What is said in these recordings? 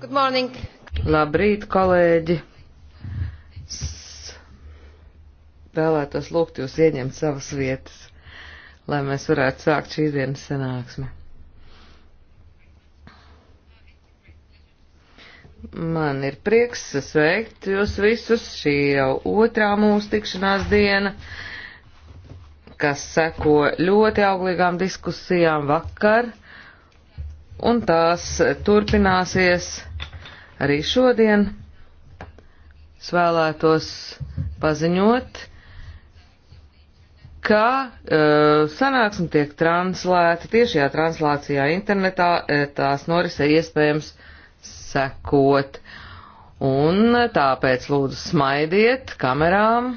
Good morning. Labrīt, kolēģi. S vēlētos lūgt jūs ieņemt savas vietas, lai mēs varētu sākt šīs dienas sanāksmi. Man ir prieks sveikt jūs visus. Šī jau otrā mūsu tikšanās diena kas seko ļoti auglīgām diskusijām vakar un tās turpināsies arī šodien. Es vēlētos paziņot, ka uh, sanāksme tiek translēta tiešajā translācijā internetā, eh, tās norise iespējams sekot. Un tāpēc lūdzu smaidiet kamerām,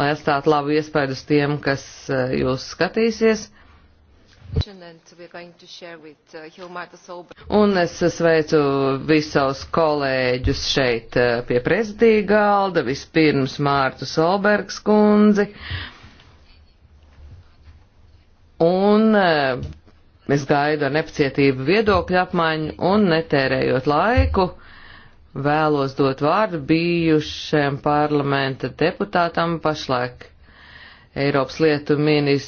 lai atstātu labu iespēju uz tiem, kas eh, jūs skatīsies. Un es sveicu visus savus kolēģus šeit eh, pie prezidija galda, vispirms Mārtu Solbergs kundzi. Un eh, es gaidu ar nepacietību viedokļu apmaiņu un netērējot laiku vēlos dot vārdu bijušajam parlamenta deputātam pašlaik Eiropas lietu minis,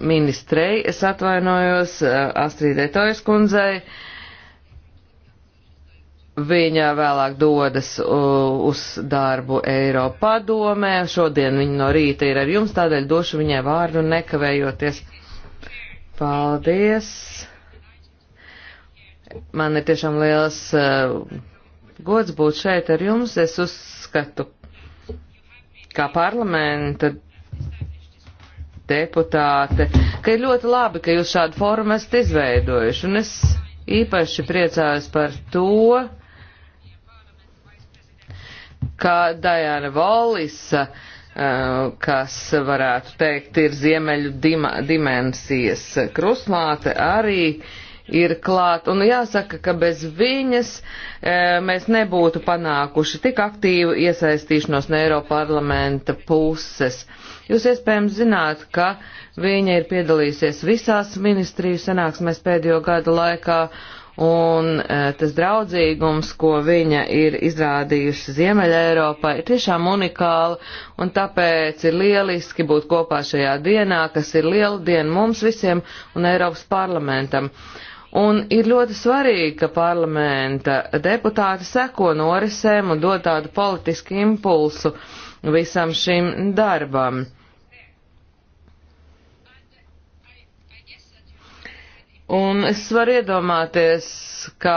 ministrei, es atvainojos eh, Astrid Etojas kundzei. Viņa vēlāk dodas eh, uz darbu Eiropa padomē. Šodien viņa no rīta ir ar jums, tādēļ došu viņai vārdu nekavējoties. Paldies! Man ir tiešām liels uh, gods būt šeit ar jums. Es uzskatu, kā parlamenta deputāte, ka ir ļoti labi, ka jūs šādu formu esat izveidojuši, un es īpaši priecājos par to, ka Dajana Volisa, eh, kas varētu teikt ir ziemeļu dimensijas krusmāte, arī ir klāt. Un jāsaka, ka bez viņas e, mēs nebūtu panākuši tik aktīvu iesaistīšanos no Eiroparlamenta puses. Jūs iespējams zināt, ka viņa ir piedalīsies visās ministriju sanāksmēs pēdējo gadu laikā, un e, tas draudzīgums, ko viņa ir izrādījusi Ziemeļa Eiropā, ir tiešām unikāla, un tāpēc ir lieliski būt kopā šajā dienā, kas ir liela diena mums visiem un Eiropas parlamentam. Un ir ļoti svarīgi, ka parlamenta deputāti seko norisēm un dod tādu politisku impulsu visam šim darbam. Un es varu iedomāties, ka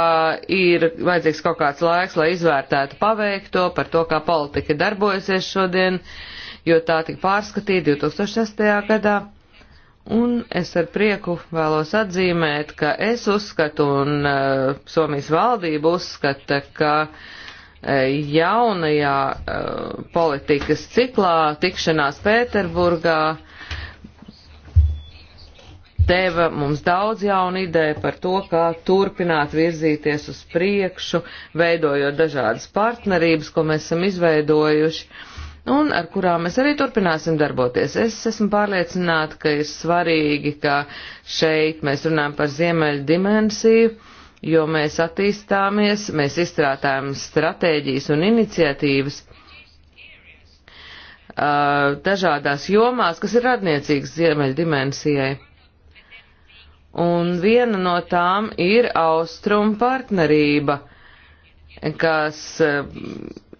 ir vajadzīgs kaut kāds laiks, lai izvērtētu paveikto par to, kā politika darbojasies šodien, jo tā tika pārskatīta 2006. gadā. Un es ar prieku vēlos atzīmēt, ka es uzskatu un uh, Somijas valdība uzskata, ka uh, jaunajā uh, politikas ciklā tikšanās Pēterburgā uh, deva mums daudz jaunu ideju par to, kā turpināt virzīties uz priekšu, veidojot dažādas partnerības, ko mēs esam izveidojuši un ar kurām mēs arī turpināsim darboties. Es esmu pārliecināta, ka ir svarīgi, ka šeit mēs runājam par ziemeļu dimensiju, jo mēs attīstāmies, mēs izstrādājam stratēģijas un iniciatīvas dažādās jomās, kas ir radniecīgas ziemeļu dimensijai un viena no tām ir Austrum partnerība, kas eh,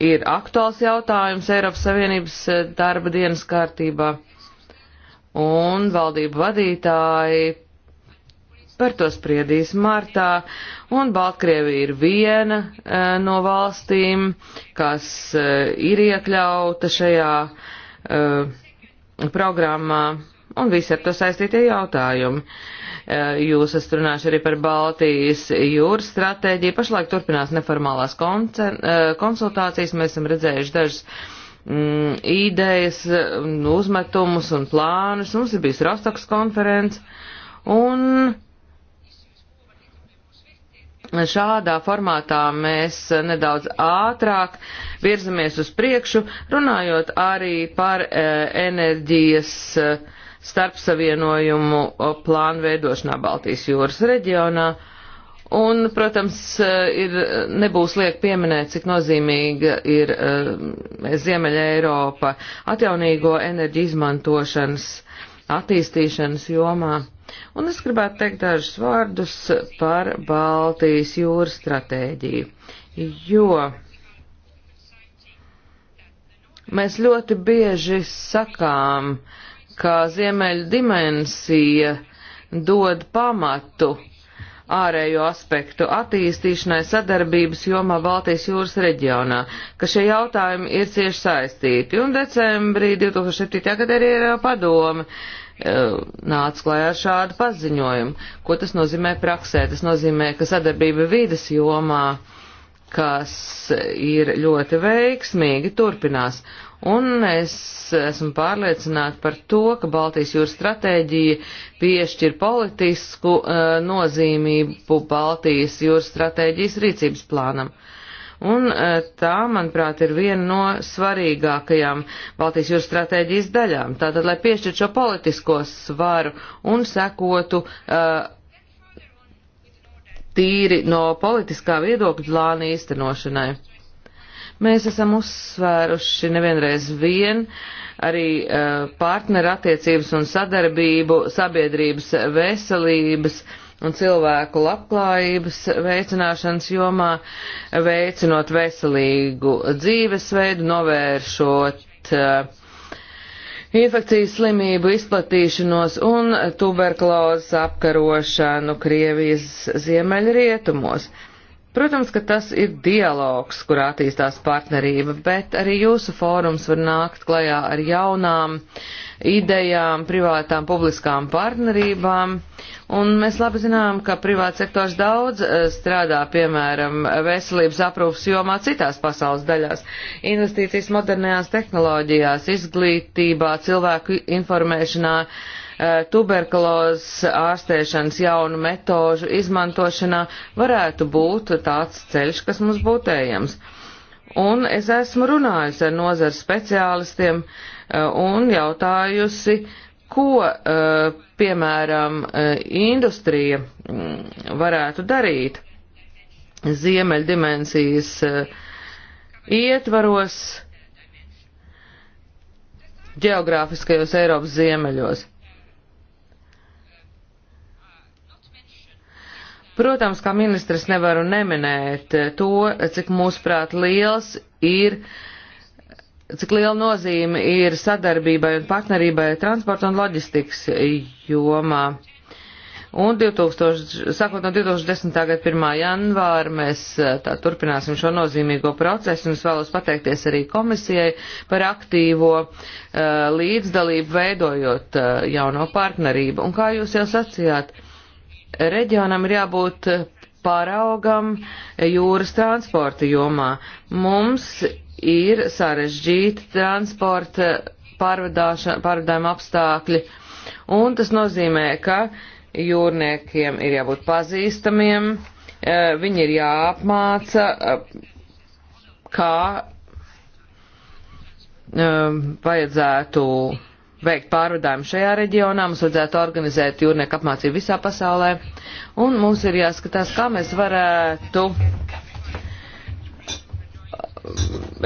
ir aktuāls jautājums Eiropas Savienības eh, darba dienas kārtībā, un valdību vadītāji par to spriedīs martā, un Baltkrievija ir viena eh, no valstīm, kas ir iekļauta šajā programmā un visi ar to saistītie jautājumi. E, jūs esat runājuši arī par Baltijas jūras stratēģiju. Pašlaik turpinās neformālās e, konsultācijas. Mēs esam redzējuši dažas mm, idejas, mm, uzmetumus un plānus. Mums ir bijis Rostoks konferences. Un šādā formātā mēs nedaudz ātrāk virzamies uz priekšu, runājot arī par e, enerģijas uh, starpsavienojumu plānu veidošanā Baltijas jūras reģionā. Un, protams, e, ir, nebūs liek pieminēt, cik nozīmīga ir e, Ziemeļa Eiropa atjaunīgo enerģiju izmantošanas attīstīšanas jomā. Un es gribētu teikt dažus vārdus par Baltijas jūras stratēģiju, jo mēs ļoti bieži sakām, uh, ka ziemeļu dimensija dod pamatu ārējo aspektu attīstīšanai sadarbības jomā Baltijas jūras reģionā, ka šie jautājumi ir cieši saistīti. Un decembrī 2007. gadā arī padome e, nāca klajā ar šādu paziņojumu. Ko tas nozīmē praksē? Tas nozīmē, ka sadarbība vīdes jomā kas ir ļoti veiksmīgi turpinās un es esmu pārliecināta par to, ka Baltijas jūras stratēģija piešķir politisku uh, nozīmību Baltijas jūras stratēģijas rīcības plānam. Un uh, tā, manuprāt, ir viena no svarīgākajām Baltijas jūras stratēģijas daļām. Tātad, lai piešķirtu šo politisko svaru un sekotu uh, tīri no politiskā viedokļa plāna īstenošanai. Mēs esam uzsvēruši nevienreiz vien arī uh, partneru attiecības un sadarbību sabiedrības veselības un cilvēku labklājības veicināšanas jomā, veicinot veselīgu dzīvesveidu, novēršot uh, infekcijas slimību izplatīšanos un tuberkulozes apkarošanu Krievijas ziemeļrietumos. rietumos. Protams, ka tas ir dialogs, kurā attīstās partnerība, bet arī jūsu fórums var nākt klajā ar jaunām idejām, privātām, publiskām partnerībām. Un mēs labi zinām, ka privāts sektors daudz e, strādā, piemēram, veselības aprūpas jomā citās pasaules daļās. Investīcijas modernajās tehnoloģijās, izglītībā, cilvēku informēšanā Eh, tuberkulozes ārstēšanas jaunu metožu izmantošanā varētu būt tāds ceļš, kas mums būtu ejams. Un es esmu runājusi ar nozars speciālistiem eh, un jautājusi, ko, eh, piemēram, industrija mm, varētu darīt ziemeļdimensijas ietvaros ģeogrāfiskajos Eiropas ziemeļos. Protams, kā ministrs nevaru neminēt to, cik mūsuprāt liels ir, cik liela nozīme ir sadarbībai un partnerībai transporta un loģistikas jomā. Un 2000, sakot no 2010. gada 1. janvāra mēs eh, tā, turpināsim šo nozīmīgo procesu un es vēlos pateikties arī komisijai par aktīvo uh, līdzdalību veidojot uh, jauno partnerību. Un kā jūs jau sacījāt, uh, reģionam ir jābūt paraugam jūras transporta jomā. Mums ir sarežģīti transporta pārvadājuma apstākļi, un tas nozīmē, ka jūrniekiem ir jābūt pazīstamiem, e, viņi ir jāapmāca, e, kā e, vajadzētu veikt pārvadājumu šajā reģionā, mums vajadzētu organizēt jūrnieku apmācību visā pasaulē, un mums ir jāskatās, kā mēs varētu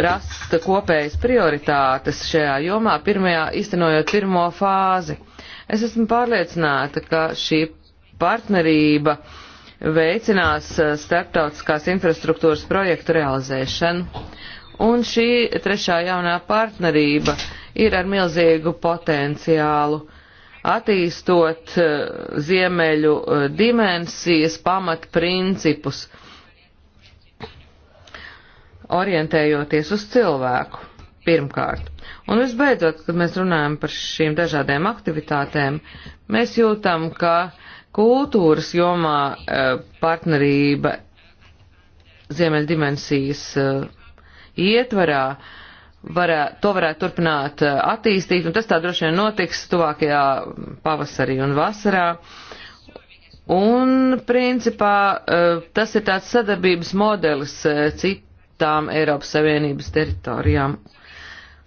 rast kopējas prioritātes šajā jomā, pirmajā, iztenojot pirmo fāzi. Es esmu pārliecināta, ka šī partnerība veicinās eh, starptautiskās infrastruktūras projektu realizēšanu. Un šī trešā jaunā partnerība uh, ir ar milzīgu potenciālu, attīstot eh, ziemeļu eh, dimensijas pamatprincipus, orientējoties uz cilvēku pirmkārt. Un visbeidzot, kad mēs runājam par šīm dažādiem aktivitātēm, mēs jūtam, ka kultūras jomā eh, partnerība ziemeļdimensijas ietvarā uh, varē, to varētu turpināt eh, attīstīt, un tas tā droši vien notiks tuvākajā pavasarī un vasarā. Un, principā, eh, tas ir tāds sadarbības modelis eh, citām Eiropas Savienības teritorijām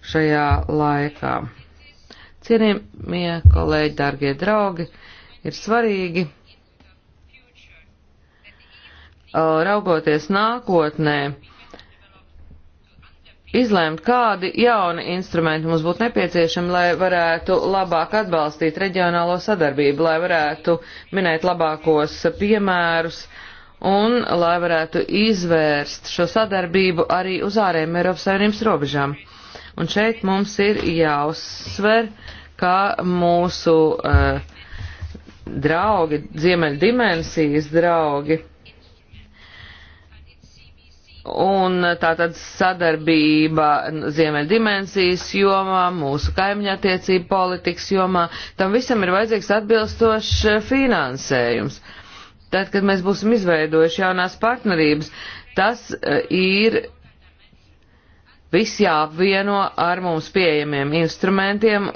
šajā laikā. Cienījamie kolēģi, dārgie draugi, ir svarīgi raugoties nākotnē, izlēmt, kādi jauni instrumenti mums būtu nepieciešami, lai varētu labāk atbalstīt reģionālo sadarbību, lai varētu minēt labākos piemērus un lai varētu izvērst šo sadarbību arī uz ārējiem Eiropas Savienības robežām. Un šeit mums ir jāuzsver, ka mūsu uh, draugi, ziemeļdimensijas draugi, Un tātad sadarbība ziemeļa dimensijas jomā, mūsu kaimiņa attiecība politikas jomā, tam visam ir vajadzīgs atbilstošs finansējums. Tad, kad mēs būsim izveidojuši jaunās partnerības, tas e, ir viss jāapvieno ar mums pieejamiem instrumentiem,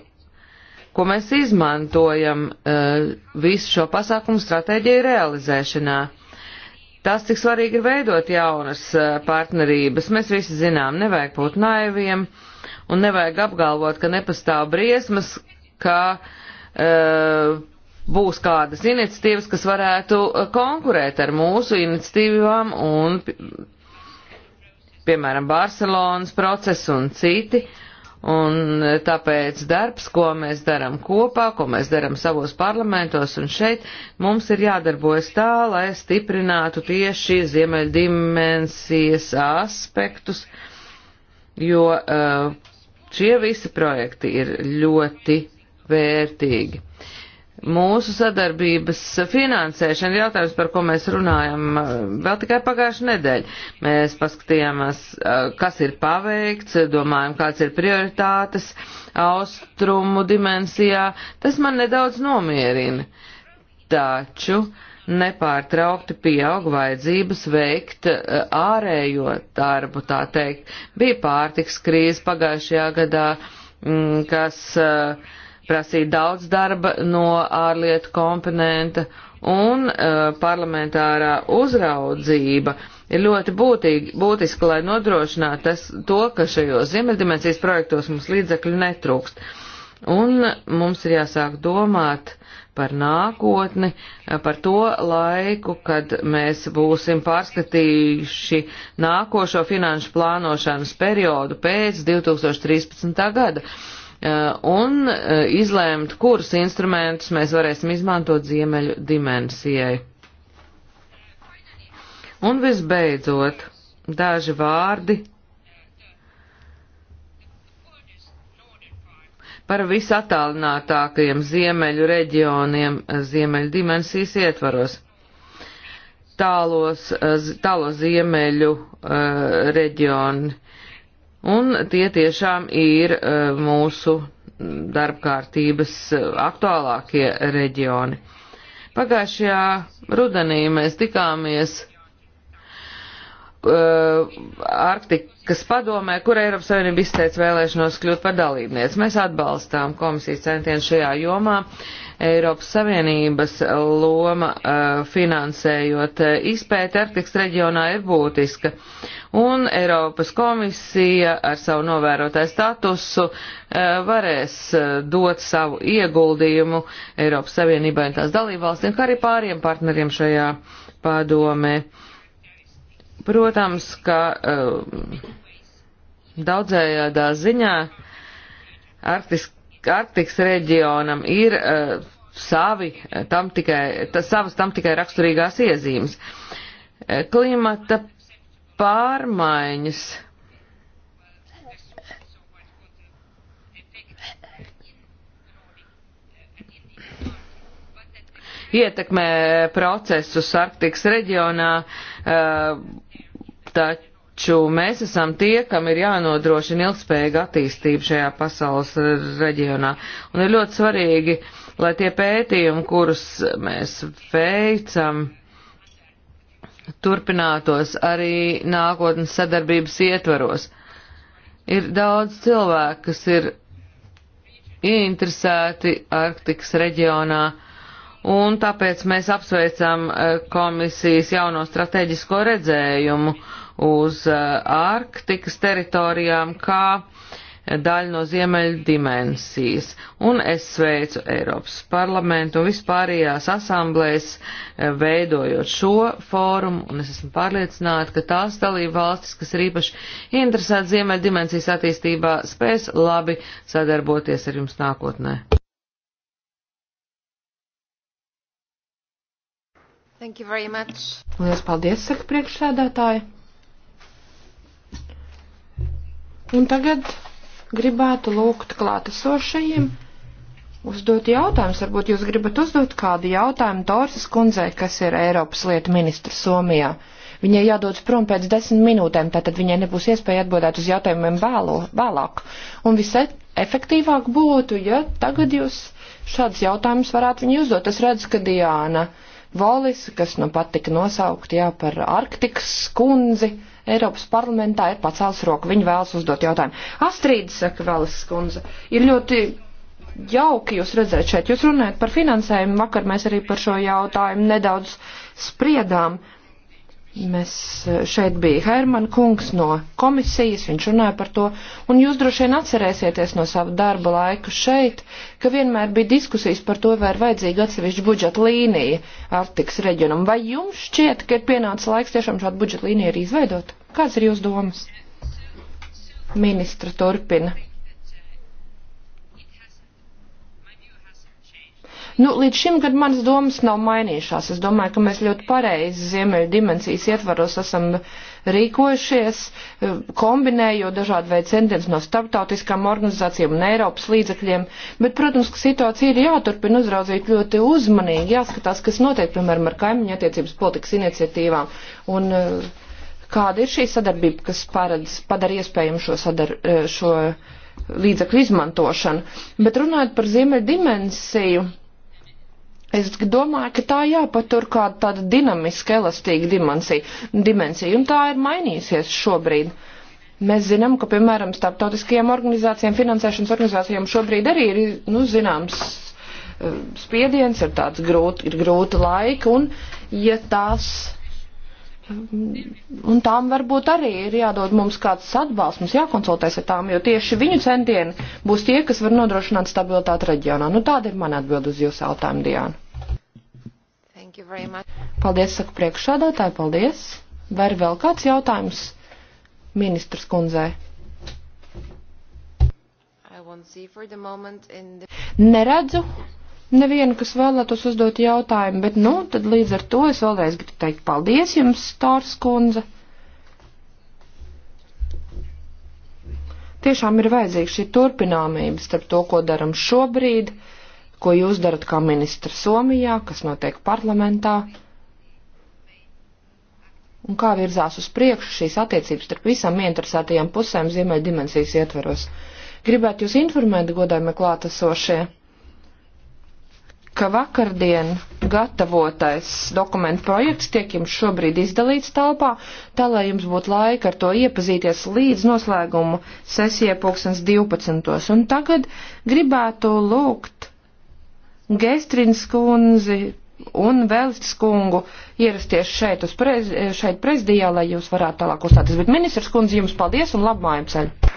ko mēs izmantojam e, visu šo pasākumu stratēģiju realizēšanā. Tas, cik svarīgi ir veidot jaunas eh, partnerības, mēs visi zinām, nevajag būt naiviem un nevajag apgalvot, ka nepastāv briesmas, ka uh, būs kādas iniciatīvas, kas varētu eh, konkurēt ar mūsu iniciatīvām un, piemēram, Barcelonas process un citi. Uh, Un tāpēc darbs, ko mēs darām kopā, ko mēs darām savos parlamentos un šeit, mums ir jādarbojas tā, lai stiprinātu tieši ziemeļdimensijas aspektus, jo uh, šie visi projekti ir ļoti vērtīgi. Mūsu sadarbības finansēšana jautājums, par ko mēs runājam eh, vēl tikai pagājušajā nedēļā. Mēs paskatījāmies, eh, kas ir paveikts, domājam, kāds ir prioritātes austrumu dimensijā. Tas man nedaudz nomierina. Taču nepārtraukti pieaug vajadzības veikt eh, ārējo darbu, tā teikt. Bija pārtiks krīze pagājušajā gadā, mm, kas uh, prasīja daudz darba no ārlietu komponenta, un uh, parlamentārā uzraudzība ir ļoti būtīgi, būtiska, lai nodrošinātu tas, to, ka šajos ziemeļdimensijas projektos mums līdzekļu netrūkst. Un mums ir jāsāk domāt par nākotni, e, par to laiku, kad mēs būsim pārskatījuši nākošo finanšu plānošanas periodu pēc 2013. gada Eh, un eh, izlēmt, kurus instrumentus mēs varēsim izmantot ziemeļu dimensijai. Un visbeidzot, daži vārdi par visatālinātākajiem ziemeļu reģioniem eh, ziemeļu dimensijas ietvaros. Tālos, tālo ziemeļu uh, reģioni Un tie tiešām ir eh, mūsu darbkārtības eh, aktuālākie reģioni. Pagājušajā rudenī mēs tikāmies uh, Arktikas padomē, kur Eiropas Savienība izteica vēlēšanos kļūt par dalībniec. Mēs atbalstām komisijas centienu šajā jomā. Uh, Eiropas Savienības loma eh, finansējot eh, izpēti Arktikas reģionā ir būtiska. Un Eiropas komisija ar savu novērotāju statusu eh, varēs dot savu ieguldījumu Eiropas Savienībai un tās dalībvalstīm, kā arī pāriem partneriem šajā padomē. Protams, ka daudzējādā ziņā Arktikas Arktikas reģionam ir uh, savi, e, tam tikai, tas, savas tam tikai raksturīgās iezīmes. E, klimata pārmaiņas. Ietekmē procesus Arktikas reģionā, uh, taču taču mēs esam tie, kam ir jānodrošina ilgspējīga attīstība šajā pasaules reģionā. Un ir ļoti svarīgi, lai tie pētījumi, kurus mēs veicam, turpinātos arī nākotnes sadarbības ietvaros. Ir daudz cilvēku, kas ir ieinteresēti Arktikas reģionā un tāpēc mēs apsveicam eh, komisijas jauno strateģisko redzējumu uz Ārktikas eh, teritorijām kā daļa no ziemeļu dimensijas. Un es sveicu Eiropas parlamentu un vispārējās asamblēs eh, veidojot šo fórumu, un es esmu pārliecināta, ka tās dalība valstis, kas ir īpaši interesēti ziemeļu dimensijas attīstībā, spēs labi sadarboties ar jums nākotnē. Thank you very much. Lielas paldies, saka priekšsēdētāji. Un tagad gribētu lūgt klātesošajiem uzdot jautājumus. Varbūt jūs gribat uzdot kādu jautājumu Torsas kundzei, kas ir Eiropas lietu ministra Somijā. Viņai jādodas prom pēc desmit minūtēm, tātad viņai nebūs iespēja atbildēt uz jautājumiem vēlo, vēlāk. Un visai efektīvāk būtu, ja tagad jūs šādus jautājumus varētu viņai uzdot. Es redzu, ka Diāna Volis, kas nu pat tika nosaukt, jā, par Arktikas kundzi Eiropas parlamentā ir pacēls roku. Viņa vēlas uzdot jautājumu. Astrīda, saka Vēlas skundze, ir ļoti jauki jūs redzēt šeit. Jūs runājat par finansējumu, vakar mēs arī par šo jautājumu nedaudz spriedām. Uh, Mēs eh, šeit bija Herman kungs no komisijas, viņš runāja par to, un jūs droši vien atcerēsieties no sava darba laika šeit, ka vienmēr bija diskusijas par to, vai ir vajadzīga atsevišķa budžeta līnija Arktikas reģionam. Vai jums šķiet, ka ir pienācis laiks tiešām šādu budžeta līniju arī izveidot? Kāds ir jūs domas? Ministra turpina. Nu, līdz šim gad manas domas nav mainījušās. Es domāju, ka mēs ļoti pareizi ziemeļu dimensijas ietvaros esam rīkojušies, eh, kombinējot dažādu veidu centienus no starptautiskām organizācijām un Eiropas līdzekļiem. Bet, protams, ka situācija ir jāturpina uzraudzīt ļoti uzmanīgi, jāskatās, kas notiek, piemēram, ar kaimiņu attiecības politikas iniciatīvām. Un, eh, kāda ir šī sadarbība, kas paredz, padara iespējamu šo, sadar, eh, šo līdzekļu izmantošanu. Bet runājot par ziemeļu dimensiju, Es domāju, ka tā jāpatur kāda tāda dinamiska, elastīga dimensija, dimensija, un tā ir mainīsies šobrīd. Mēs zinām, ka, piemēram, starptautiskajām organizācijām, finansēšanas organizācijām šobrīd arī ir, nu, zināms, eh, spiediens, ir tāds grūti, ir grūti laika, un ja tās mm, Un tām varbūt arī ir jādod mums kāds atbalsts, mums jākonsultēs ar tām, jo tieši viņu centieni būs tie, kas var nodrošināt stabilitāti reģionā. Nu, tāda ir mana atbild uz jūsu jautājumu, Diana. Paldies, saka priekšādātāji, paldies. Vai ir vēl kāds jautājums ministrs kundzei? The... Neredzu nevienu, kas vēlētos uzdot jautājumu, bet, nu, tad līdz ar to es vēlreiz gribu teikt paldies jums, Stārs kundze. Tiešām ir vajadzīga šī turpināmība starp to, ko daram šobrīd ko jūs darat kā ministra Somijā, kas notiek parlamentā, un kā virzās uz priekšu šīs attiecības starp visām ieinteresētajām pusēm ziemeļa dimensijas ietveros. Gribētu jūs informēt, godājumie klātesošie, ka vakardien gatavotais dokumentu projekts tiek jums šobrīd izdalīts telpā, tā lai jums būtu laika ar to iepazīties līdz noslēgumu sesijai pulkstens 12. Un tagad gribētu lūgt Gestrins kundzi un Vēlsts kungu ierasties šeit, prez, šeit prezidijā, lai jūs varētu tālāk uzstāties. Bet ministrs kundzi jums paldies un labu mājumceļu!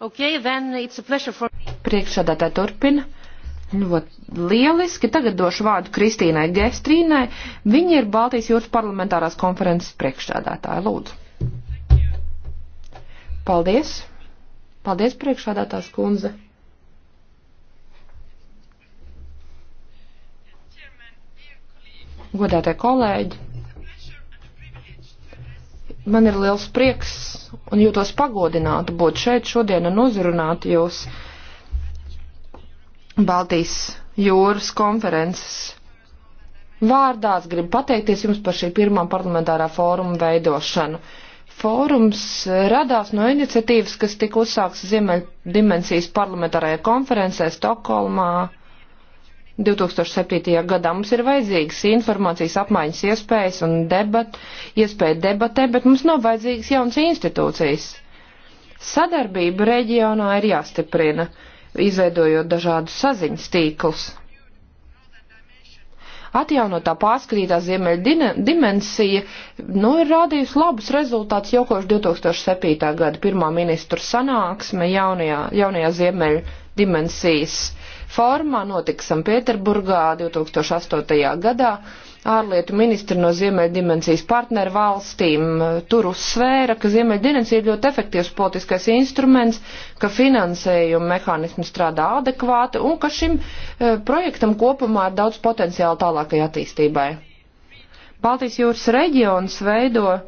Okay, for... Priekšsādātāja turpina. Ļoti nu, lieliski. Tagad došu vārdu Kristīnai Gestrīnai. Viņa ir Baltijas jūras parlamentārās konferences priekšsādātāja. Lūdzu. Paldies. Paldies, priekšsādātās kundze. Godātie kolēģi, Man ir liels prieks un jūtos pagodināta būt šeit šodien un uzrunāt jūs Baltijas jūras konferences vārdā. Es gribu pateikties jums par šī pirmā parlamentārā fóruma veidošanu. Fórums radās no iniciatīvas, kas tika uzsāks Ziemeļ dimensijas parlamentārajā konferencē Stokholmā 2007. gadā mums ir vajadzīgas informācijas apmaiņas iespējas un debat, iespēja debatē, bet mums nav vajadzīgas jaunas institūcijas. Sadarbība reģionā ir jāstiprina, izveidojot dažādus saziņas tīklus. Atjaunotā pārskatītā ziemeļa dimensija nu, ir rādījusi labus rezultātus jau kopš 2007. gada pirmā ministru sanāksme jaunajā, jaunajā ziemeļa dimensijas formā notika Sanpēterburgā 2008. gadā. Ārlietu ministri no Ziemeļdimensijas partneru valstīm eh, tur uzsvēra, ka Ziemeļdimensija ir ļoti efektīvs politiskais instruments, ka finansējuma mehānismi strādā adekvāti un ka šim eh, projektam kopumā ir daudz potenciāla tālākai attīstībai. Baltijas jūras reģions veido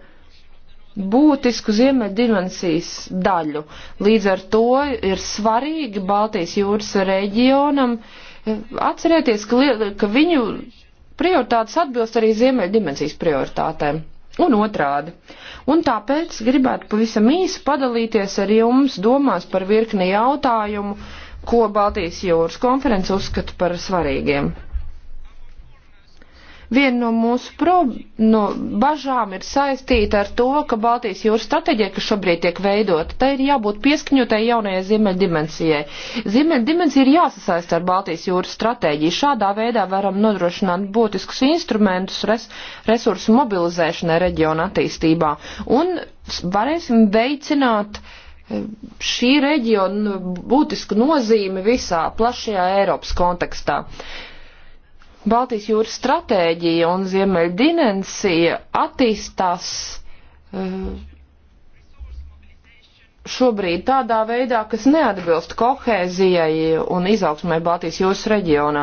būtisku Ziemeļdimensijas daļu. Līdz ar to ir svarīgi Baltijas jūras reģionam eh, atcerēties, ka, ka viņu prioritātes atbilst arī Ziemeļdimensijas prioritātēm. Un otrādi. Un tāpēc gribētu pavisam īsi padalīties ar jums domās par virkni jautājumu, ko Baltijas jūras konferences uzskata par svarīgiem. Viena no mūsu pro, no bažām ir saistīta ar to, ka Baltijas jūras stratēģija, kas šobrīd tiek veidota, tai ir jābūt pieskaņotai jaunajai ziemeļu dimensijai. Ziemeļu dimensija ir jāsasaista ar Baltijas jūras stratēģiju. Šādā veidā varam nodrošināt būtiskus instrumentus res, resursu mobilizēšanai reģiona attīstībā. Un varēsim veicināt e, šī reģiona būtisku nozīmi visā plašajā Eiropas kontekstā. Baltijas jūras stratēģija un ziemeļa dimensija attīstās eh, šobrīd tādā veidā, kas neatbilst kohēzijai un izaugsmai Baltijas jūras reģionā.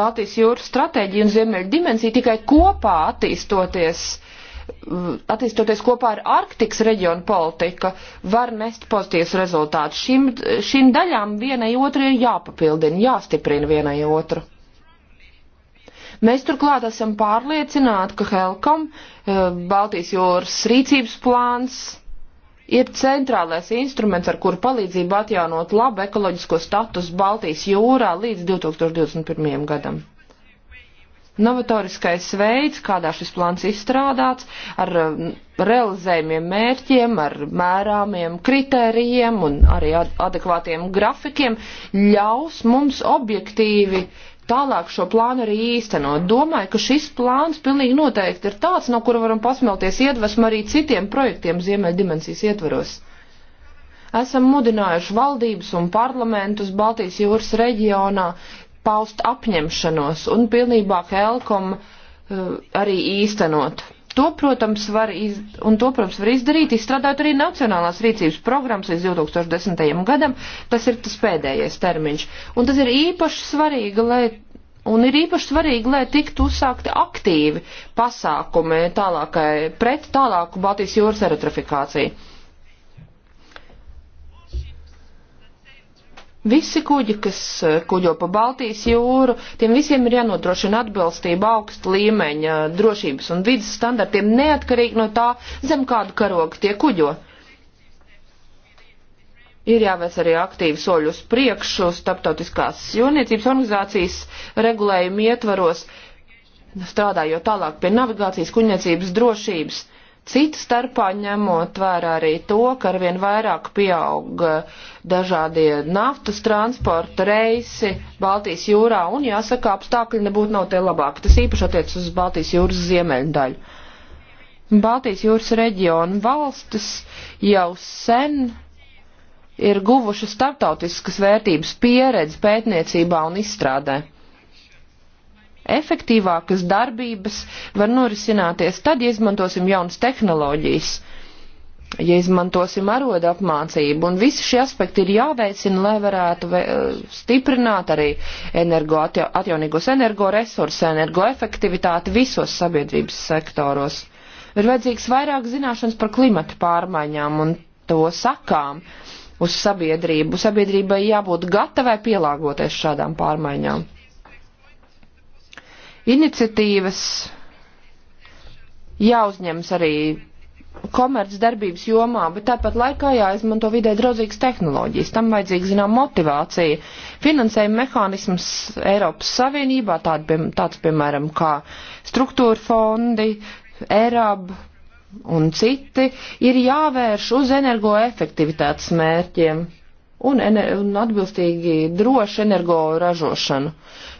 Baltijas jūras stratēģija un ziemeļa dimensija tikai kopā attīstoties, eh, attīstoties kopā ar Arktikas reģionu politika, var nest pozitīvs rezultāts. Šim, šim daļām vienai otru ir jāpapildina, jāstiprina vienai otru. Mēs turklāt esam pārliecināti, ka Helkom, eh, Baltijas jūras rīcības plāns, ir centrālais instruments, ar kuru palīdzību atjaunot labu ekoloģisko statusu Baltijas jūrā līdz 2021. gadam. Novatoriskais veids, kādā šis plāns izstrādāts, ar eh, realizējumiem mērķiem, ar mērāmiem kritērijiem un arī adekvātiem grafikiem, ļaus mums objektīvi tālāk šo plānu arī īstenot. Domāju, ka šis plāns pilnīgi noteikti ir tāds, no kura varam pasmelties iedvesmu arī citiem projektiem Ziemeļdimensijas ietvaros. Esam mudinājuši valdības un parlamentus Baltijas jūras reģionā paust apņemšanos un pilnībā Helkom uh, eh, arī īstenot. To, protams, var, iz, un to, protams, var izdarīt, izstrādāt arī Nacionālās rīcības programmas līdz 2010. gadam. Tas ir tas pēdējais termiņš. Un tas ir īpaši svarīgi, lai Un ir īpaši svarīgi, lai tiktu uzsākti aktīvi pasākumi tālākai, pret tālāku Baltijas jūras aerotrafikāciju. Visi kuģi, kas eh, kuģo pa Baltijas jūru, tiem visiem ir jānodrošina atbilstība augsta līmeņa drošības un vidas standartiem, neatkarīgi no tā, zem kādu karogu tie kuģo. Ir jāveic arī aktīvi soļi uz priekšu starptautiskās jūrniecības organizācijas regulējumu ietvaros, strādājot tālāk pie navigācijas, kuģniecības drošības Cita starpā ņemot vērā arī to, ka arvien vairāk pieaug eh, dažādie naftas transporta reisi Baltijas jūrā, un jāsaka, apstākļi nebūtu nav tie labāki. Tas īpaši attiec uz Baltijas jūras ziemeļu daļu. Baltijas jūras reģiona valstis jau sen ir guvušas starptautiskas vērtības pieredzi pētniecībā un izstrādē efektīvākas darbības var norisināties tad, ja izmantosim jaunas tehnoloģijas ja izmantosim arodu apmācību, un visi šie aspekti ir jāveicina, lai varētu vē, eh, stiprināt arī energo, atjaunīgos energoresursus, energoefektivitāti visos sabiedrības sektoros. Ir vajadzīgs vairāk zināšanas par klimatu pārmaiņām un to sakām uz sabiedrību. Sabiedrībai jābūt gatavai pielāgoties šādām pārmaiņām iniciatīvas jāuzņems arī komercdarbības jomā, bet tāpat laikā jāizmanto vidē draudzīgas tehnoloģijas. Tam vajadzīga, zinām, motivācija. Finansējuma mehānisms Eiropas Savienībā, tād, tāds, piemēram, kā struktūra fondi, ERAB un citi, ir jāvērš uz energoefektivitātes mērķiem un, ener un atbilstīgi drošu energo ražošanu.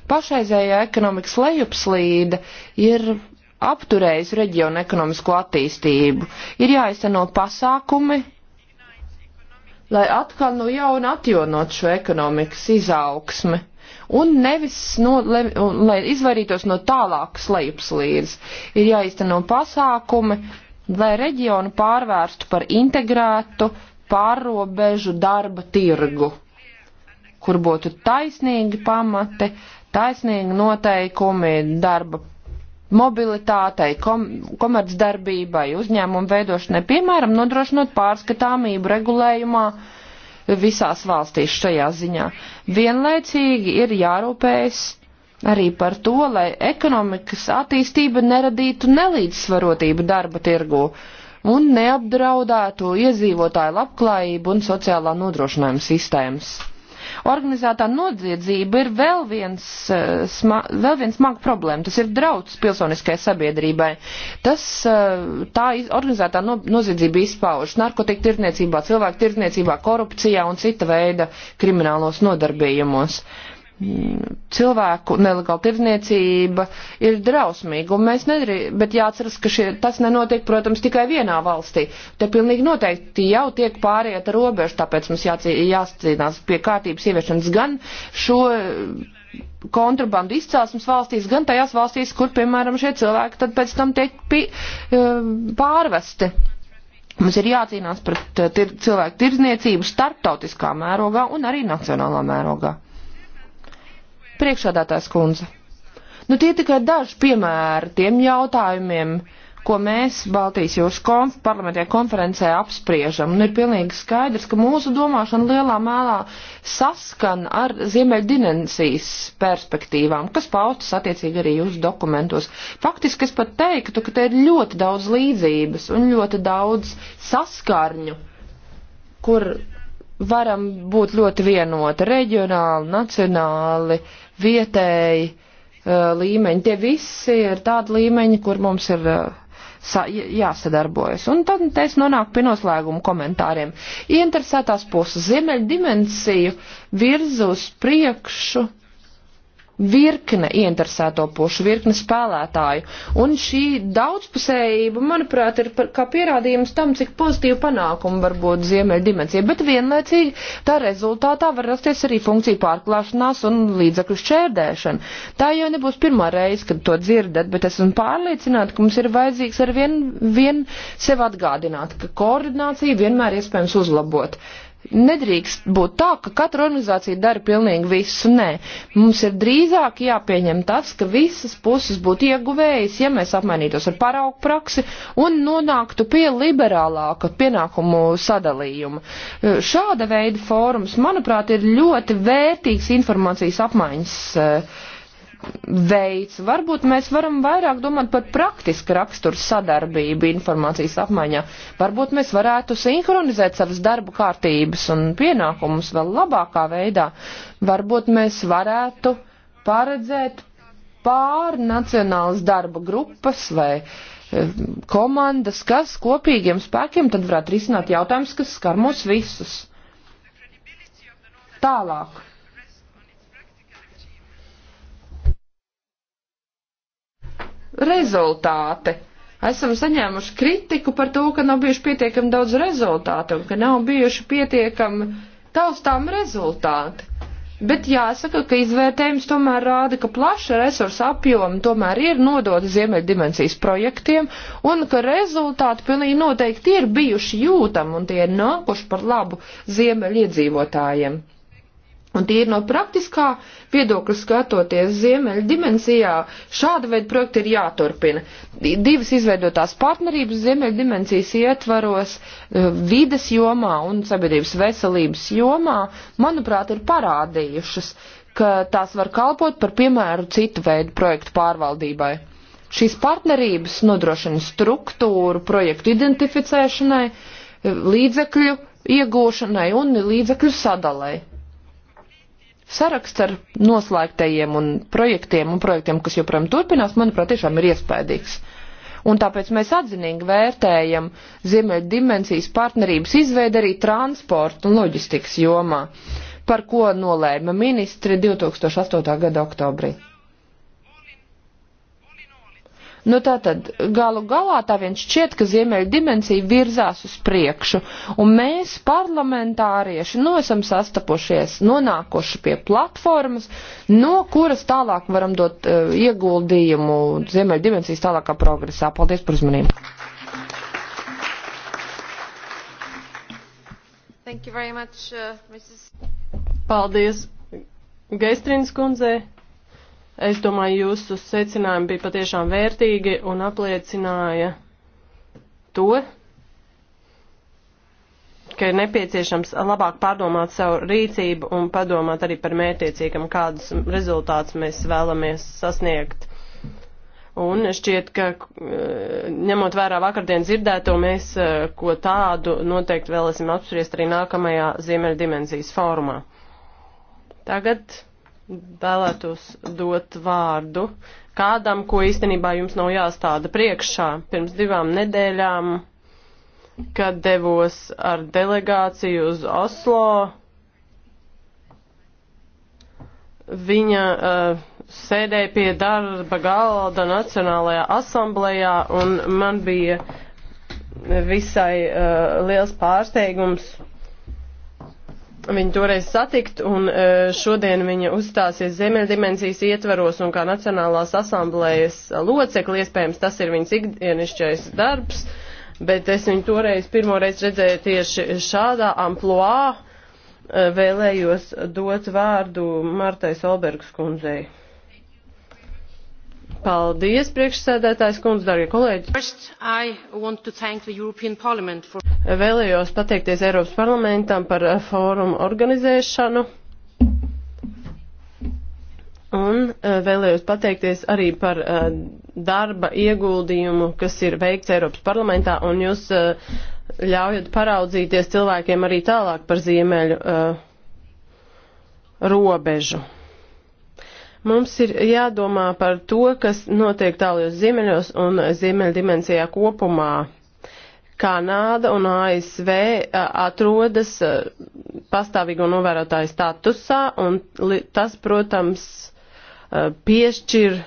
Pašreizējā ekonomikas lejupslīde ir apturējis reģionu ekonomisko attīstību. Ir jāizteno pasākumi, lai atkal no jauna atjaunot šo ekonomikas izaugsmi. Un nevis, no, le, un, lai izvairītos no tālākas lejupslīdes, ir jāizteno pasākumi, lai reģionu pārvērstu par integrētu pārrobežu darba tirgu, kur būtu taisnīgi pamati taisnīgi noteikumi darba mobilitātei, kom, komercdarbībai, uzņēmumu veidošanai, piemēram, nodrošinot pārskatāmību regulējumā visās valstīs šajā ziņā. Vienlaicīgi ir jārūpējas arī par to, lai ekonomikas attīstība neradītu nelīdzsvarotību darba tirgu un neapdraudētu iedzīvotāju labklājību un sociālā nodrošinājuma sistēmas. Organizētā nodziedzība ir vēl viens, eh, sma, vēl viens smaga problēma. Tas ir drauds pilsoniskai sabiedrībai. Tas, eh, tā organizētā no, noziedzība izpaužas narkotika tirdzniecībā, cilvēku tirdzniecībā, korupcijā un cita veida kriminālos nodarbījumos. Uh, cilvēku nelegāla tirdzniecība ir drausmīga, un mēs nedrīkst, bet jāatceras, ka šie, tas nenotiek, protams, tikai vienā valstī. Te pilnīgi noteikti jau tiek pārieta robeža, tāpēc mums jācī, jācīnās pie kārtības ieviešanas gan šo kontrabandu izcelsmes valstīs, gan tajās valstīs, kur, piemēram, šie cilvēki tad pēc tam tiek pi, eh, pārvesti. Mums ir jācīnās pret eh, tir, cilvēku tirdzniecību starptautiskā mērogā un arī nacionālā mērogā. Priekšādātājs kundze. Nu, tie tikai daži piemēri tiem jautājumiem, ko mēs Baltijas jūras konf parlamentē konferencē apspriežam. Un ir pilnīgi skaidrs, ka mūsu domāšana lielā mērā saskan ar ziemeļdimensijas perspektīvām, kas paustas attiecīgi arī jūsu dokumentos. Faktiski es pat teiktu, ka te ir ļoti daudz līdzības un ļoti daudz saskarņu, kur varam būt ļoti vienoti reģionāli, nacionāli, vietēji uh, līmeņi. Tie visi ir tādi līmeņi, kur mums ir uh, jāsadarbojas. Un tad es nonāku pie noslēguma komentāriem. Ieinteresētās puses ziemeļa dimensiju virz uz priekšu virkne ieinteresēto pušu, virkne spēlētāju. Un šī daudzpusējība, manuprāt, ir par, kā pierādījums tam, cik pozitīva panākuma var būt ziemeļa dimensija, bet vienlaicīgi tā rezultātā var rasties arī funkcija pārklāšanās un līdzakļu šķērdēšana. Tā jau nebūs pirmā reize, kad to dzirdat, bet esmu pārliecināta, ka mums ir vajadzīgs ar vien, vien sev atgādināt, ka koordinācija vienmēr iespējams uzlabot. Uh, Nedrīkst būt tā, ka katra organizācija dara pilnīgi visu. Nē, mums ir drīzāk jāpieņem tas, ka visas puses būtu ieguvējas, ja mēs apmainītos ar paraugu praksi un nonāktu pie liberālāka pienākumu sadalījuma. E, šāda veida fórums, manuprāt, ir ļoti vērtīgs informācijas apmaiņas. Uh, veids. Varbūt mēs varam vairāk domāt par praktisku raksturu sadarbību informācijas apmaiņā. Varbūt mēs varētu sinhronizēt savas darba kārtības un pienākumus vēl labākā veidā. Varbūt mēs varētu paredzēt pārnacionālas darba grupas vai eh, komandas, kas kopīgiem spēkiem tad varētu risināt jautājumus, kas skar mūs visus. Tālāk rezultāti. Esam saņēmuši kritiku par to, ka nav bijuši pietiekami daudz rezultātu un ka nav bijuši pietiekami taustām rezultāti. Bet jāsaka, ka izvērtējums tomēr rāda, ka plaša resursa apjoma tomēr ir nodota Ziemeļdimensijas projektiem un ka rezultāti pilnīgi noteikti ir bijuši jūtami un tie ir nākuši par labu Ziemeļiedzīvotājiem. Un tīri no praktiskā viedokļa skatoties ziemeļa dimensijā, šāda veida projekti ir jāturpina. Divas izveidotās partnerības ziemeļa dimensijas ietvaros eh, vides jomā un sabiedrības veselības jomā, manuprāt, ir parādījušas, ka tās var kalpot par piemēru citu veidu projektu pārvaldībai. Šīs partnerības nodrošina struktūru projektu identificēšanai, eh, līdzekļu iegūšanai un līdzekļu sadalai saraksts ar noslēgtajiem un projektiem un projektiem, kas joprojām turpinās, manuprāt, tiešām ir iespējams. Un tāpēc mēs atzinīgi vērtējam Ziemeļa dimensijas partnerības izveidu arī transporta un loģistikas jomā, par ko nolēma ministri 2008. gada oktobrī. Nu tātad, galu galā tā viens šķiet, ka ziemeļu dimensija virzās uz priekšu, un mēs, parlamentārieši, nu esam sastapušies, nonākuši pie platformas, no kuras tālāk varam dot uh, ieguldījumu ziemeļu dimensijas tālākā progresā. Paldies par uzmanību! Thank you very much, uh, Mrs. Paldies, Geistrins kundzei! Es domāju, jūsu secinājumi bija patiešām vērtīgi un apliecināja to, ka ir nepieciešams labāk pārdomāt savu rīcību un padomāt arī par mērķiecīgam, kādus rezultātus mēs vēlamies sasniegt. Un šķiet, ka eh, ņemot vērā vakardien dzirdēto, mēs eh, ko tādu noteikti vēlēsim apspriest arī nākamajā Ziemeļdimensijas fórumā. Tagad vēlētos dot vārdu kādam, ko īstenībā jums nav jāstāda priekšā. Pirms divām nedēļām, kad devos ar delegāciju uz Oslo, viņa uh, sēdēja pie darba galda Nacionālajā asamblējā, un man bija visai uh, liels pārsteigums viņu toreiz satikt, un e, šodien viņa uzstāsies Ziemeļdimensijas ietvaros un kā Nacionālās asamblējas locekli, iespējams, tas ir viņas ikdienišķais darbs, bet es viņu toreiz pirmoreiz redzēju tieši šādā amploā, e, vēlējos dot vārdu Martai Solbergas kundzei. Paldies, priekšsēdētājs kundze, darbie kolēģi. First, for... Vēlējos pateikties Eiropas parlamentam par eh, fórumu organizēšanu. Un eh, vēlējos pateikties arī par eh, darba ieguldījumu, kas ir veikts Eiropas parlamentā, un jūs ļaujat paraudzīties cilvēkiem arī tālāk par ziemeļu robežu. Mums ir jādomā par to, kas notiek tālajos ziemeļos un ziemeļdimensijā kopumā. Kanāda un ASV atrodas pastāvīgo novērotāju statusā, un tas, protams, piešķir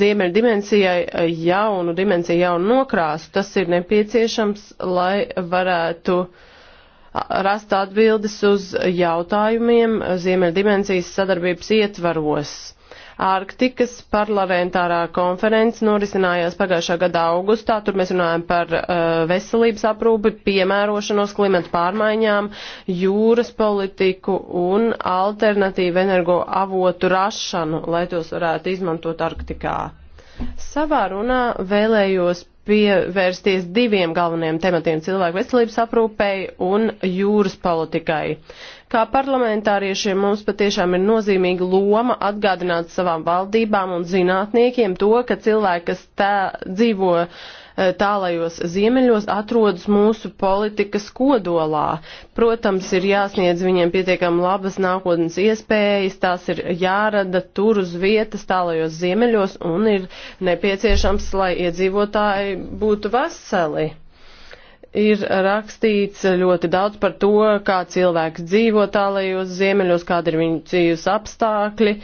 ziemeļu dimensijai jaunu dimensiju, jaunu nokrāsu. Tas ir nepieciešams, lai varētu uh, rast atbildes uz jautājumiem Ziemeļdimensijas sadarbības ietvaros. Ārktikas parlamentārā konference norisinājās pagājušā gada augustā. Tur mēs runājam par uh, veselības aprūpi, piemērošanos klimatu pārmaiņām, jūras politiku un alternatīvu energo avotu rašanu, lai tos varētu izmantot Arktikā. Savā runā vēlējos pievērsties diviem galvenajiem tematiem - cilvēku veselības aprūpei un jūras politikai. Kā parlamentāriešiem mums patiešām ir nozīmīga loma atgādināt savām valdībām un zinātniekiem to, ka cilvēki, kas tā dzīvo uh, Eh, tālajos ziemeļos atrodas mūsu politikas kodolā. Protams, ir jāsniedz viņiem pietiekami labas nākotnes iespējas, tās ir jārada tur uz vietas tālajos ziemeļos un ir nepieciešams, lai iedzīvotāji būtu veseli ir rakstīts ļoti daudz par to, kā cilvēks dzīvo tālajos ziemeļos, kāda ir viņa dzīves apstākļi,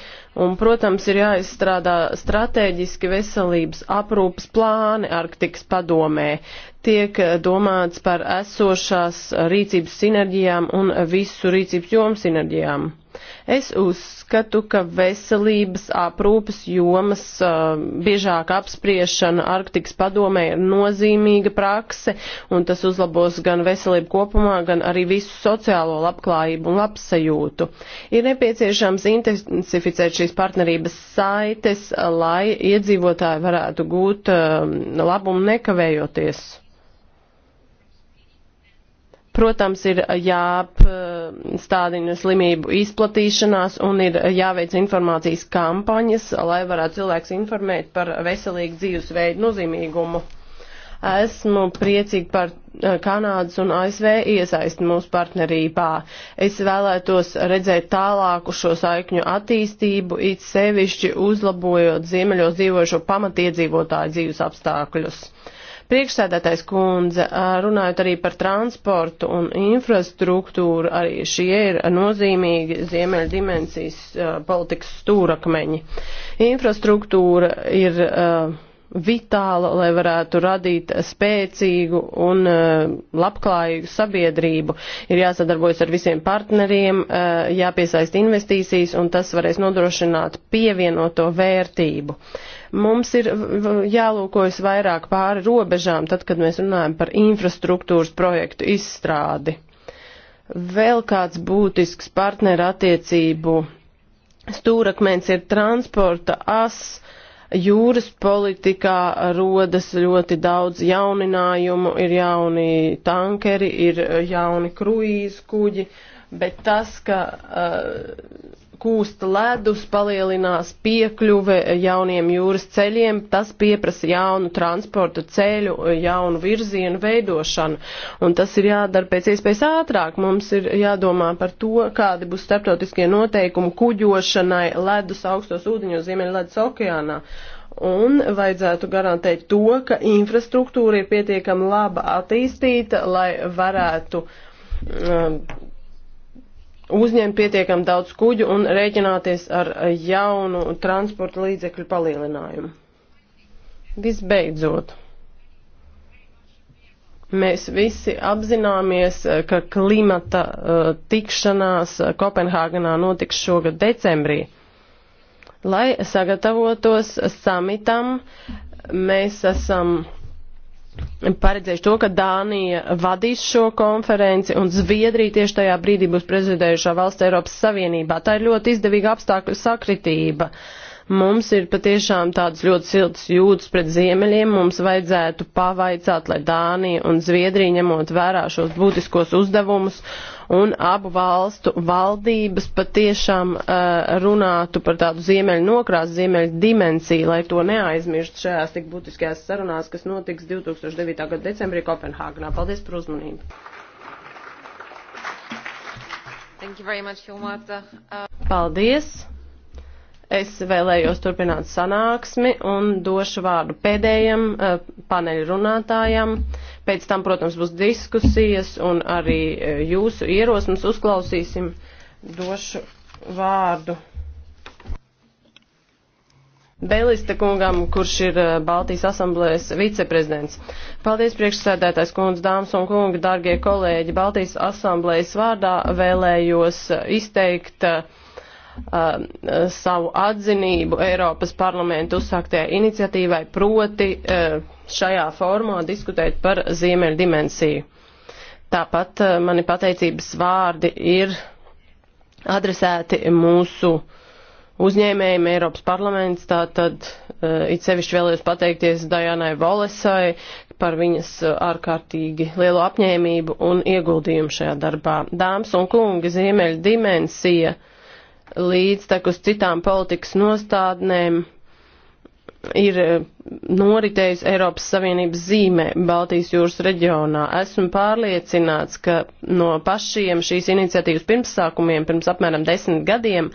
un, protams, ir jāizstrādā strateģiski veselības aprūpas plāni Arktikas padomē. Tiek domāts par esošās rīcības sinerģijām un visu rīcības jomu sinerģijām. Es uzskatu, ka veselības aprūpas jomas uh, biežāk apspriešana Arktikas padomē ir nozīmīga prakse, un tas uzlabos gan veselību kopumā, gan arī visu sociālo labklājību un labsajūtu. Ir nepieciešams intensificēt šīs partnerības saites, lai iedzīvotāji varētu gūt uh, labumu nekavējoties. Protams, ir jāapstādina slimību izplatīšanās un ir jāveic informācijas kampaņas, lai varētu cilvēks informēt par veselīgu dzīvesveidu nozīmīgumu. Esmu priecīgi par eh, Kanādas un ASV iesaisti mūsu partnerībā. Es vēlētos redzēt tālāku šo saikņu attīstību, it sevišķi uzlabojot ziemeļos dzīvojošo pamatiedzīvotāju dzīves apstākļus. Uh, Priekšsēdētais kundze, runājot arī par transportu un infrastruktūru, arī šie ir nozīmīgi ziemeļa dimensijas politikas stūrakmeņi. Infrastruktūra ir vitāla, lai varētu radīt spēcīgu un labklājīgu sabiedrību. Ir jāsadarbojas ar visiem partneriem, jāpiesaist investīcijas, un tas varēs nodrošināt pievienoto vērtību. Mums ir jālūkojas vairāk pāri robežām, tad, kad mēs runājam par infrastruktūras projektu izstrādi. Vēl kāds būtisks partnerattiecību stūrakmens ir transporta ass jūras politikā rodas ļoti daudz jauninājumu, ir jauni tankeri, ir jauni kruīzu kuģi, bet tas, ka uh, kūst ledus, palielinās piekļuve jauniem jūras ceļiem, tas pieprasa jaunu transportu ceļu, jaunu virzienu veidošanu. Un tas ir jādara pēc iespējas ātrāk. Mums ir jādomā par to, kādi būs starptautiskie noteikumi kuģošanai ledus augstos ūdeņos Ziemeļledus okeānā un vajadzētu garantēt to, ka infrastruktūra ir pietiekami laba attīstīta, lai varētu um, uzņemt pietiekam daudz kuģu un rēķināties ar jaunu transporta līdzekļu palielinājumu. Visbeidzot, mēs visi apzināmies, ka klimata uh, tikšanās Kopenhāganā notiks šogad decembrī. Lai sagatavotos samitam, mēs esam paredzējuši to, ka Dānija vadīs šo konferenci un Zviedrija tieši tajā brīdī būs prezidējušā valsts Eiropas Savienībā. Tā ir ļoti izdevīga apstākļu sakritība. Mums ir patiešām tāds ļoti silts jūtas pret ziemeļiem. Mums vajadzētu pavaicāt, lai Dānija un Zviedrija ņemot vērā šos būtiskos uzdevumus un abu valstu valdības patiešām uh, runātu par tādu ziemeļu nokrās, ziemeļu dimensiju, lai to neaizmirst šajās tik būtiskajās sarunās, kas notiks 2009. gada decembrī Kopenhāgenā. Paldies par uzmanību! Much, uh... Paldies! Es vēlējos turpināt sanāksmi un došu vārdu pēdējam uh, eh, paneļu runātājam. Pēc tam, protams, būs diskusijas un arī e, jūsu ierosmes uzklausīsim. Došu vārdu. Belista kungam, kurš ir e, Baltijas asamblējas viceprezidents. Paldies priekšsēdētājs kundz, dāmas un kungi, dargie kolēģi. Baltijas asamblējas vārdā vēlējos e, izteikt uh, savu atzinību Eiropas parlamentu uzsāktajai iniciatīvai proti uh, šajā formā diskutēt par ziemeļu dimensiju. Tāpat eh, mani pateicības vārdi ir adresēti mūsu uzņēmējiem Eiropas parlaments, tātad eh, it sevišķi vēlējos pateikties Dajanai Volesai par viņas eh, ārkārtīgi lielo apņēmību un ieguldījumu šajā darbā. Dāmas un kungi, ziemeļa dimensija līdz tak uz citām politikas nostādnēm ir noritējis Eiropas Savienības zīmē Baltijas jūras reģionā. Esmu pārliecināts, ka no pašiem šīs iniciatīvas pirmsākumiem, pirms apmēram desmit gadiem,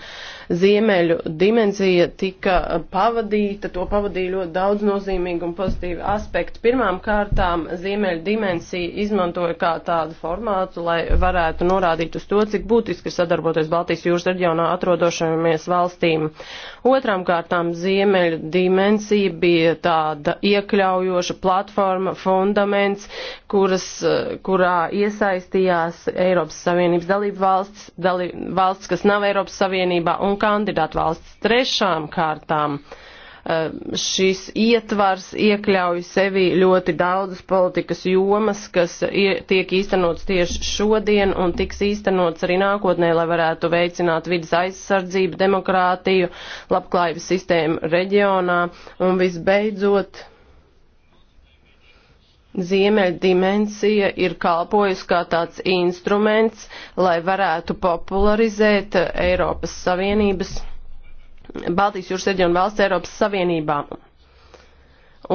ziemeļu dimensija tika pavadīta, to pavadīja ļoti daudz nozīmīgu un pozitīvu aspektu. Pirmām kārtām ziemeļu dimensija izmantoja kā tādu formātu, lai varētu norādīt uz to, cik būtiski ir sadarboties Baltijas jūras reģionā atrodošamies valstīm. Otrām kārtām ziemeļu dimensija bija tāda iekļaujoša platforma, fundaments, kuras, kurā iesaistījās Eiropas Savienības dalību valsts, dalību valsts, kas nav Eiropas Savienībā un kandidātu valsts trešām kārtām. Uh, Um, šis ietvars iekļauj sevi ļoti daudzas politikas jomas, kas tiek īstenots tieši šodien un tiks īstenots arī nākotnē, lai varētu veicināt vidas aizsardzību, demokrātiju, labklājības sistēmu reģionā un visbeidzot. Ziemeļa dimensija ir kalpojusi kā tāds instruments, lai varētu popularizēt Eiropas Savienības Baltijas jūras reģionu valsts Eiropas Savienībā.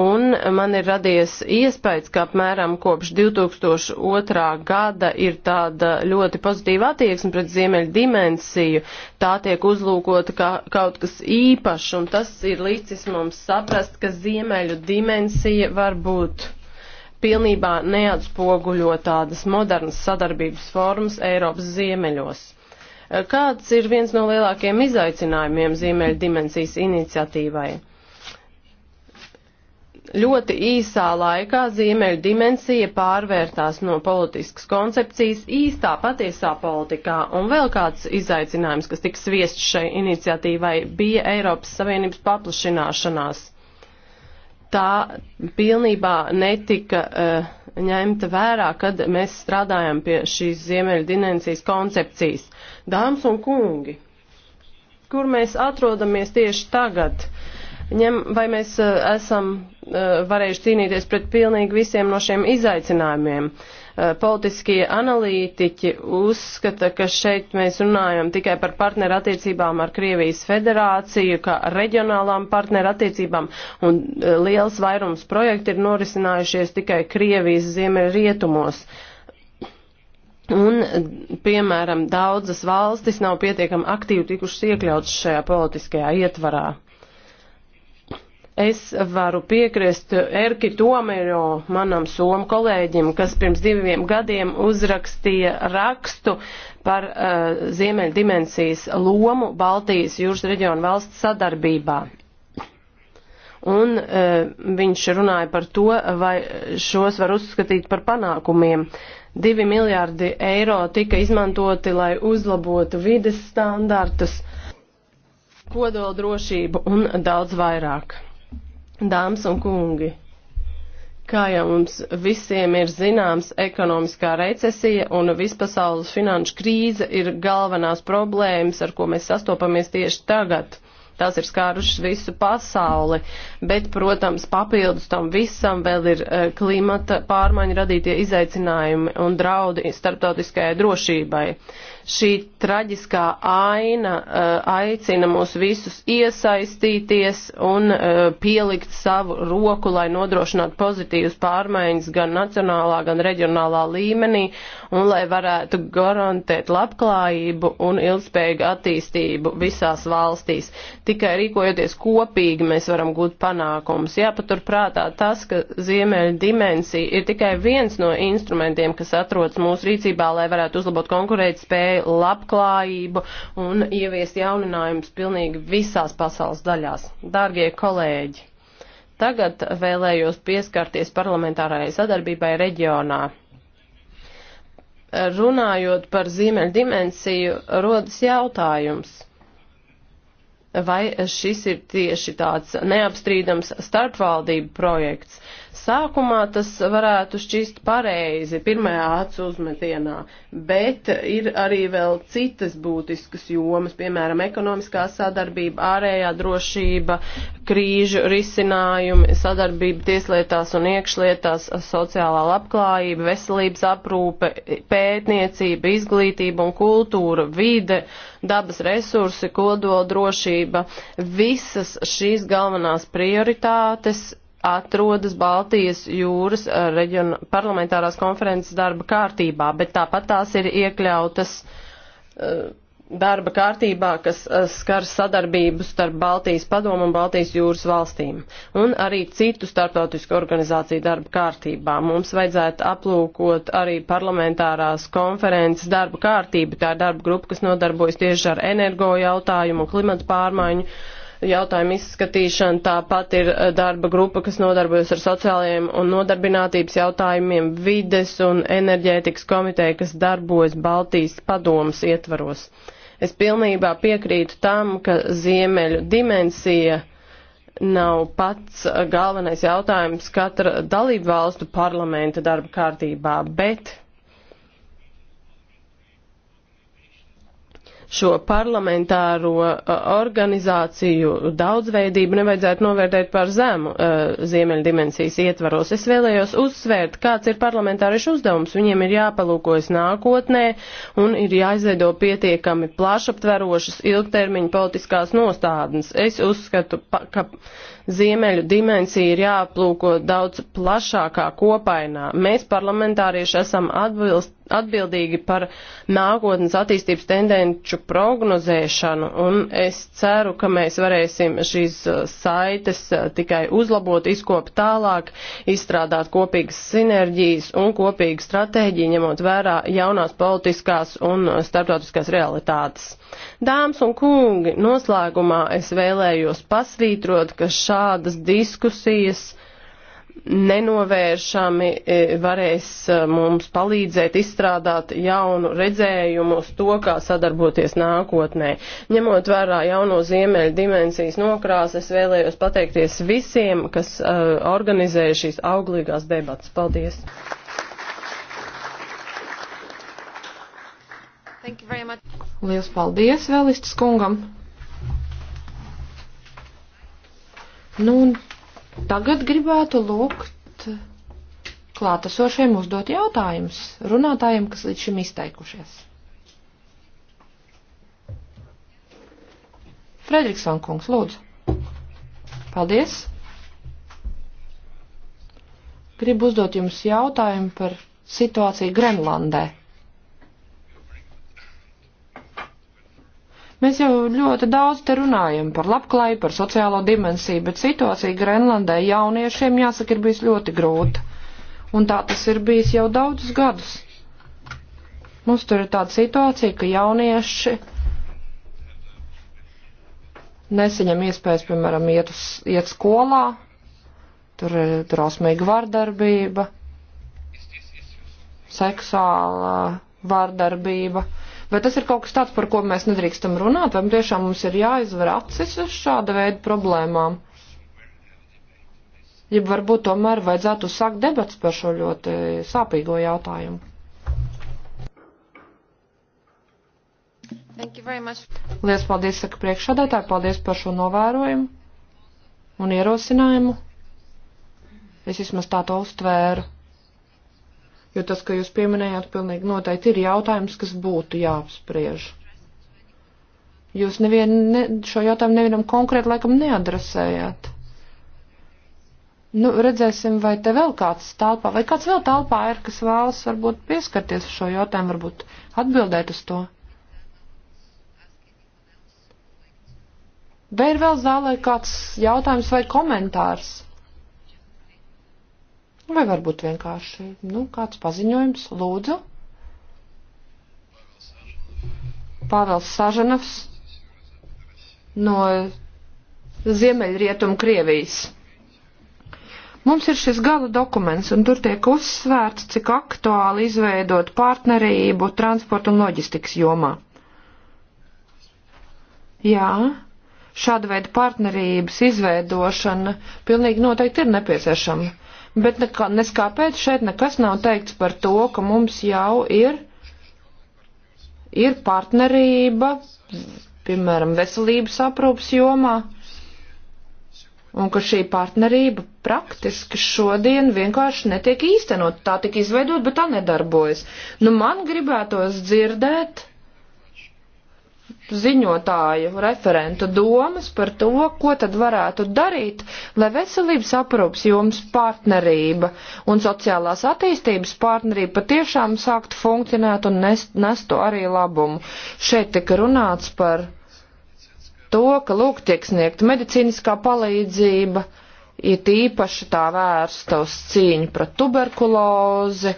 Un man ir radies iespējas, ka apmēram kopš 2002. gada ir tāda ļoti pozitīva attieksme pret ziemeļu dimensiju. Tā tiek uzlūkota kā kaut kas īpašs, un tas ir līdzis mums saprast, ka ziemeļu dimensija var būt pilnībā neatspoguļo tādas modernas sadarbības formas Eiropas ziemeļos. Kāds ir viens no lielākajiem izaicinājumiem Ziemeļa dimensijas iniciatīvai? Ļoti īsā laikā Ziemeļa dimensija pārvērtās no politiskas koncepcijas īstā patiesā politikā, un vēl kāds izaicinājums, kas tiks viests šai iniciatīvai, bija Eiropas Savienības paplašināšanās. Tā pilnībā netika. Uh, ņemta vērā, kad mēs strādājam pie šīs ziemeļa dimensijas koncepcijas. Dāmas un kungi, kur mēs atrodamies tieši tagad? Ņem, vai mēs eh, esam eh, varējuši cīnīties pret pilnīgi visiem no šiem izaicinājumiem? Uh, Eh, politiskie analītiķi uzskata, ka šeit mēs runājam tikai par partnerattiecībām ar Krievijas federāciju, kā reģionālām partnerattiecībām, un eh, liels vairums projekti ir norisinājušies tikai Krievijas ziemeļrietumos. Un, piemēram, daudzas valstis nav pietiekami aktīvi tikušas iekļautas šajā politiskajā ietvarā. Es varu piekrist Erki Tomero, manam somu kolēģim, kas pirms diviem gadiem uzrakstīja rakstu par uh, eh, Ziemeļdimensijas lomu Baltijas jūras reģionu valsts sadarbībā. Un uh, viņš runāja par to, vai šos var uzskatīt par panākumiem. Divi miljārdi eiro tika izmantoti, lai uzlabotu vides standartus, kodoldrošību un daudz vairāk. Dāmas un kungi, kā jau mums visiem ir zināms, ekonomiskā recesija un vispasaules finanšu krīze ir galvenās problēmas, ar ko mēs sastopamies tieši tagad. Tās ir skārušas visu pasauli, bet, protams, papildus tam visam vēl ir eh, klimata pārmaiņu radītie izaicinājumi un draudi starptautiskajai drošībai. Šī traģiskā aina eh, aicina mūs visus iesaistīties un eh, pielikt savu roku, lai nodrošinātu pozitīvas pārmaiņas gan nacionālā, gan reģionālā līmenī un lai varētu garantēt labklājību un ilgspējīgu attīstību visās valstīs. Tikai rīkojoties kopīgi mēs varam gūt panākumus. Jāpaturprātā tas, ka ziemeļa dimensija ir tikai viens no instrumentiem, kas atrodas mūsu rīcībā, lai varētu uzlabot konkurētspēju labklājību un ieviest jauninājumus pilnīgi visās pasaules daļās. Dārgie kolēģi, tagad vēlējos pieskarties parlamentārajai sadarbībai reģionā runājot par ziemeļu dimensiju, rodas jautājums, vai šis ir tieši tāds neapstrīdams starpvaldību projekts, Sākumā tas varētu šķist pareizi pirmajā acu uzmetienā, bet ir arī vēl citas būtiskas jomas, piemēram, ekonomiskā sadarbība, ārējā drošība, krīžu risinājumi, sadarbība tieslietās un iekšlietās, sociālā labklājība, veselības aprūpe, pētniecība, izglītība un kultūra, vide, dabas resursi, kodoldrošība. Visas šīs galvenās prioritātes atrodas Baltijas jūras eh, reģiona parlamentārās konferences darba kārtībā, bet tāpat tās ir iekļautas eh, darba kārtībā, kas eh, skar sadarbību starp Baltijas padomu un Baltijas jūras valstīm, un arī citu starptautisku organizāciju darba kārtībā. Mums vajadzētu aplūkot arī parlamentārās konferences darba kārtību, tā ir darba grupa, kas nodarbojas tieši ar energo jautājumu un klimatu pārmaiņu jautājumu izskatīšanu. Tāpat ir eh, darba grupa, kas nodarbojas ar sociālajiem un nodarbinātības jautājumiem, vides un enerģētikas komiteja, kas darbojas Baltijas padomas ietvaros. Es pilnībā piekrītu tam, ka ziemeļu dimensija nav pats eh, galvenais jautājums katra dalību valstu parlamenta darba kārtībā, bet šo parlamentāro uh, organizāciju daudzveidību nevajadzētu novērtēt par zemu uh, ziemeļu dimensijas ietvaros. Es vēlējos uzsvērt, kāds ir parlamentāriešu uzdevums. Viņiem ir jāpalūkojas nākotnē un ir jāizveido pietiekami plašaptverošas ilgtermiņa politiskās nostādnes. Es uzskatu, ka Ziemeļu dimensija ir jāaplūko daudz plašākā kopainā. Mēs parlamentārieši esam atbilst, atbildīgi par nākotnes attīstības tendenču prognozēšanu, un es ceru, ka mēs varēsim šīs uh, saites uh, tikai uzlabot, izkopt tālāk, izstrādāt kopīgas sinerģijas un kopīgu stratēģiju, ņemot vērā jaunās politiskās un uh, starptautiskās realitātes. Dāmas un kungi, noslēgumā es vēlējos pasvītrot, ka šā šādas diskusijas nenovēršami e, varēs e, mums palīdzēt izstrādāt jaunu redzējumu uz to, kā sadarboties nākotnē. Ņemot vērā jauno ziemeļu dimensijas nokrās, es vēlējos pateikties visiem, kas uh, e, organizēja šīs auglīgās debatas. Paldies! Liels paldies vēlistas kungam! Nu, un tagad gribētu lūgt klātesošiem uzdot jautājumus runātājiem, kas līdz šim izteikušies. Fredrikson kungs, lūdzu. Paldies. Gribu uzdot jums jautājumu par situāciju Grenlandē. Mēs jau ļoti daudz te runājam par labklājību, par sociālo dimensiju, bet situācija Grenlandē jauniešiem, jāsaka, ir bijis ļoti grūta. Un tā tas ir bijis jau daudzus gadus. Mums tur ir tāda situācija, ka jaunieši nesaņem iespējas, piemēram, iet, uz, iet skolā, tur ir drausmīga vardarbība, seksuāla vardarbība. Vai tas ir kaut kas tāds, par ko mēs nedrīkstam runāt, vai tiešām mums ir jāizver acis uz šāda veida problēmām? Ja varbūt tomēr vajadzētu sākt debats par šo ļoti sāpīgo jautājumu. Lielas paldies, saka priekšādātāji, paldies par šo novērojumu un ierosinājumu. Es vismaz tā to uztvēru jo tas, ka jūs pieminējāt, pilnīgi noteikti ir jautājums, kas būtu jāapspriež. Jūs nevien, ne, šo jautājumu nevienam konkrēti laikam neadresējāt. Nu, redzēsim, vai te vēl kāds telpā, vai kāds vēl telpā ir, kas vēlas varbūt pieskarties šo jautājumu, varbūt atbildēt uz to. Vai ir vēl zālē kāds jautājums vai komentārs? Vai varbūt vienkārši, nu, kāds paziņojums, lūdzu. Pāvels Sažanovs no Ziemeļrietumu Krievijas. Mums ir šis gala dokuments, un tur tiek uzsvērts, cik aktuāli izveidot partnerību transporta un loģistikas jomā. Jā, šāda veida partnerības izveidošana pilnīgi noteikti ir nepieciešama bet nekā, neskāpēc šeit nekas nav teikts par to, ka mums jau ir, ir partnerība, piemēram, veselības aprūpas jomā, un ka šī partnerība praktiski šodien vienkārši netiek īstenot. Tā tika izveidot, bet tā nedarbojas. Nu, man gribētos dzirdēt ziņotāju referentu domas par to, ko tad varētu darīt, lai veselības aprūps jums partnerība un sociālās attīstības partnerība patiešām sākt funkcionēt un nest, nestu arī labumu. Šeit tika runāts par to, ka lūk tiek sniegta medicīniskā palīdzība, ir tīpaši tā vērsta uz cīņu pret tuberkulozi,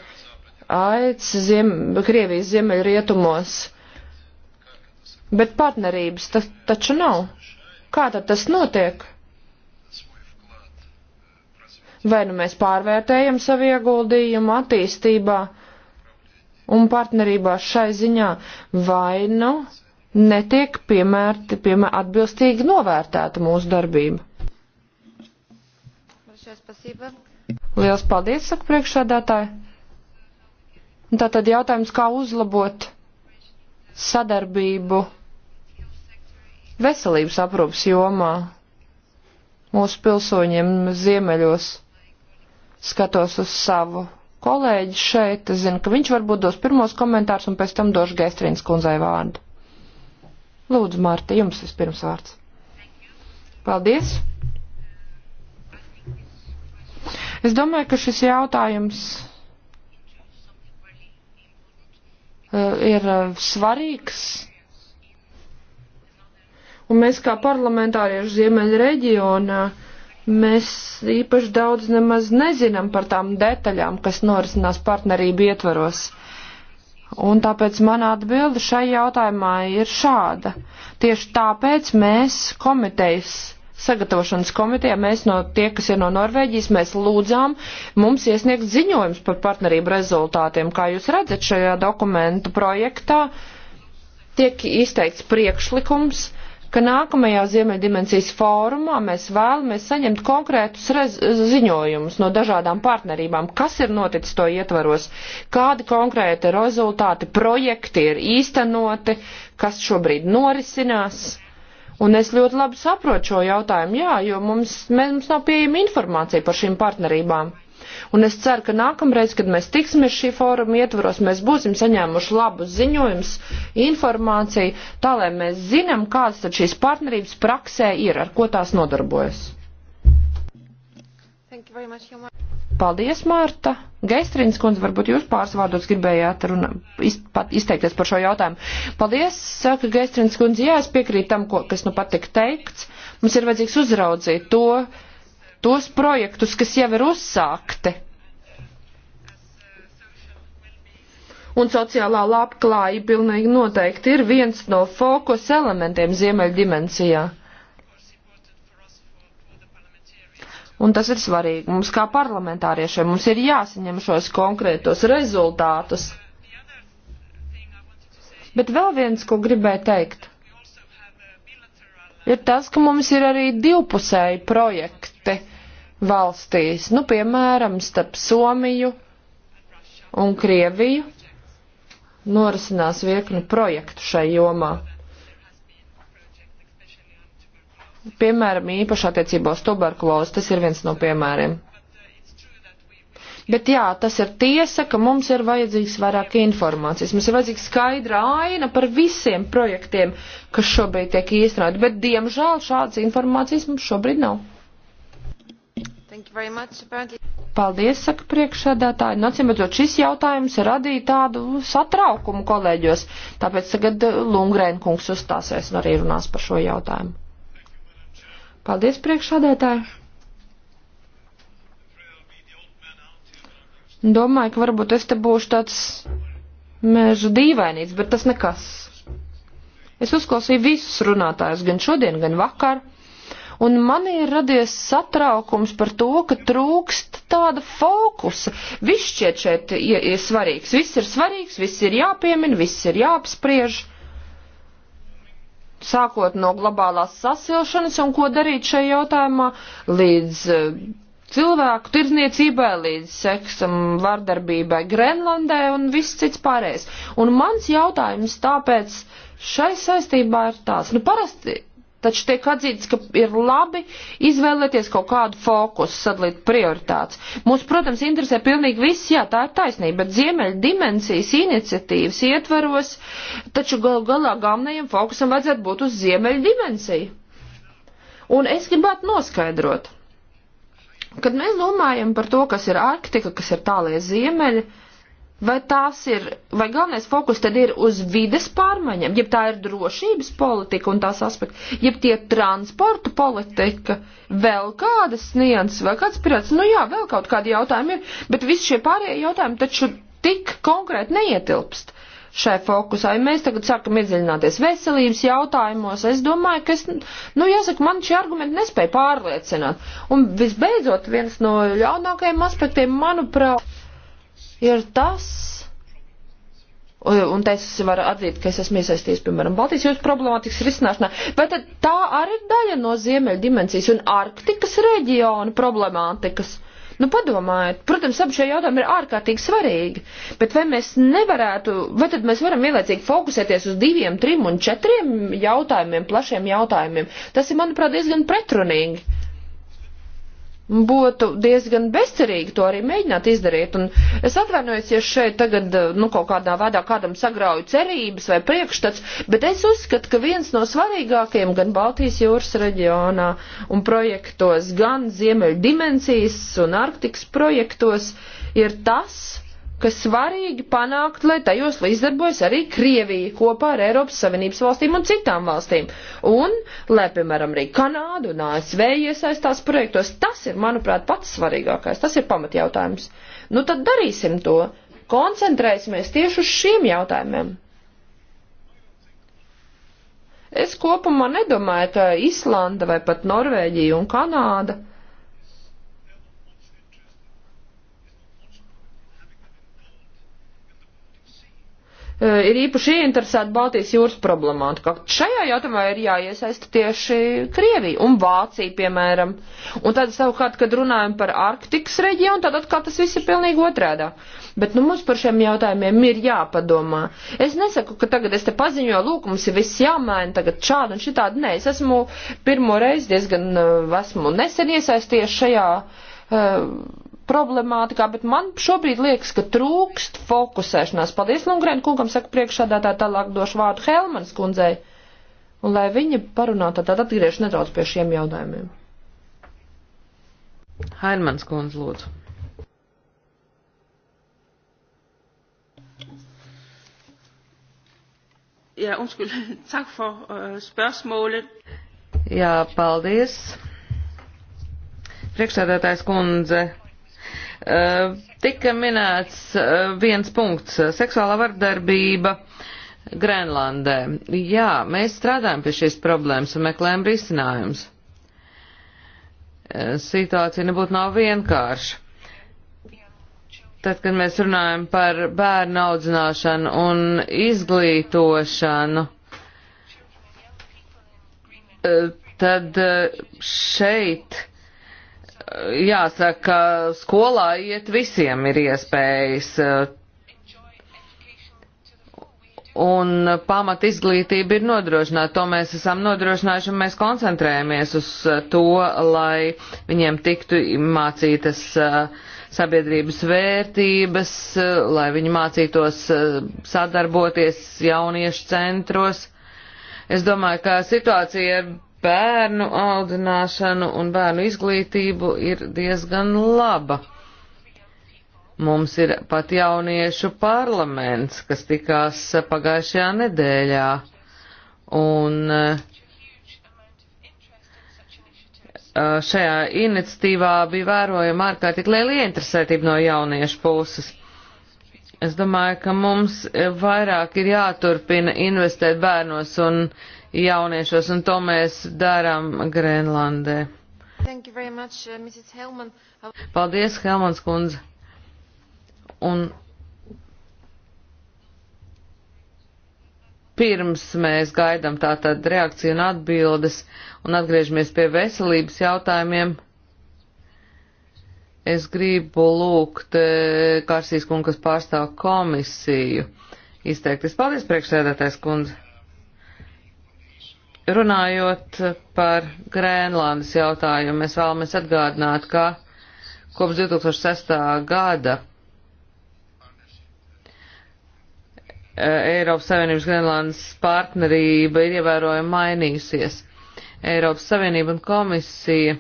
aids ziem, Krievijas ziemeļrietumos Bet partnerības tas taču nav. Kā tad tas notiek? Vai nu mēs pārvērtējam savu ieguldījumu attīstībā un partnerībā šai ziņā, vai nu netiek piemērti, piemēr, atbilstīgi novērtēta mūsu darbība. Liels paldies, saka priekšsādātāji. Tātad jautājums, kā uzlabot sadarbību veselības aprūpas jomā mūsu pilsoņiem ziemeļos. Skatos uz savu kolēģi šeit, es zinu, ka viņš varbūt dos pirmos komentārus un pēc tam došu Gestrīnas kundzei vārdu. Lūdzu, Mārta, jums vispirms vārds. Paldies! Es domāju, ka šis jautājums uh, ir uh, svarīgs Un mēs kā parlamentārieši Ziemeļa reģionā, mēs īpaši daudz nemaz nezinām par tām detaļām, kas norisinās partnerību ietvaros. Un tāpēc mana atbilde šai jautājumā ir šāda. Tieši tāpēc mēs komitejas sagatavošanas komitejā, mēs no tie, kas ir no Norvēģijas, mēs lūdzām mums iesniegt ziņojums par partnerību rezultātiem. Kā jūs redzat šajā dokumentu projektā, tiek izteikts priekšlikums ka nākamajā Ziemeļdimensijas fórumā mēs vēlamies saņemt konkrētus ziņojumus no dažādām partnerībām, kas ir noticis to ietvaros, kādi konkrēti rezultāti, projekti ir īstenoti, kas šobrīd norisinās. Un es ļoti labi saprotu šo jautājumu, jā, jo mums, mēs, mums nav pieejama informācija par šīm partnerībām. Un es ceru, ka nākamreiz, kad mēs tiksimies šī fóruma ietvaros, mēs būsim saņēmuši labus ziņojumus, informāciju, tā lai mēs zinām, kādas tad šīs partnerības praksē ir, ar ko tās nodarbojas. Paldies, Mārta. Geistrīns kundze, varbūt jūs pāris vārdos gribējāt runa, iz, pat, izteikties par šo jautājumu. Paldies, saka Geistrīns kundze, jā, es piekrītu tam, ko, kas nu patika teikts. Mums ir vajadzīgs uzraudzīt to, uh, tos projektus, kas jau ir uzsākti. Un sociālā labklājība pilnīgi noteikti ir viens no fokus elementiem Ziemeļdimensijā. Un tas ir svarīgi. Mums kā parlamentāriešiem mums ir jāsaņem šos konkrētos rezultātus. Bet vēl viens, ko gribēju teikt, ir tas, ka mums ir arī divpusēji projekti valstīs, nu, piemēram, starp Somiju un Krieviju, norisinās virkni projektu šai jomā. Piemēram, īpaši attiecībā uz tuberkulozi, tas ir viens no piemēriem. Bet jā, tas ir tiesa, ka mums ir vajadzīgs vairāk informācijas. Mums ir vajadzīga skaidra aina par visiem projektiem, kas šobrīd tiek īstenot, bet diemžēl šādas informācijas mums šobrīd nav. Paldies, saka priekšsēdētāji. Nacīmredzot, nu, šis jautājums radīja tādu satraukumu kolēģos, tāpēc tagad eh, Lungrēn kungs uzstāsies un arī runās par šo jautājumu. Paldies, priekšsēdētāji. Domāju, ka varbūt es te būšu tāds meža dīvainīts, bet tas nekas. Es uzklausīju visus runātājus gan šodien, gan vakar un man ir radies satraukums par to, ka trūkst tāda fokusa. Viss šķiet šeit ir, ir svarīgs, viss ir svarīgs, viss ir jāpiemina, viss ir jāapspriež sākot no globālās sasilšanas un ko darīt šajā jautājumā, līdz e, cilvēku tirdzniecībai, līdz seksam, vardarbībai Grenlandē un viss cits pārējais. Un mans jautājums tāpēc šai saistībā ir tās, nu parasti taču tiek atzīts, ka ir labi izvēlēties kaut kādu fokusu, sadalīt prioritātes. Mūs, protams, interesē pilnīgi viss, jā, tā ir taisnība, bet ziemeļa dimensijas iniciatīvas ietvaros, taču gal galā galvenajam fokusam vajadzētu būt uz ziemeļa dimensiju. Un es gribētu noskaidrot, kad mēs domājam par to, kas ir Arktika, kas ir tālie ziemeļi, uh, vai tās ir, vai galvenais fokus tad ir uz vides pārmaiņām, jeb tā ir drošības politika un tās aspekti, jeb tie transporta politika, vēl kādas nianses, vēl kāds pirāts, nu jā, vēl kaut kādi jautājumi ir, bet visi šie pārējie jautājumi taču tik konkrēti neietilpst šai fokusā. Ja mēs tagad sākam iedziļināties veselības jautājumos, es domāju, ka es, nu, jāsaka, man šie argumenti nespēja pārliecināt. Un visbeidzot, viens no ļaunākajiem aspektiem, manuprāt, ir tas, un te es varu atzīt, ka es esmu iesaistījies, piemēram, Baltijas jūras problemātikas risināšanā, vai tad tā arī ir daļa no ziemeļa dimensijas un Arktikas reģiona problemātikas? Nu, padomājiet, protams, abi šie jautājumi ir ārkārtīgi svarīgi, bet vai mēs nevarētu, vai tad mēs varam vienlaicīgi fokusēties uz diviem, trim un četriem jautājumiem, plašiem jautājumiem? Tas ir, manuprāt, diezgan pretrunīgi būtu diezgan bezcerīgi to arī mēģināt izdarīt. Un es atvainojos, ja šeit tagad, eh, nu, kaut kādā veidā kādam sagrauju cerības vai priekšstats, bet es uzskatu, ka viens no svarīgākajiem gan Baltijas jūras reģionā un projektos, gan Ziemeļu dimensijas un Arktikas projektos ir tas, ka svarīgi panākt, lai tajos līdzdarbojas arī Krievija kopā ar Eiropas Savienības valstīm un citām valstīm. Un, lai, piemēram, arī Kanādu un ASV iesaistās projektos, tas ir, manuprāt, pats svarīgākais, tas ir pamatjautājums. Nu tad darīsim to, koncentrēsimies tieši uz šiem jautājumiem. Es kopumā nedomāju, ka Islanda vai pat Norvēģija un Kanāda Eh, ir īpaši ieinteresēti Baltijas jūras problemātikā. Šajā jautājumā ir jāiesaista tieši Krievija un Vācija, piemēram. Un tad savukārt, kad runājam par Arktikas reģionu, tad atkal tas viss ir pilnīgi otrādā. Bet nu, mums par šiem jautājumiem ir jāpadomā. Es nesaku, ka tagad es te paziņoju, lūk, mums ir viss jāmaina tagad šādi un šitādi. Nē, es esmu pirmo reizi diezgan eh, esmu nesen iesaistījies šajā. Uh, problemātikā, bet man šobrīd liekas, ka trūkst fokusēšanās. Paldies Lungrēn kungam, saka priekšādātā tālāk došu vārdu Helmans kundzei, un lai viņa parunātu, tad atgriežu nedaudz pie šiem jautājumiem. Helmans kundze, lūdzu. Ja, undskyld. Tak for uh, spørgsmålet. Jā, paldies. Priekšsēdētājs kundze, Eh, tika minēts eh, viens punkts - seksuālā vardarbība. Grenlandē. Jā, mēs strādājam pie šīs problēmas un meklējam risinājumus. Eh, situācija nebūtu nav vienkārša. Tad, kad mēs runājam par bērnu audzināšanu un izglītošanu, tad šeit jāsaka, skolā iet visiem ir iespējas. Un pamat izglītība ir nodrošināta, to mēs esam nodrošinājuši un mēs koncentrējamies uz to, lai viņiem tiktu mācītas uh, sabiedrības vērtības, uh, lai viņi mācītos uh, sadarboties jauniešu centros. Es domāju, ka situācija bērnu audzināšanu un bērnu izglītību ir diezgan laba. Mums ir pat jauniešu parlaments, kas tikās pagājušajā nedēļā. Un šajā iniciatīvā bija vērojama ārkārtīgi liela interesētība no jauniešu puses. Es domāju, ka mums vairāk ir jāturpina investēt bērnos un uh, jauniešos, un to mēs darām Grenlandē. Much, uh, Helman. Paldies, Helmans kundze. Un pirms mēs gaidām tātad reakciju un atbildes un atgriežamies pie veselības jautājumiem, es gribu lūgt eh, Kārsīs kungas pārstāv komisiju izteikties. Paldies, priekšsēdētājs kundze. Runājot par Grēnlandes jautājumu, mēs vēlamies atgādināt, ka kopš 2006. gada e, Eiropas Savienības Grenlandes partnerība ir ievērojami mainījusies. Eiropas Savienība un komisija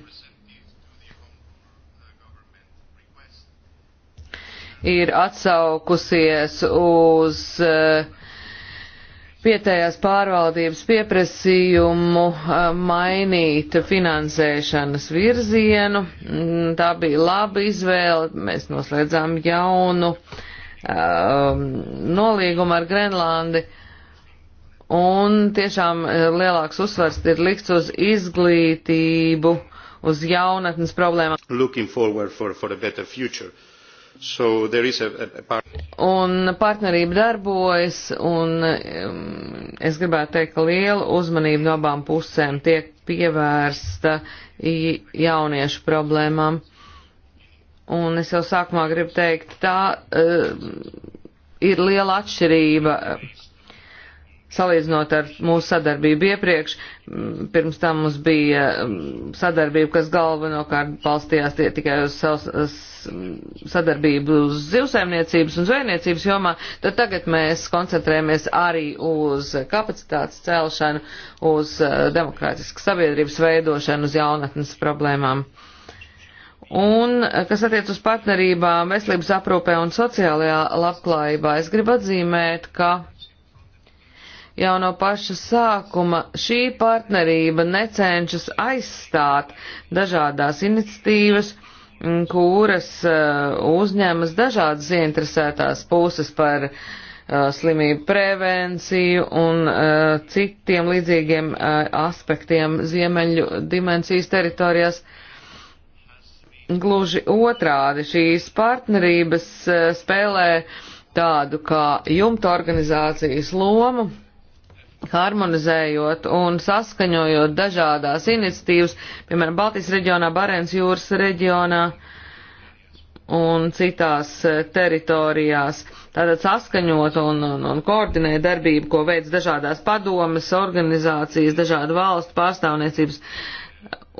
ir atsaukusies uz e, vietējās pārvaldības pieprasījumu eh, mainīt finansēšanas virzienu. Mm, tā bija laba izvēle. Mēs noslēdzām jaunu um, nolīgumu ar Grenlandi. Un tiešām eh, lielāks uzsvars ir likts uz izglītību, uz jaunatnes problēmām. So a, a un partnerība darbojas, un um, es gribētu teikt, ka liela uzmanība no abām pusēm tiek pievērsta jauniešu problēmām. Un es jau sākumā gribu teikt, tā uh, ir liela atšķirība salīdzinot ar mūsu sadarbību iepriekš. Mm, pirms tam mums bija mm, sadarbība, kas galvenokārt balstījās tikai uz savas Mm, sadarbību uz zivsaimniecības un zvejniecības jomā, tad tagad mēs koncentrējamies arī uz kapacitātes celšanu, uz eh, demokrātiskas sabiedrības veidošanu, uz jaunatnes problēmām. Un, eh, kas attiec uz partnerībām veselības aprūpē un sociālajā labklājībā, es gribu atzīmēt, ka jau no paša sākuma šī partnerība necenšas aizstāt dažādās iniciatīvas kuras e, uzņemas dažādas ieinteresētās puses par e, slimību prevenciju un e, citiem līdzīgiem aspektiem ziemeļu dimensijas teritorijās. Gluži otrādi šīs partnerības spēlē tādu kā jumta organizācijas lomu harmonizējot un saskaņojot dažādās iniciatīvas, piemēram, Baltijas reģionā, Barents jūras reģionā un citās eh, teritorijās. Tātad saskaņot un, un, un koordinēt darbību, ko veids dažādās padomas, organizācijas, dažādu valstu pārstāvniecības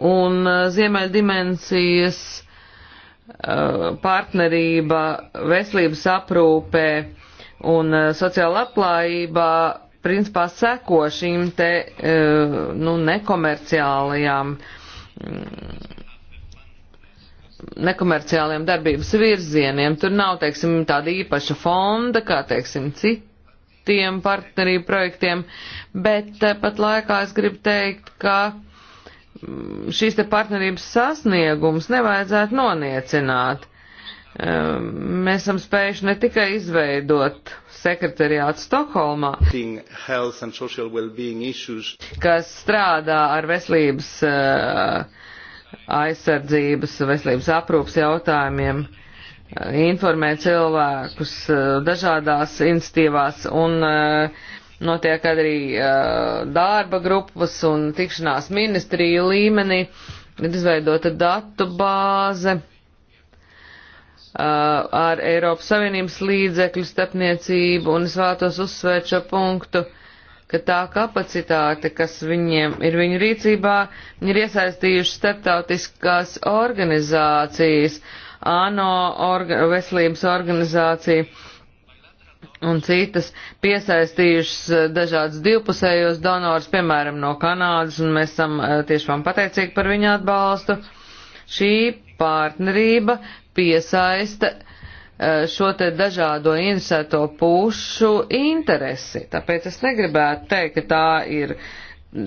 un eh, ziemeļa dimensijas eh, partnerība veselības aprūpē un sociāla labklājībā principā seko šīm te, e, nu, nekomerciālajām mm, nekomerciāliem darbības virzieniem. Tur nav, teiksim, tāda īpaša fonda, kā, teiksim, citiem partnerību projektiem, bet e, pat laikā es gribu teikt, ka mm, šīs te partnerības sasniegums nevajadzētu noniecināt. E, mēs esam spējuši ne tikai izveidot sekretariātu Stokholmā, kas strādā ar veselības eh, aizsardzības, veselības aprūpas jautājumiem, eh, informē cilvēkus eh, dažādās institīvās un notiek arī darba grupas un tikšanās ministriju līmenī, ir izveidota datu bāze Uh, ar Eiropas Savienības līdzekļu starpniecību, un es vēlētos uzsvērt šo punktu, ka tā kapacitāte, kas viņiem ir viņu rīcībā, viņi ir iesaistījuši starptautiskās organizācijas, ANO orga, veselības organizācija un citas, piesaistījušas uh, dažādas divpusējos donors, piemēram, no Kanādas, un mēs esam uh, tiešām pateicīgi par viņu atbalstu. Šī partnerība piesaista eh, šo te dažādo interesēto pušu interesi. Tāpēc es negribētu teikt, ka tā ir,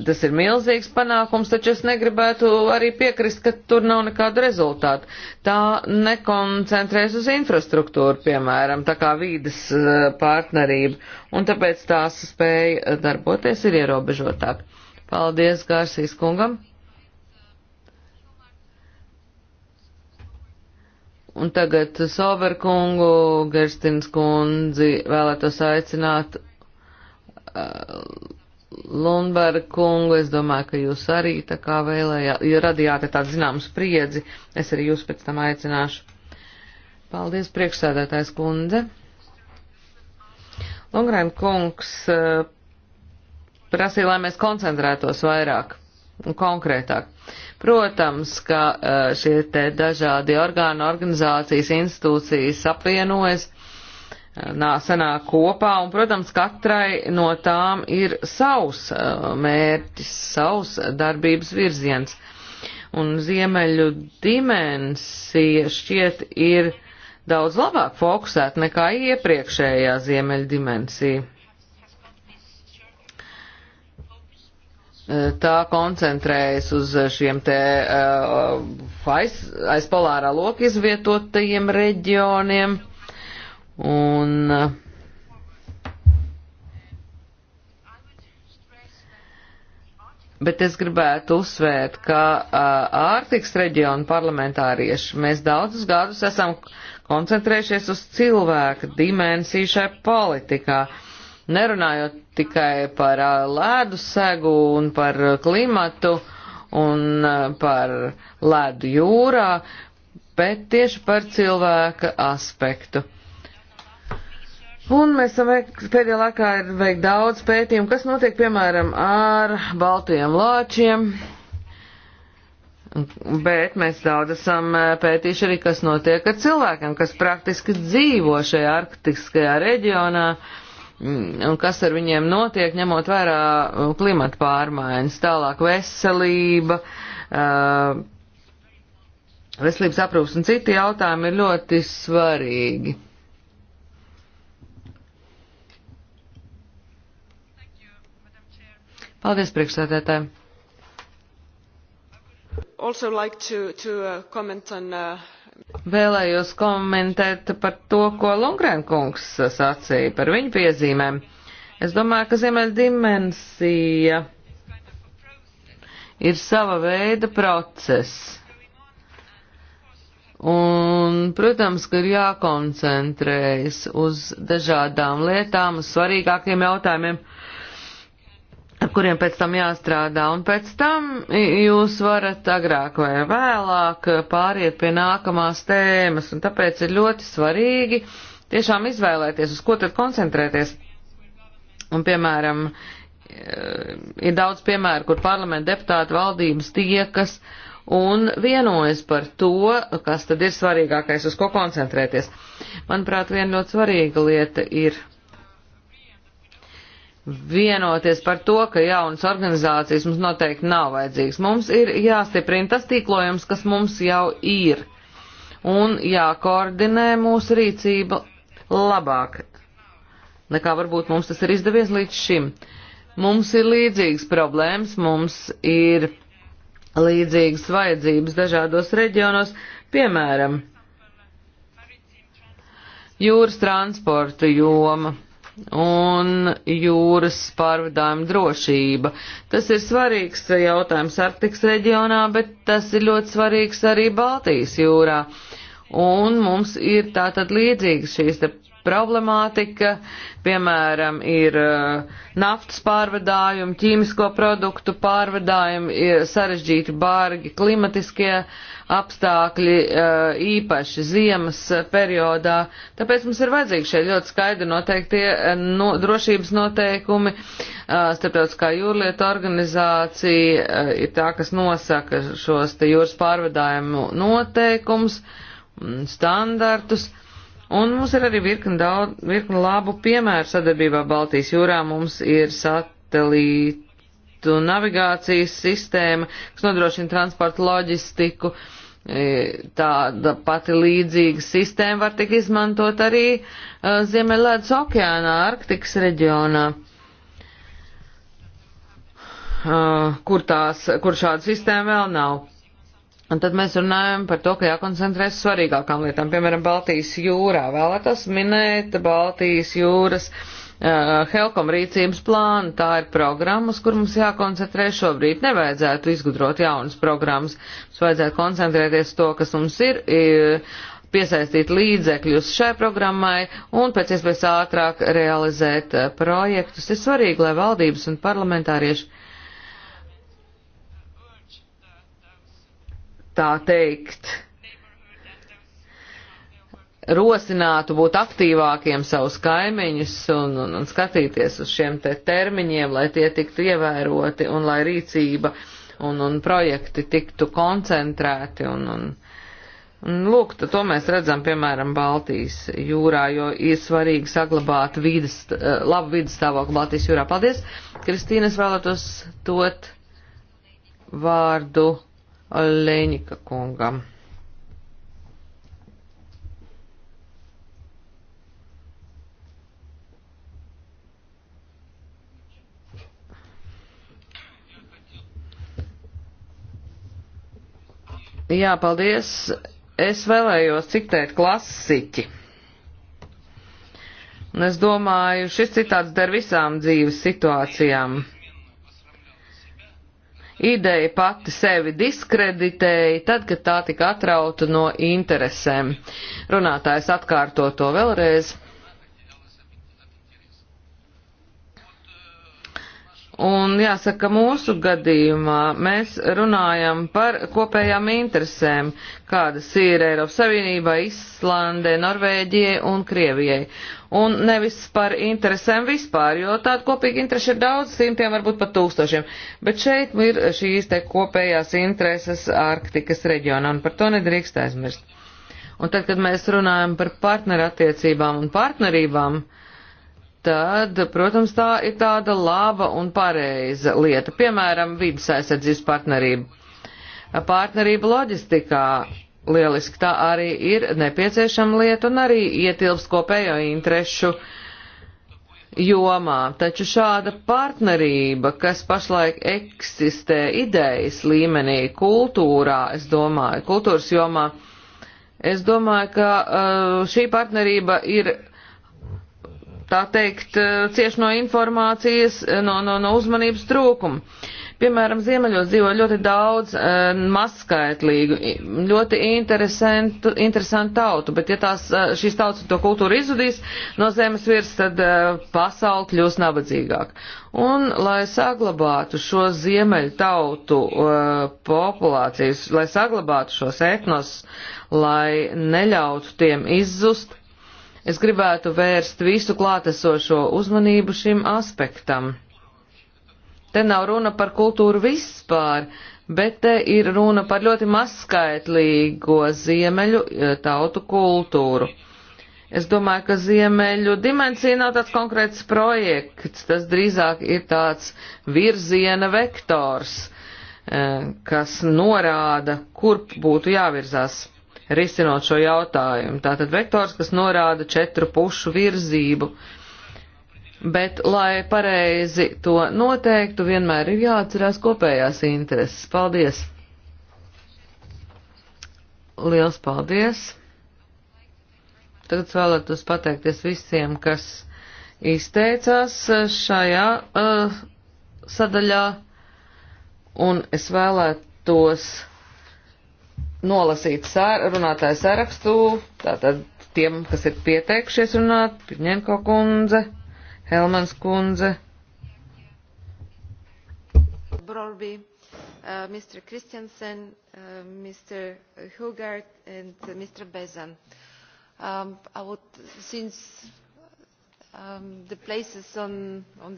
tas ir milzīgs panākums, taču es negribētu arī piekrist, ka tur nav nekāda rezultāta. Tā nekoncentrēs uz infrastruktūru, piemēram, tā kā vīdes eh, partnerība, un tāpēc tās spēja darboties ir ierobežotāk. Paldies Gārsīs kungam! Un tagad Soberkungu, Gerstins kundzi vēlētos aicināt uh, Lundberg kungu. Es domāju, ka jūs arī tā kā vēlējāt, ja radījāt tādu zināmu spriedzi, es arī jūs pēc tam aicināšu. Paldies, priekšsēdētājs kundze. Lungrēm kungs uh, prasīja, lai mēs koncentrētos vairāk konkrētāk. Protams, ka eh, šie te dažādi orgāni, organizācijas, institūcijas apvienojas, eh, sanāk kopā, un, protams, katrai no tām ir savs eh, mērķis, savs darbības virziens. Un ziemeļu dimensija šķiet ir daudz labāk fokusēta nekā iepriekšējā ziemeļu dimensija. tā koncentrējas uz šiem te uh, aiz, aiz polārā loka izvietotajiem reģioniem. Un uh, Bet es gribētu uzsvērt, ka uh, ārtiks reģionu parlamentārieši mēs daudzus gadus esam koncentrējušies uz cilvēku dimensiju šai politikā. Uh, nerunājot tikai par lēdu segu un par klimatu un par ledu jūrā, bet tieši par cilvēka aspektu. Un mēs esam veik, pēdējā laikā ir veikt daudz pētījumu, kas notiek piemēram ar baltajiem lāčiem, bet mēs daudz esam pētījuši arī, kas notiek ar cilvēkiem, kas praktiski dzīvo šajā arktiskajā reģionā. Uh, Mm, un kas ar viņiem notiek, ņemot vērā uh, klimata pārmaiņas, tālāk veselība, uh, veselības aprūpas un citi jautājumi ir ļoti svarīgi. Paldies, priekšsēdētāji! Also like to, to uh, comment on uh, Vēlējos komentēt par to, ko Lungrēnkungs sacīja par viņu piezīmēm. Es domāju, ka ziemeļa dimensija ir sava veida process. Un, protams, ka ir jākoncentrējas uz dažādām lietām, uz svarīgākiem jautājumiem kuriem pēc tam jāstrādā, un pēc tam jūs varat agrāk vai vēlāk pāriet pie nākamās tēmas, un tāpēc ir ļoti svarīgi tiešām izvēlēties, uz ko tad koncentrēties. Un, piemēram, ir daudz piemēru, kur parlamenta deputāti valdības tiekas un vienojas par to, kas tad ir svarīgākais, uz ko koncentrēties. Manuprāt, viena ļoti svarīga lieta ir vienoties par to, ka jaunas organizācijas mums noteikti nav vajadzīgas. Mums ir jāstiprina tas tīklojums, kas mums jau ir, un jākoordinē mūsu rīcība labāk, nekā varbūt mums tas ir izdevies līdz šim. Mums ir līdzīgas problēmas, mums ir līdzīgas vajadzības dažādos reģionos, piemēram, jūras transporta joma un jūras pārvadājuma drošība. Tas ir svarīgs jautājums Arktikas reģionā, bet tas ir ļoti svarīgs arī Baltijas jūrā. Un mums ir tātad līdzīgas šīs te problemātika, piemēram, ir eh, naftas pārvadājumi, ķīmisko produktu pārvadājumi, sarežģīti bārgi, klimatiskie apstākļi, eh, īpaši ziemas periodā. Tāpēc mums ir vajadzīgi šeit ļoti skaidri noteiktie eh, no, drošības noteikumi. Starptautiskā jūrlieta organizācija ir tā, kas nosaka šos te jūras pārvadājumu noteikumus, standartus. Un mums ir arī virkni, daudz, virkni labu piemēru sadarbībā Baltijas jūrā. Mums ir satelītu navigācijas sistēma, kas nodrošina transportu loģistiku. E, tāda pati līdzīga sistēma var tik izmantot arī e, Ziemeļlēdz okeānā, Arktikas reģionā, e, kur, tās, kur šāda sistēma vēl nav. Un tad mēs runājam par to, ka jākoncentrēs svarīgākām lietām, piemēram, Baltijas jūrā. Vēlētos minēt Baltijas jūras uh, Helkom rīcības plānu. Tā ir programmas, kur mums jākoncentrē šobrīd. Nevajadzētu izgudrot jaunas programmas. Mums vajadzētu koncentrēties to, kas mums ir, piesaistīt līdzekļus šai programmai un pēc iespējas ātrāk realizēt uh, projektus. Ir svarīgi, lai valdības un parlamentārieši tā teikt, rosinātu būt aktīvākiem savus kaimiņus un, un, un skatīties uz šiem te termiņiem, lai tie tiktu ievēroti un lai rīcība un, un projekti tiktu koncentrēti un, un, un lūk, to mēs redzam piemēram Baltijas jūrā, jo ir svarīgi saglabāt vidas, eh, labu vidas stāvokli Baltijas jūrā. Paldies, Kristīnes vēlētos dot vārdu Lēņika kungam. Jā, paldies. Es vēlējos citēt klasiķi. Un es domāju, šis citāts der visām dzīves situācijām. Ideja pati sevi diskreditēja, tad, kad tā tika atrauta no interesēm. Runātājs atkārto to vēlreiz. Un jāsaka, mūsu gadījumā mēs runājam par kopējām interesēm, kādas ir Eiropas Savienībai, Islandē, Norvēģijai un Krievijai. Un nevis par interesēm vispār, jo tādu kopīgu interešu ir daudz, simtiem, varbūt pat tūkstošiem. Bet šeit ir šīs te kopējās intereses Arktikas reģionā, un par to nedrīkst aizmirst. Un tad, kad mēs runājam par partnerattiecībām un partnerībām, uh, tad, protams, tā ir tāda laba un pareiza lieta. Piemēram, vidas aizsardzības partnerība. Partnerība loģistikā lieliski tā arī ir nepieciešama lieta un arī ietilps kopējo interešu jomā. Taču šāda partnerība, kas pašlaik eksistē idejas līmenī, kultūrā, es domāju, kultūras jomā, es domāju, ka uh, šī partnerība ir tā teikt, eh, cieši no informācijas, eh, no, no, no uzmanības trūkuma. Piemēram, ziemeļos dzīvo ļoti daudz uh, mazskaitlīgu, ļoti interesantu, interesantu tautu, bet ja tās, šīs tautas to kultūru izudīs no zemes virs, tad uh, pasauli kļūs nabadzīgāk. Un, lai saglabātu šo ziemeļu tautu uh, populācijas, lai saglabātu šos etnos, lai neļautu tiem izzust, Es gribētu vērst visu klātesošo uzmanību šim aspektam. Te nav runa par kultūru vispār, bet te ir runa par ļoti mazskaitlīgo ziemeļu eh, tautu kultūru. Es domāju, ka ziemeļu dimensija nav tāds konkrēts projekts, tas drīzāk ir tāds virziena vektors, eh, kas norāda, kur būtu jāvirzās risinot šo jautājumu. Tātad vektors, kas norāda četru pušu virzību. Bet, lai pareizi to noteiktu, vienmēr ir jāatcerās kopējās intereses. Paldies! Liels paldies! Tagad vēlētos pateikties visiem, kas izteicās šajā uh, sadaļā, un es vēlētos nolasīt sār, runātāju sarakstu, tātad tiem, kas ir pieteikušies runāt, Pirņenko kundze, Helmans kundze. Brorby, uh, Mr. Christiansen, uh, Mr. Hugard and Mr. Bezan. Um, I would, since Um, on, on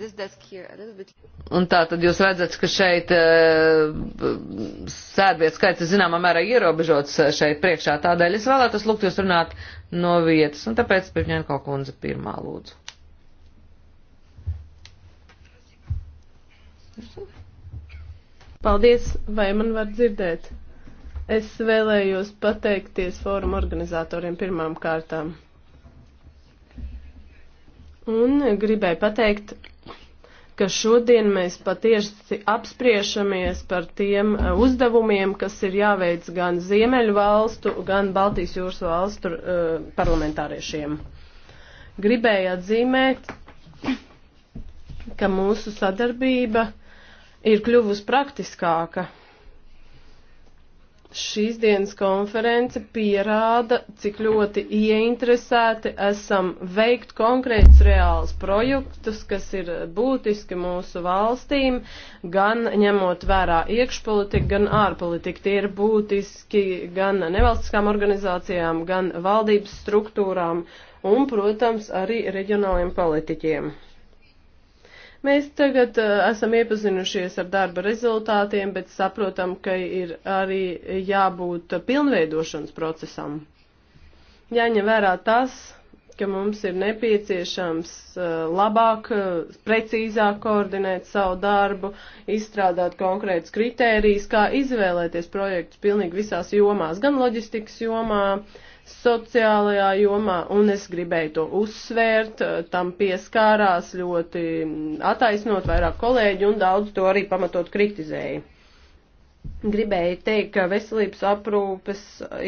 Un tā tad jūs redzat, ka šeit uh, sēdvietas skaits zināmā mērā ierobežots uh, šeit priekšā. Tādēļ es vēlētos lūgt jūs runāt no vietas. Un tāpēc Pirņēnko kundze pirmā lūdzu. Paldies, vai man var dzirdēt? Es vēlējos pateikties fóruma organizatoriem pirmām kārtām. Un gribēju pateikt, ka šodien mēs patiesi apspriešamies par tiem eh, uzdevumiem, kas ir jāveic gan Ziemeļu valstu, gan Baltijas jūras valstu uh, parlamentāriešiem. Gribēju atzīmēt, ka mūsu sadarbība ir kļuvusi praktiskāka šīs dienas konference pierāda, cik ļoti ieinteresēti esam veikt konkrētus reālus projektus, kas ir būtiski mūsu valstīm, gan ņemot vērā iekšpolitiku, gan ārpolitiku. Tie ir būtiski gan nevalstiskām organizācijām, gan valdības struktūrām un, protams, arī reģionāliem politiķiem. Mēs tagad uh, esam iepazinušies ar darba rezultātiem, bet saprotam, ka ir arī jābūt pilnveidošanas procesam. Jāņem vērā tas, ka mums ir nepieciešams uh, labāk, uh, precīzāk koordinēt savu darbu, izstrādāt konkrētus kritērijus, kā izvēlēties projektus pilnīgi visās jomās, gan loģistikas jomā, uh, sociālajā jomā, un es gribēju to uzsvērt, eh, tam pieskārās ļoti mm, attaisnot vairāk kolēģi un daudz to arī pamatot kritizēja. Gribēju teikt, ka veselības aprūpes,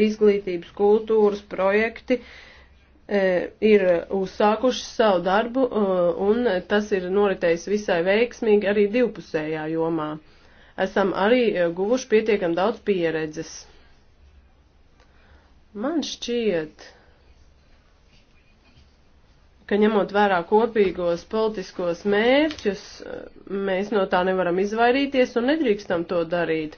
izglītības, kultūras projekti eh, ir uzsākuši savu darbu, eh, un tas ir noritējis visai veiksmīgi arī divpusējā jomā. Esam arī guvuši pietiekam daudz pieredzes Man šķiet, ka ņemot vērā kopīgos politiskos mērķus, mēs no tā nevaram izvairīties un nedrīkstam to darīt.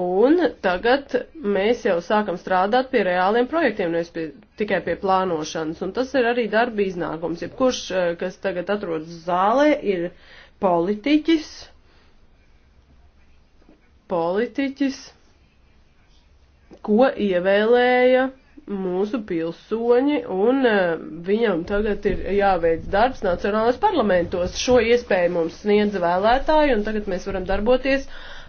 Un tagad mēs jau sākam strādāt pie reāliem projektiem, nevis pie, tikai pie plānošanas. Un tas ir arī darba iznākums. Jebkurš, eh, kas tagad atrodas zālē, ir politiķis. Politiķis ko ievēlēja mūsu pilsoņi, un eh, viņam tagad ir jāveic darbs nacionālais parlamentos. Šo iespēju mums sniedz vēlētāji, un tagad mēs varam darboties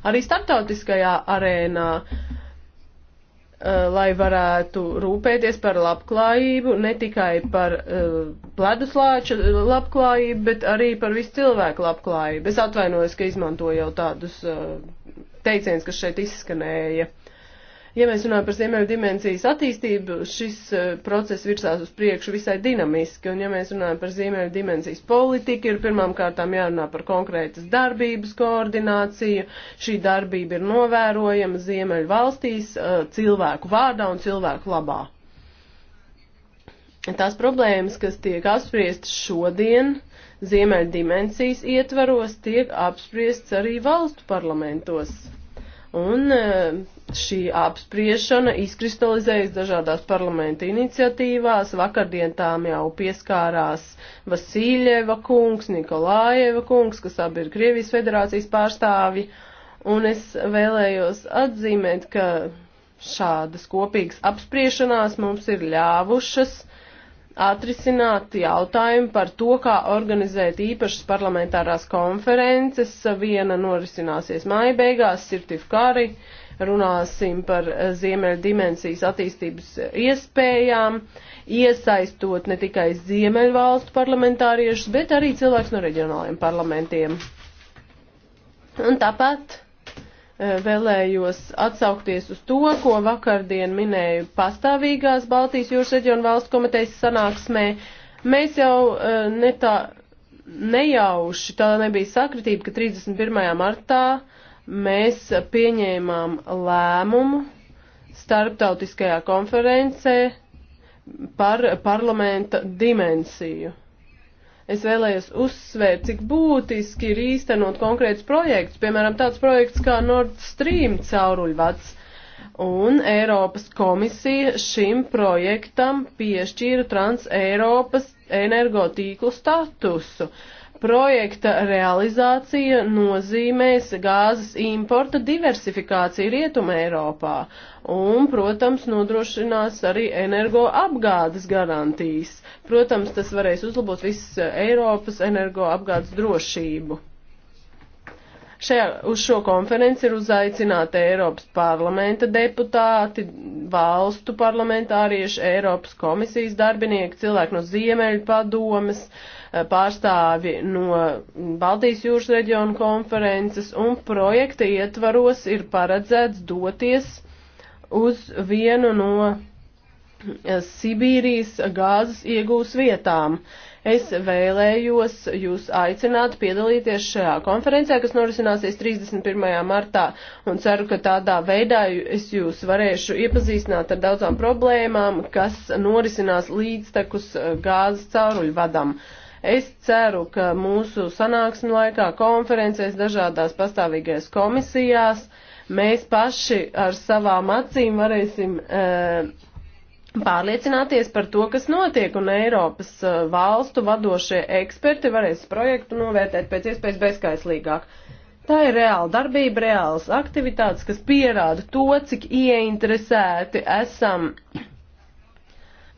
arī starptautiskajā arēnā, eh, lai varētu rūpēties par labklājību, ne tikai par eh, pleduslāča labklājību, bet arī par visu cilvēku labklājību. Es atvainojos, ka izmantoju jau tādus teicienus, kas šeit izskanēja. Ja mēs runājam par ziemeļu dimensijas attīstību, šis e, process virsās uz priekšu visai dinamiski, un ja mēs runājam par ziemeļu dimensijas politiku, ir pirmām kārtām jārunā par konkrētas darbības koordināciju. Šī darbība ir novērojama ziemeļu valstīs e, cilvēku vārdā un cilvēku labā. Tās problēmas, kas tiek apspriestas šodien, Ziemeļdimensijas ietvaros tiek apspriests arī valstu parlamentos. Un e, šī apspriešana izkristalizējas dažādās parlamenta iniciatīvās. Vakardien tām jau pieskārās Vasīļeva kungs, Nikolājeva kungs, kas abi ir Krievijas federācijas pārstāvi. Un es vēlējos atzīmēt, ka šādas kopīgas apspriešanās mums ir ļāvušas atrisināt jautājumu par to, kā organizēt īpašas parlamentārās konferences. Viena norisināsies māja beigās, Sirtifkari, runāsim par ziemeļa dimensijas attīstības iespējām, iesaistot ne tikai ziemeļu valstu parlamentāriešus, bet arī cilvēks no reģionāliem parlamentiem. Un tāpat Eh, vēlējos atsaukties uz to, ko vakardien minēju pastāvīgās Baltijas jūras reģionu valstu komitejas sanāksmē. Mēs jau eh, ne tā nejauši, tā nebija sakritība, ka 31. martā mēs pieņēmām lēmumu starptautiskajā konferencē par parlamenta dimensiju. Es vēlējos uzsvērt, cik būtiski ir īstenot konkrēts projekts, piemēram, tāds projekts kā Nord Stream cauruļvads. Un Eiropas komisija šim projektam piešķīra Trans-Eiropas energotīklu statusu. Uh, projekta realizācija nozīmēs gāzes importa diversifikāciju Rietuma Eiropā un, protams, nodrošinās arī energo apgādes garantijas. Protams, tas varēs uzlabot visas Eiropas energo apgādes drošību. Šajā, uz šo konferenci ir uzaicināti Eiropas parlamenta deputāti, valstu parlamentārieši, Eiropas komisijas darbinieki, cilvēki no Ziemeļu padomes, uh, Eh, pārstāvi no Baltijas jūras reģionu konferences, un projekta ietvaros ir paredzēts doties uz vienu no eh, Sibīrijas gāzes iegūs vietām. Es vēlējos jūs aicināt piedalīties šajā konferencē, kas norisināsies 31. martā, un ceru, ka tādā veidā es jūs varēšu iepazīstināt ar daudzām problēmām, kas norisinās līdztekus eh, gāzes cauruļu vadam. Uh, Es ceru, ka mūsu sanāksmu laikā, konferencēs, dažādās pastāvīgajās komisijās mēs paši ar savām acīm varēsim. E, pārliecināties par to, kas notiek, un Eiropas eh, valstu vadošie eksperti varēs projektu novērtēt pēc iespējas bezkaislīgāk. Tā ir reāla darbība, reālas aktivitātes, kas pierāda to, cik ieinteresēti esam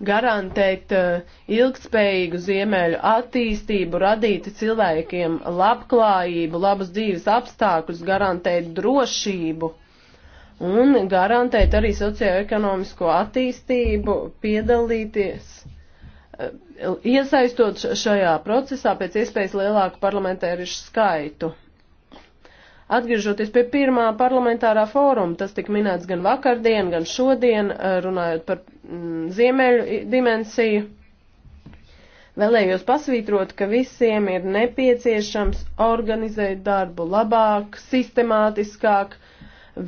garantēt eh, ilgspējīgu ziemeļu attīstību, radīt cilvēkiem labklājību, labus dzīves apstākļus, garantēt drošību un garantēt arī socioekonomisko attīstību, piedalīties, eh, iesaistot šajā procesā pēc iespējas lielāku parlamentērišu skaitu. Atgriežoties pie pirmā parlamentārā fóruma, tas tika minēts gan vakardien, gan šodien, eh, runājot par mm, ziemeļu dimensiju, vēlējos pasvītrot, ka visiem ir nepieciešams organizēt darbu labāk, sistemātiskāk,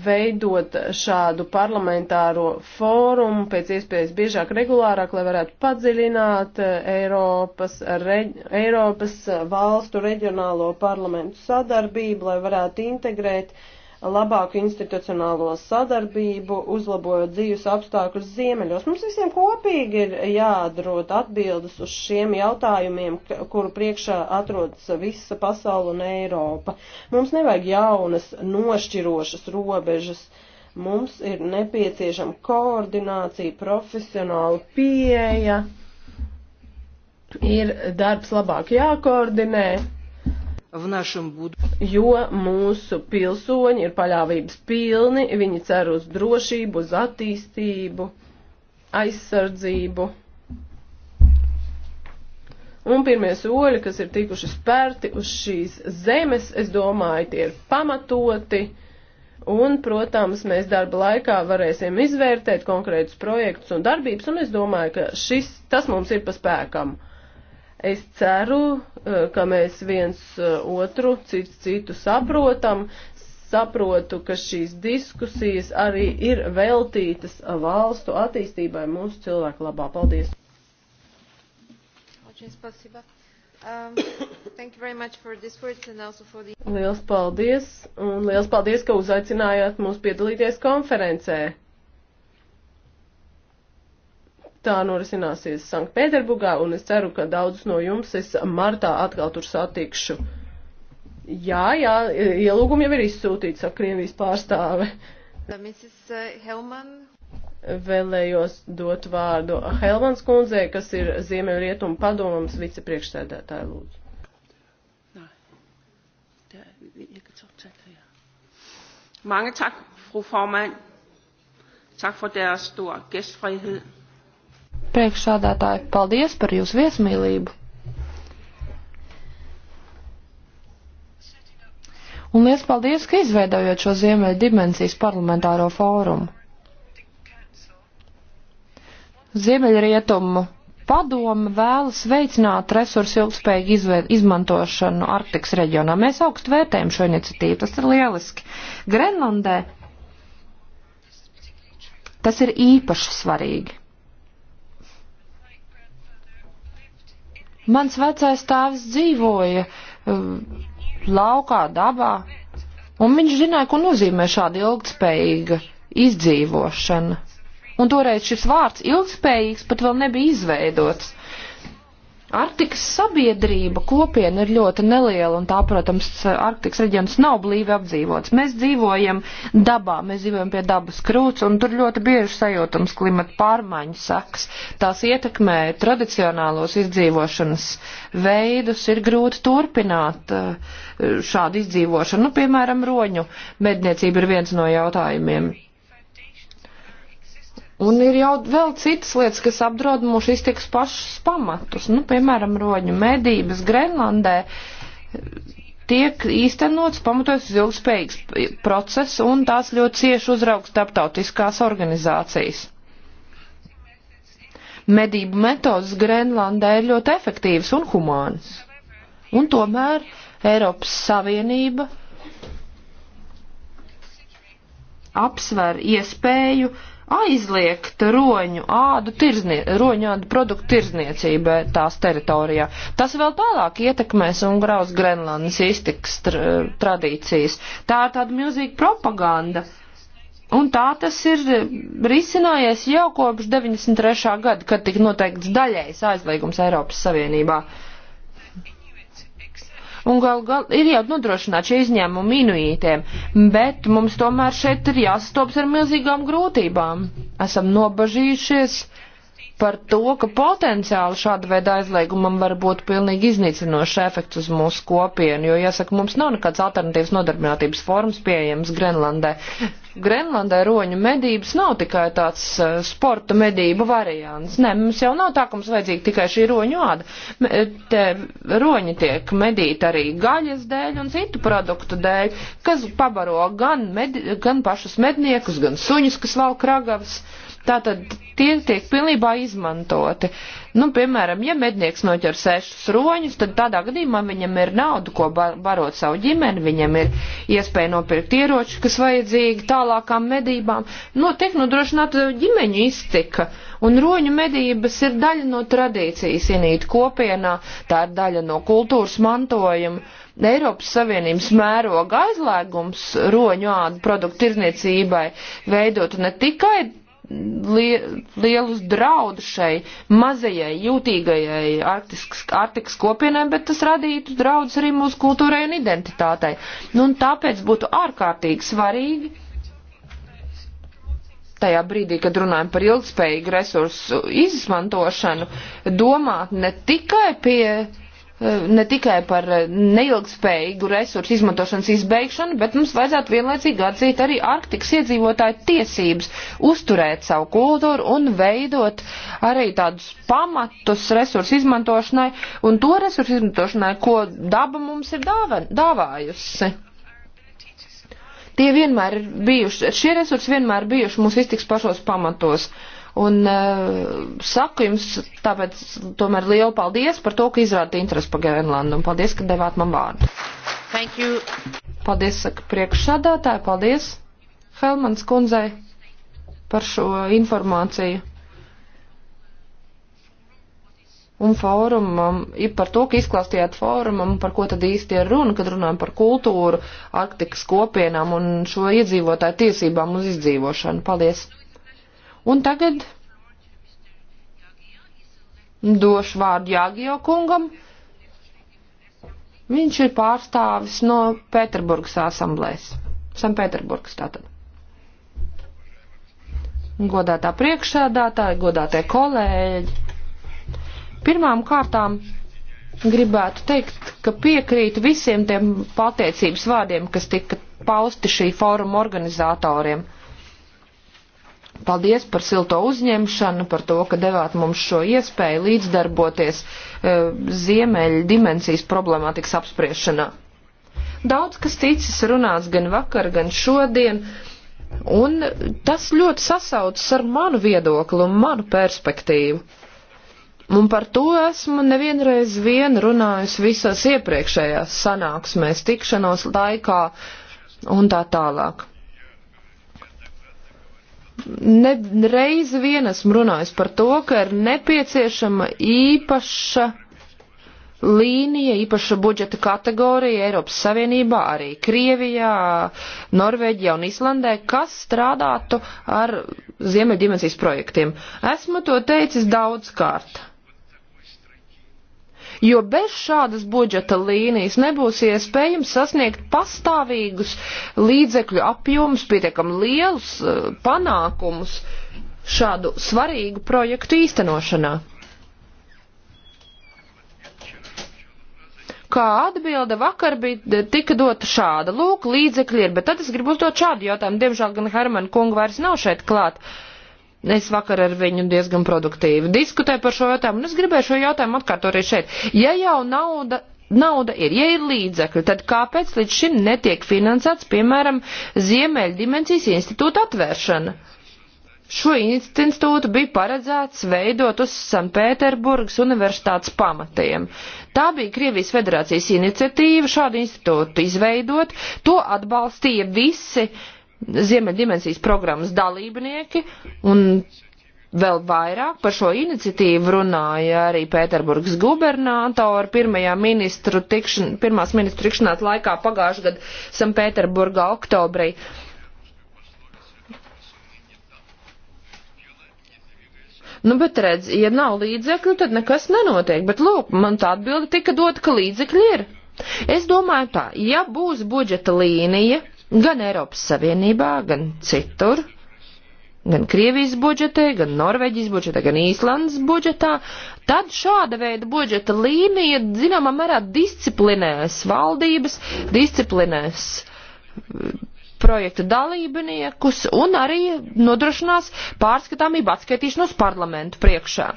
veidot šādu parlamentāro fórumu pēc iespējas biežāk, regulārāk, lai varētu padziļināt eh, Eiropas, reģ, Eiropas valstu reģionālo parlamentu sadarbību, lai varētu integrēt uh, labāku institucionālo sadarbību, uzlabojot dzīves apstākļus ziemeļos. Mums visiem kopīgi ir jādrot atbildes uz šiem jautājumiem, kuru priekšā atrodas visa pasaula un Eiropa. Mums nevajag jaunas nošķirošas robežas. Mums ir nepieciešama koordinācija, profesionāla pieeja. Ir darbs labāk jākoordinē в нашем будущем. Jo mūsu pilsoņi ir paļāvības pilni, viņi cer uz drošību, uz attīstību, aizsardzību. Un pirmie soļi, kas ir tikuši spērti uz šīs zemes, es domāju, tie ir pamatoti. Un, protams, mēs darba laikā varēsim izvērtēt konkrētus projektus un darbības, un es domāju, ka šis, tas mums ir pa spēkam. Es ceru, eh, ka mēs viens eh, otru, cits citu saprotam, saprotu, ka šīs diskusijas arī ir veltītas eh, valstu attīstībai mūsu cilvēku labā. Paldies! Um, liels paldies, un liels paldies, ka uzaicinājāt mūs piedalīties konferencē. Tā norisināsies Sanktpēterburgā, un es ceru, ka daudzus no jums es martā atkal tur satikšu. Jā, jā, ielūgumi jau ir izsūtīti, saka Krievijas pārstāve. Uh, Vēlējos dot vārdu Helmans kundzei, kas ir Ziemeļrietumu padomams vicepriekšsēdētāja lūdzu. Mange tak, fru formand. Tak for deres store gæstfrihed. Priekšsādātāji, paldies par jūsu viesmīlību. Un liels paldies, ka izveidojot šo Ziemeļa dimensijas parlamentāro fórumu. Ziemeļrietumu padoma vēlas veicināt resursu ilgspējīgu izmantošanu Arktikas reģionā. Mēs augstu vērtējam šo iniciatīvu, tas ir lieliski. Grenlandē tas ir īpaši svarīgi. Mans vecais tēvs dzīvoja eh, laukā, dabā, un viņš zināja, ko nozīmē šāda ilgtspējīga izdzīvošana. Un toreiz šis vārds ilgspējīgs pat vēl nebija izveidots. Arktikas sabiedrība kopiena ir ļoti neliela, un tā, protams, Arktikas reģions nav blīvi apdzīvots. Mēs dzīvojam dabā, mēs dzīvojam pie dabas krūts, un tur ļoti bieži sajūtams klimata pārmaiņu saks. Tās ietekmē tradicionālos izdzīvošanas veidus, ir grūti turpināt eh, šādu izdzīvošanu. Nu, piemēram, roņu medniecība ir viens no jautājumiem Un ir jau vēl citas lietas, kas apdraud mūsu iztiks pašus pamatus. Nu, piemēram, roņu medības Grenlandē tiek īstenots pamatojas uz ilgspējīgs process un tās ļoti cieši uzraugs starptautiskās organizācijas. Medību metodas Grenlandē ir ļoti efektīvas un humānas. Un tomēr Eiropas Savienība apsver iespēju uh, aizliegt roņu ādu, tirznie, roņu ādu produktu tirzniecībai tās teritorijā. Tas vēl tālāk ietekmēs un grauz Grenlandes iztiks tra tradīcijas. Tā ir tāda milzīga propaganda. Un tā tas ir risinājies jau kopš 93. gada, kad tika noteikts daļais aizliegums Eiropas Savienībā. Uh, un gal gal ir jau nodrošināt šie izņēmumi inuītiem, bet mums tomēr šeit ir jāstops ar milzīgām grūtībām. Esam nobažījušies par to, ka potenciāli šāda veida aizliegumam var būt pilnīgi iznīcinošs efekts uz mūsu kopienu, jo, jāsaka, mums nav nekāds alternatīvs nodarbinātības formas pieejams Grenlandē. Grenlandē roņu medības nav tikai tāds uh, sporta medību variants. Nē, mums jau nav tā, ka mums vajadzīga tikai šī roņu āda. Me, te roņi tiek medīti arī gaļas dēļ un citu produktu dēļ, kas pabaro gan, medi, gan pašus medniekus, gan suņus, kas valk ragavas. Uh, Tātad tie tiek pilnībā izmantoti. Nu, piemēram, ja mednieks noķer sešus roņus, tad tādā gadījumā viņam ir nauda, ko bar barot savu ģimeni, viņam ir iespēja nopirkt ieroči, kas vajadzīgi tālākām medībām. No tiek nodrošināta ģimeņu iztika, un roņu medības ir daļa no tradīcijas ienīt kopienā, tā ir daļa no kultūras mantojuma. Eiropas Savienības mēroga aizliegums roņu ādu produktu tirniecībai veidot ne tikai lielus draudus šai mazajai, jūtīgajai arktiskas, arktikas kopienai, bet tas radītu draudus arī mūsu kultūrai un identitātei. Nu, un tāpēc būtu ārkārtīgi svarīgi tajā brīdī, kad runājam par ilgspējīgu resursu izmantošanu, domāt ne tikai pie Eh, ne tikai par eh, neilgspējīgu resursu izmantošanas izbeigšanu, bet mums vajadzētu vienlaicīgi atzīt arī Arktikas iedzīvotāju tiesības uzturēt savu kultūru un veidot arī tādus pamatus resursu izmantošanai un to resursu izmantošanai, ko daba mums ir dāva, dāvājusi. Tie vienmēr ir bijuši, šie resursi vienmēr bijuši mūsu iztiks pašos pamatos. Uh, Un uh, saku jums tāpēc tomēr lielu paldies par to, ka izrādāt interesi par Grenlandu. Un paldies, ka devāt man vārdu. Thank you. Paldies, saka priekšsādātāji. Paldies Helmans kundzei par šo informāciju. Un fórumam, par to, ka izklāstījāt fórumam, par ko tad īsti ir runa, kad runājam par kultūru, arktikas kopienām un šo iedzīvotāju tiesībām uz izdzīvošanu. Paldies! Un tagad došu vārdu Jāgio kungam. Viņš ir pārstāvis no Pēterburgas asamblēs. Sanpēterburgas tātad. Godātā priekšsēdātāja, godātie kolēģi. Pirmām kārtām gribētu teikt, ka piekrītu visiem tiem pateicības vārdiem, kas tika pausti šī fóruma organizatoriem. Paldies par silto uzņemšanu, par to, ka devāt mums šo iespēju līdzdarboties e, ziemeļu dimensijas problemātikas apspriešanā. Daudz kas cits runāts gan vakar, gan šodien, un tas ļoti sasaucas ar manu viedokli un manu perspektīvu. Un par to esmu nevienreiz vien runājusi visās iepriekšējās sanāksmēs, tikšanos laikā un tā tālāk ne, reiz vien esmu runājis par to, ka ir nepieciešama īpaša līnija, īpaša budžeta kategorija Eiropas Savienībā, arī Krievijā, Norvēģijā un Islandē, kas strādātu ar Ziemeļdimensijas projektiem. Esmu to teicis daudz kārt jo bez šādas budžeta līnijas nebūs iespējams sasniegt pastāvīgus līdzekļu apjomus, pietiekam lielus eh, panākumus šādu svarīgu projektu īstenošanā. kā atbilde vakar bija, tika dota šāda, lūk, līdzekļi ir, bet tad es gribu uzdot šādu jautājumu, diemžēl gan Hermanu kungu vairs nav šeit klāt. Uh, Es vakar ar viņu diezgan produktīvi diskutēju par šo jautājumu, un es gribēju šo jautājumu atkārtot arī šeit. Ja jau nauda nauda ir, ja ir līdzekļi, tad kāpēc līdz šim netiek finansēts, piemēram, Ziemeļdimensijas institūta atvēršana? Šo institūtu bija paredzēts veidot uz Sanpēterburgas universitātes pamatiem. Tā bija Krievijas federācijas iniciatīva šādu institūtu izveidot, to atbalstīja visi uh, Ziemeļdimensijas programmas dalībnieki un vēl vairāk par šo iniciatīvu runāja arī Pēterburgas gubernātori pirmajā ministru tikšan, pirmās ministru tikšanās laikā pagājušajā gadā Sanpēterburgā oktobrī. Nu, bet redz, ja nav līdzekļu, tad nekas nenotiek. Bet, lūk, man tā atbilde tika dota, ka līdzekļi ir. Es domāju tā, ja būs budžeta līnija, gan Eiropas Savienībā, gan citur, gan Krievijas budžetē, gan Norvēģijas budžetā, gan Īslandes budžetā, tad šāda veida budžeta līnija, zināmā mērā, disciplinēs valdības, disciplinēs eh, projekta dalībniekus un arī nodrošinās pārskatāmību atskaitīšanos parlamentu priekšā.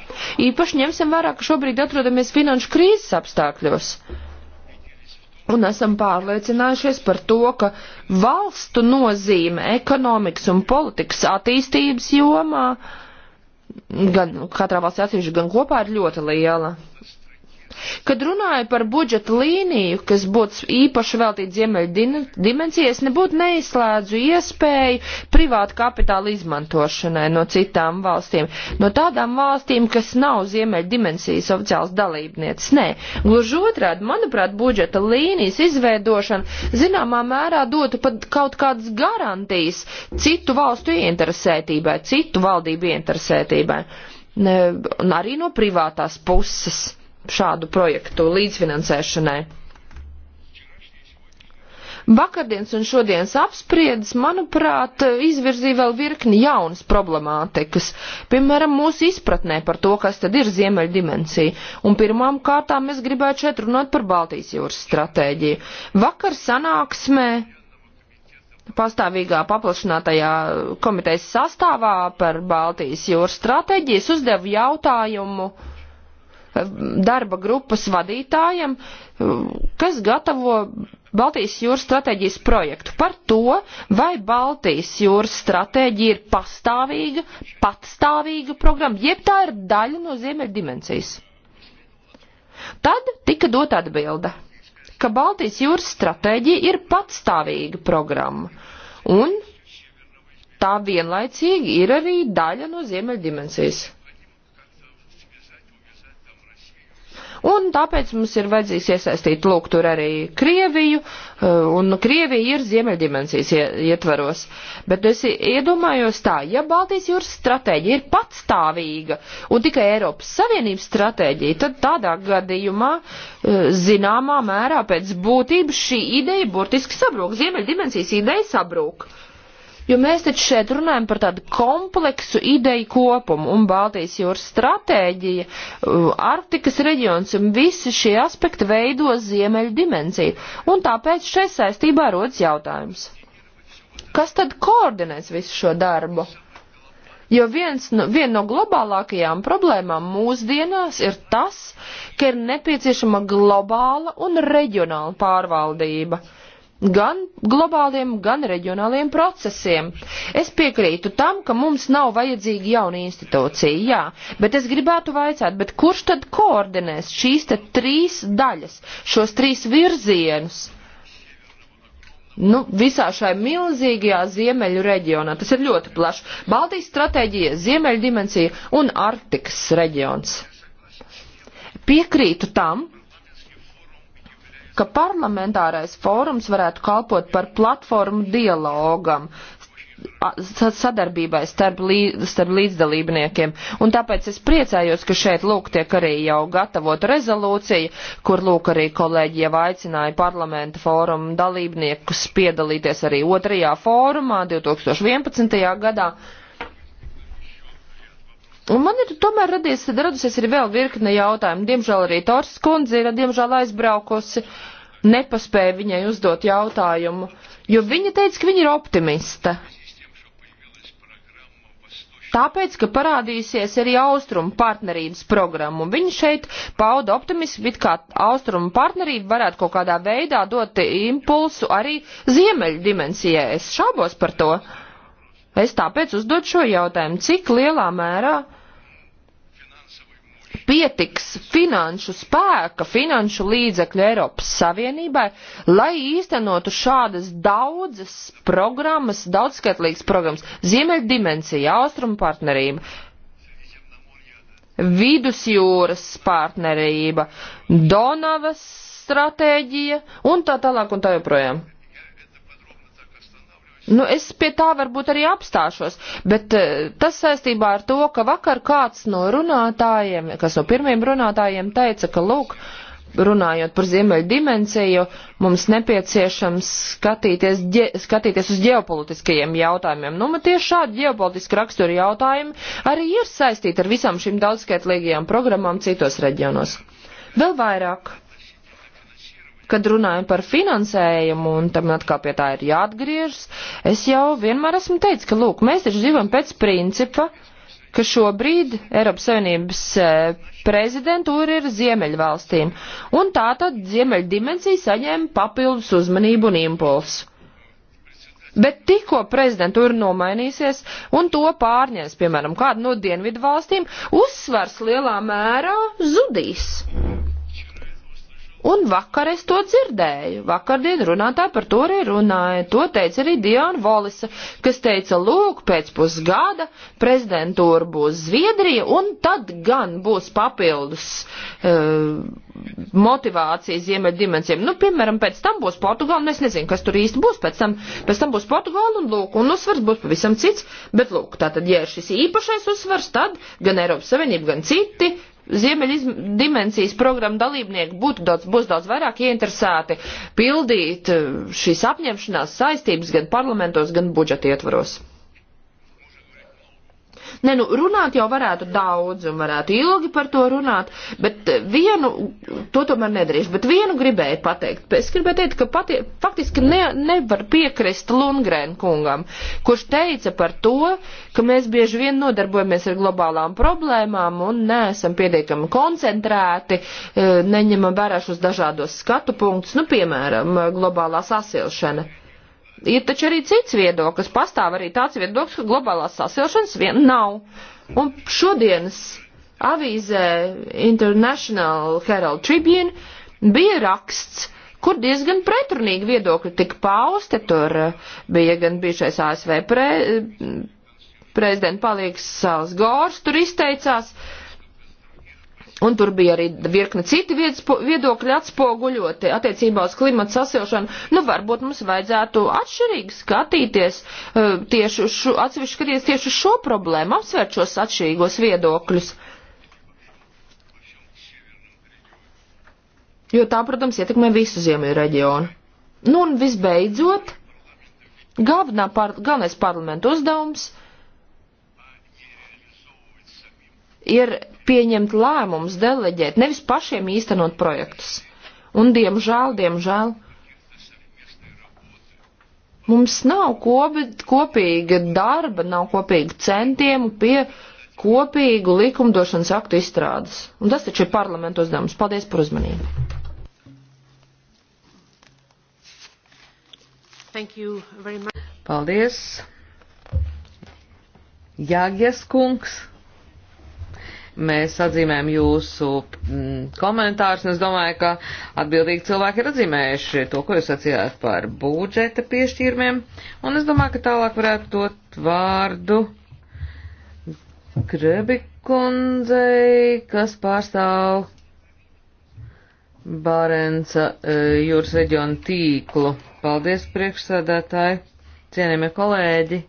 Īpaši ņemsim vērā, ka šobrīd atrodamies finanšu krīzes apstākļos. Uh, Un esam pārliecinājušies par to, ka valstu nozīme ekonomikas un politikas attīstības jomā, gan katrā valstī atsevišķi, gan kopā ir ļoti liela. Kad runāju par budžeta līniju, kas būtu īpaši veltīta ziemeļu dimensijai, es nebūtu neizslēdzu iespēju privātu kapitālu izmantošanai no citām valstīm, no tādām valstīm, kas nav ziemeļu dimensijas oficiāls dalībnieces. Nē, gluži otrādi, manuprāt, budžeta līnijas izveidošana zināmā mērā dotu pat kaut kādas garantijas citu valstu ieinteresētībai, citu valdību ieinteresētībai, un arī no privātās puses šādu projektu līdzfinansēšanai. Vakardienas un šodienas apspriedas, manuprāt, izvirzīja vēl virkni jaunas problemātikas, piemēram, mūsu izpratnē par to, kas tad ir ziemeļa dimensija, un pirmām kārtām es gribētu šeit runāt par Baltijas jūras stratēģiju. Vakar sanāksmē pastāvīgā paplašinātajā komitejas sastāvā par Baltijas jūras stratēģijas uzdevu jautājumu uh, darba grupas vadītājam, kas gatavo Baltijas jūras stratēģijas projektu par to, vai Baltijas jūras stratēģija ir pastāvīga, patstāvīga programma, jeb tā ir daļa no ziemeļa dimensijas. Tad tika dot atbilde, ka Baltijas jūras stratēģija ir patstāvīga programma, un tā vienlaicīgi ir arī daļa no ziemeļa dimensijas. un tāpēc mums ir vajadzīgs iesaistīt lūk tur arī Krieviju, eh, un Krievija ir ziemeļdimensijas ietvaros. Bet es iedomājos tā, ja Baltijas jūras stratēģija ir patstāvīga un tikai Eiropas Savienības stratēģija, tad tādā gadījumā eh, zināmā mērā pēc būtības šī ideja burtiski sabrūk, ziemeļdimensijas ideja sabrūk. Jo mēs taču šeit runājam par tādu kompleksu ideju kopumu un Baltijas jūras stratēģija, uh, Arktikas reģions un visi šie aspekti veido ziemeļu dimensiju. Un tāpēc šai saistībā rodas jautājums. Kas tad koordinēs visu šo darbu? Jo viens, no, viena no globālākajām problēmām mūsdienās ir tas, ka ir nepieciešama globāla un reģionāla pārvaldība gan globāliem, gan reģionāliem procesiem. Es piekrītu tam, ka mums nav vajadzīga jauna institūcija, jā, bet es gribētu vaicāt, bet kurš tad koordinēs šīs te trīs daļas, šos trīs virzienus? nu, visā šai milzīgajā ziemeļu reģionā. Tas ir ļoti plašs. Baltijas stratēģija, ziemeļu dimensija un Arktikas reģions. Piekrītu tam, ka parlamentārais fórums varētu kalpot par platformu dialogam, sadarbībai starp, līdz, starp līdzdalībniekiem. Un tāpēc es priecājos, ka šeit lūk tiek arī jau gatavota rezolūcija, kur lūk arī kolēģi jau aicināja parlamenta fórumu dalībniekus piedalīties arī otrajā fórumā 2011. gadā. Un man ir tomēr radies, radusies ir vēl virkne jautājumu. Diemžēl arī Tors kundze ir, diemžēl aizbraukusi, nepaspēja viņai uzdot jautājumu, jo viņa teica, ka viņa ir optimista. Tāpēc, ka parādīsies arī austrumu partnerības programma, un viņi šeit pauda optimismu, it kā austrumu partnerība varētu kaut kādā veidā dot impulsu arī ziemeļu dimensijai. Es šaubos par to. Es tāpēc uzdodu šo jautājumu, cik lielā mērā pietiks finanšu spēka, finanšu līdzekļu Eiropas Savienībai, lai īstenotu šādas daudzas programmas, daudzskaitlīgas programmas - Ziemeļa dimensija, Austrumu partnerība, Vidusjūras partnerība, Donavas stratēģija un tā tālāk un tā joprojām. Nu, es pie tā varbūt arī apstāšos, bet eh, tas saistībā ar to, ka vakar kāds no runātājiem, kas no pirmiem runātājiem teica, ka, lūk, runājot par ziemeļu dimensiju, mums nepieciešams skatīties, ģe, skatīties uz ģeopolitiskajiem jautājumiem. Nu, man tieši šādi ģeopolitiski raksturi jautājumi arī ir saistīti ar visām šīm daudzskaitlīgajām programmām citos reģionos. Vēl vairāk kad runājam par finansējumu, un tam atkal pie tā ir jāatgriežas, es jau vienmēr esmu teicis, ka, lūk, mēs taču dzīvojam pēc principa, ka šobrīd Eiropas Savienības eh, prezidentūra ir Ziemeļvalstīm, un tā tad Ziemeļdimensija saņēma papildus uzmanību un impulsu. Bet tikko prezidentūra nomainīsies un to pārņēs, piemēram, kādu no dienvidu valstīm, uzsvars lielā mērā zudīs. Un vakar es to dzirdēju. Vakardien runātāji par to arī runāja. To teica arī Diana Volisa, kas teica, lūk, pēc pusgada prezidentūra būs Zviedrija, un tad gan būs papildus uh, motivācijas ziemeļdimensijām. Nu, piemēram, pēc tam būs Portugāla, un nu, es nezinu, kas tur īsti būs, pēc tam, pēc tam būs Portugāla, un lūk, un uzsvars būs pavisam cits, bet lūk, tātad, ja ir šis īpašais uzsvars, tad gan Eiropas Savienība, gan citi Ziemeļa dimensijas programma dalībnieki būtu daudz, būs daudz vairāk ieinteresēti pildīt eh, šīs apņemšanās saistības gan parlamentos, gan budžeta ietvaros. Ne, nu, runāt jau varētu daudz un varētu ilgi par to runāt, bet eh, vienu, to tomēr nedarīšu, bet vienu gribēju pateikt. Es gribēju teikt, ka patie, faktiski ne, nevar piekrist Lundgren kungam, kurš teica par to, ka mēs bieži vien nodarbojamies ar globālām problēmām un neesam pietiekami koncentrēti, eh, neņemam vērā šos dažādos skatu punktus, nu, piemēram, globālā sasilšana ir taču arī cits viedoklis. Pastāv arī tāds viedoklis, ka globālās sasilšanas vien nav. Un šodienas avīzē International Herald Tribune bija raksts, kur diezgan pretrunīgi viedokļi tika pausti. Tur eh, bija gan bijušais ASV pre, prezidenta palieks Sals Gors, tur izteicās. Uh, Un tur bija arī virkne citi viedokļi atspoguļoti attiecībā uz klimatu sasilšanu. Nu, varbūt mums vajadzētu atšķirīgi skatīties eh, tieši uz šo, atsevišķi skatīties tieši uz šo problēmu, apsvērt šos atšķirīgos viedokļus. Jo tā, protams, ietekmē visu ziemeļu reģionu. Nu, un visbeidzot, galvenā par, galvenais parlamentu uzdevums ir pieņemt lēmumus, deleģēt, nevis pašiem īstenot projektus. Un, diemžēl, diemžēl, mums nav kopi, kopīga darba, nav kopīga centiemu pie kopīgu likumdošanas aktu izstrādes. Un tas taču ir parlamentu uzdevums. Paldies par uzmanību. Paldies. Jāgies kungs. Mēs atzīmējam jūsu mm, komentārus, un es domāju, ka atbildīgi cilvēki ir atzīmējuši to, ko jūs sacījāt par budžeta piešķīrumiem, un es domāju, ka tālāk varētu dot vārdu Grebikundzei, kas pārstāv Bārenca e, jūras reģionu tīklu. Paldies, priekšsēdētāji, cienījamie kolēģi!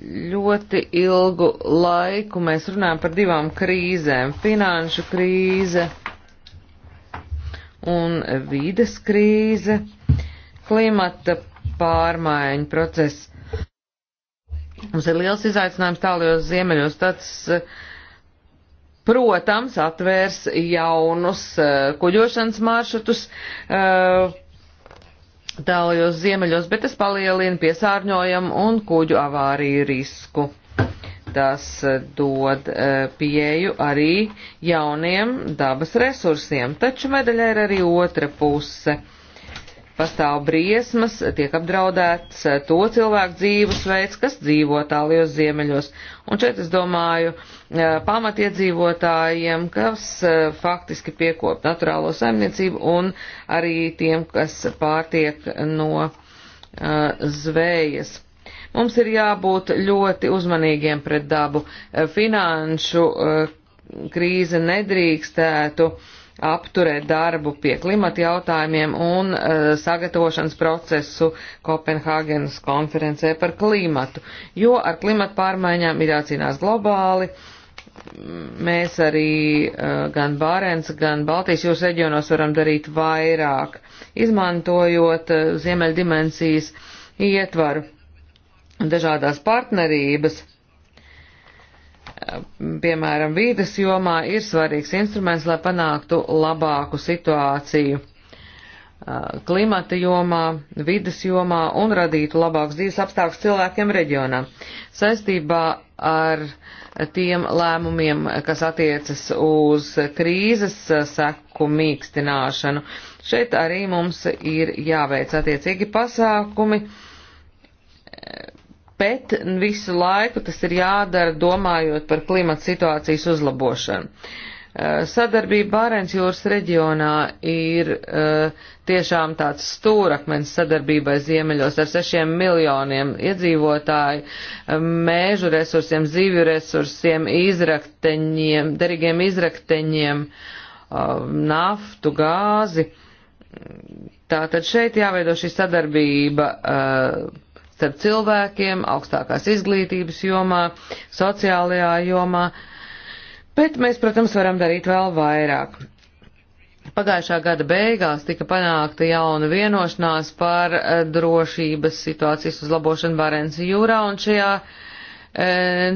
ļoti ilgu laiku mēs runājam par divām krīzēm - finanšu krīze un vīdes krīze, klimata pārmaiņu process. Mums ir liels izaicinājums tālajos ziemeļos. Tas, protams, atvērs jaunus eh, kuģošanas maršrutus, eh, tālajos ziemeļos, bet tas palielina piesārņojumu un kuģu avāriju risku. Tas eh, dod eh, pieeju arī jauniem dabas resursiem, taču medaļai ir arī otra puse pastāv briesmas, tiek apdraudēts eh, to cilvēku dzīvesveids, kas dzīvo tālajos ziemeļos. Un šeit es domāju eh, pamatiedzīvotājiem, kas eh, faktiski piekop naturālo saimniecību un arī tiem, kas pārtiek no zvējas. Mums ir jābūt ļoti uzmanīgiem pret dabu. Finanšu krīze nedrīkstētu uh, apturēt darbu pie klimata jautājumiem un uh, sagatavošanas procesu Kopenhāgenes konferencē par klimatu, jo ar klimata pārmaiņām ir jācīnās globāli. Mēs arī uh, gan Bārens, gan Baltijas jūras reģionos varam darīt vairāk, izmantojot uh, eh, ziemeļdimensijas ietvaru dažādās partnerības. Uh, piemēram, vīdes jomā ir svarīgs instruments, lai panāktu labāku situāciju klimata jomā, vidas jomā un radītu labākus dzīves apstākļus cilvēkiem reģionā. Saistībā ar tiem lēmumiem, kas attiecas uz krīzes seku mīkstināšanu, šeit arī mums ir jāveic attiecīgi pasākumi bet visu laiku tas ir jādara domājot par klimata situācijas uzlabošanu. Eh, sadarbība Bārens jūras reģionā ir uh, tiešām tāds stūrakmens sadarbībai ziemeļos ar sešiem miljoniem iedzīvotāju, eh, mēžu resursiem, zīvju resursiem, izrakteņiem, derīgiem izrakteņiem, uh, naftu, gāzi. Tātad šeit jāveido šī sadarbība uh, starp cilvēkiem, augstākās izglītības jomā, sociālajā jomā, bet mēs, protams, varam darīt vēl vairāk. Pagājušā gada beigās tika panākta jauna vienošanās par eh, drošības situācijas uzlabošanu Barents jūrā, un šajā e,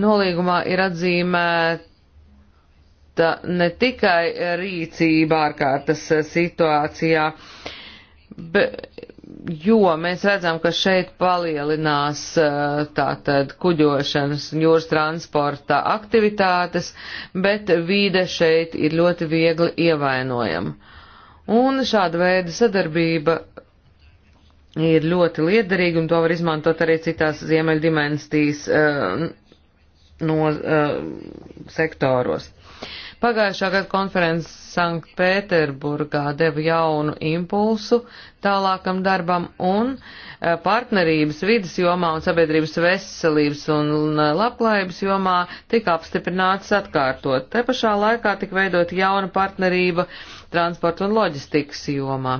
nolīgumā ir atzīmēta ne tikai rīcība ārkārtas eh, situācijā, bet jo mēs redzam, ka šeit palielinās eh, tātad kuģošanas un jūras transporta aktivitātes, bet vīde šeit ir ļoti viegli ievainojama. Un šāda veida sadarbība ir ļoti liederīga, un to var izmantot arī citās ziemeļdimensijas eh, no eh, sektoros. Pagājušā gada konferences Sanktpēterburgā deva jaunu impulsu tālākam darbam un e, partnerības vidas jomā un sabiedrības veselības un e, labklājības jomā tika apstiprināts atkārtot. Te pašā laikā tika veidot jauna partnerība transporta un loģistikas jomā.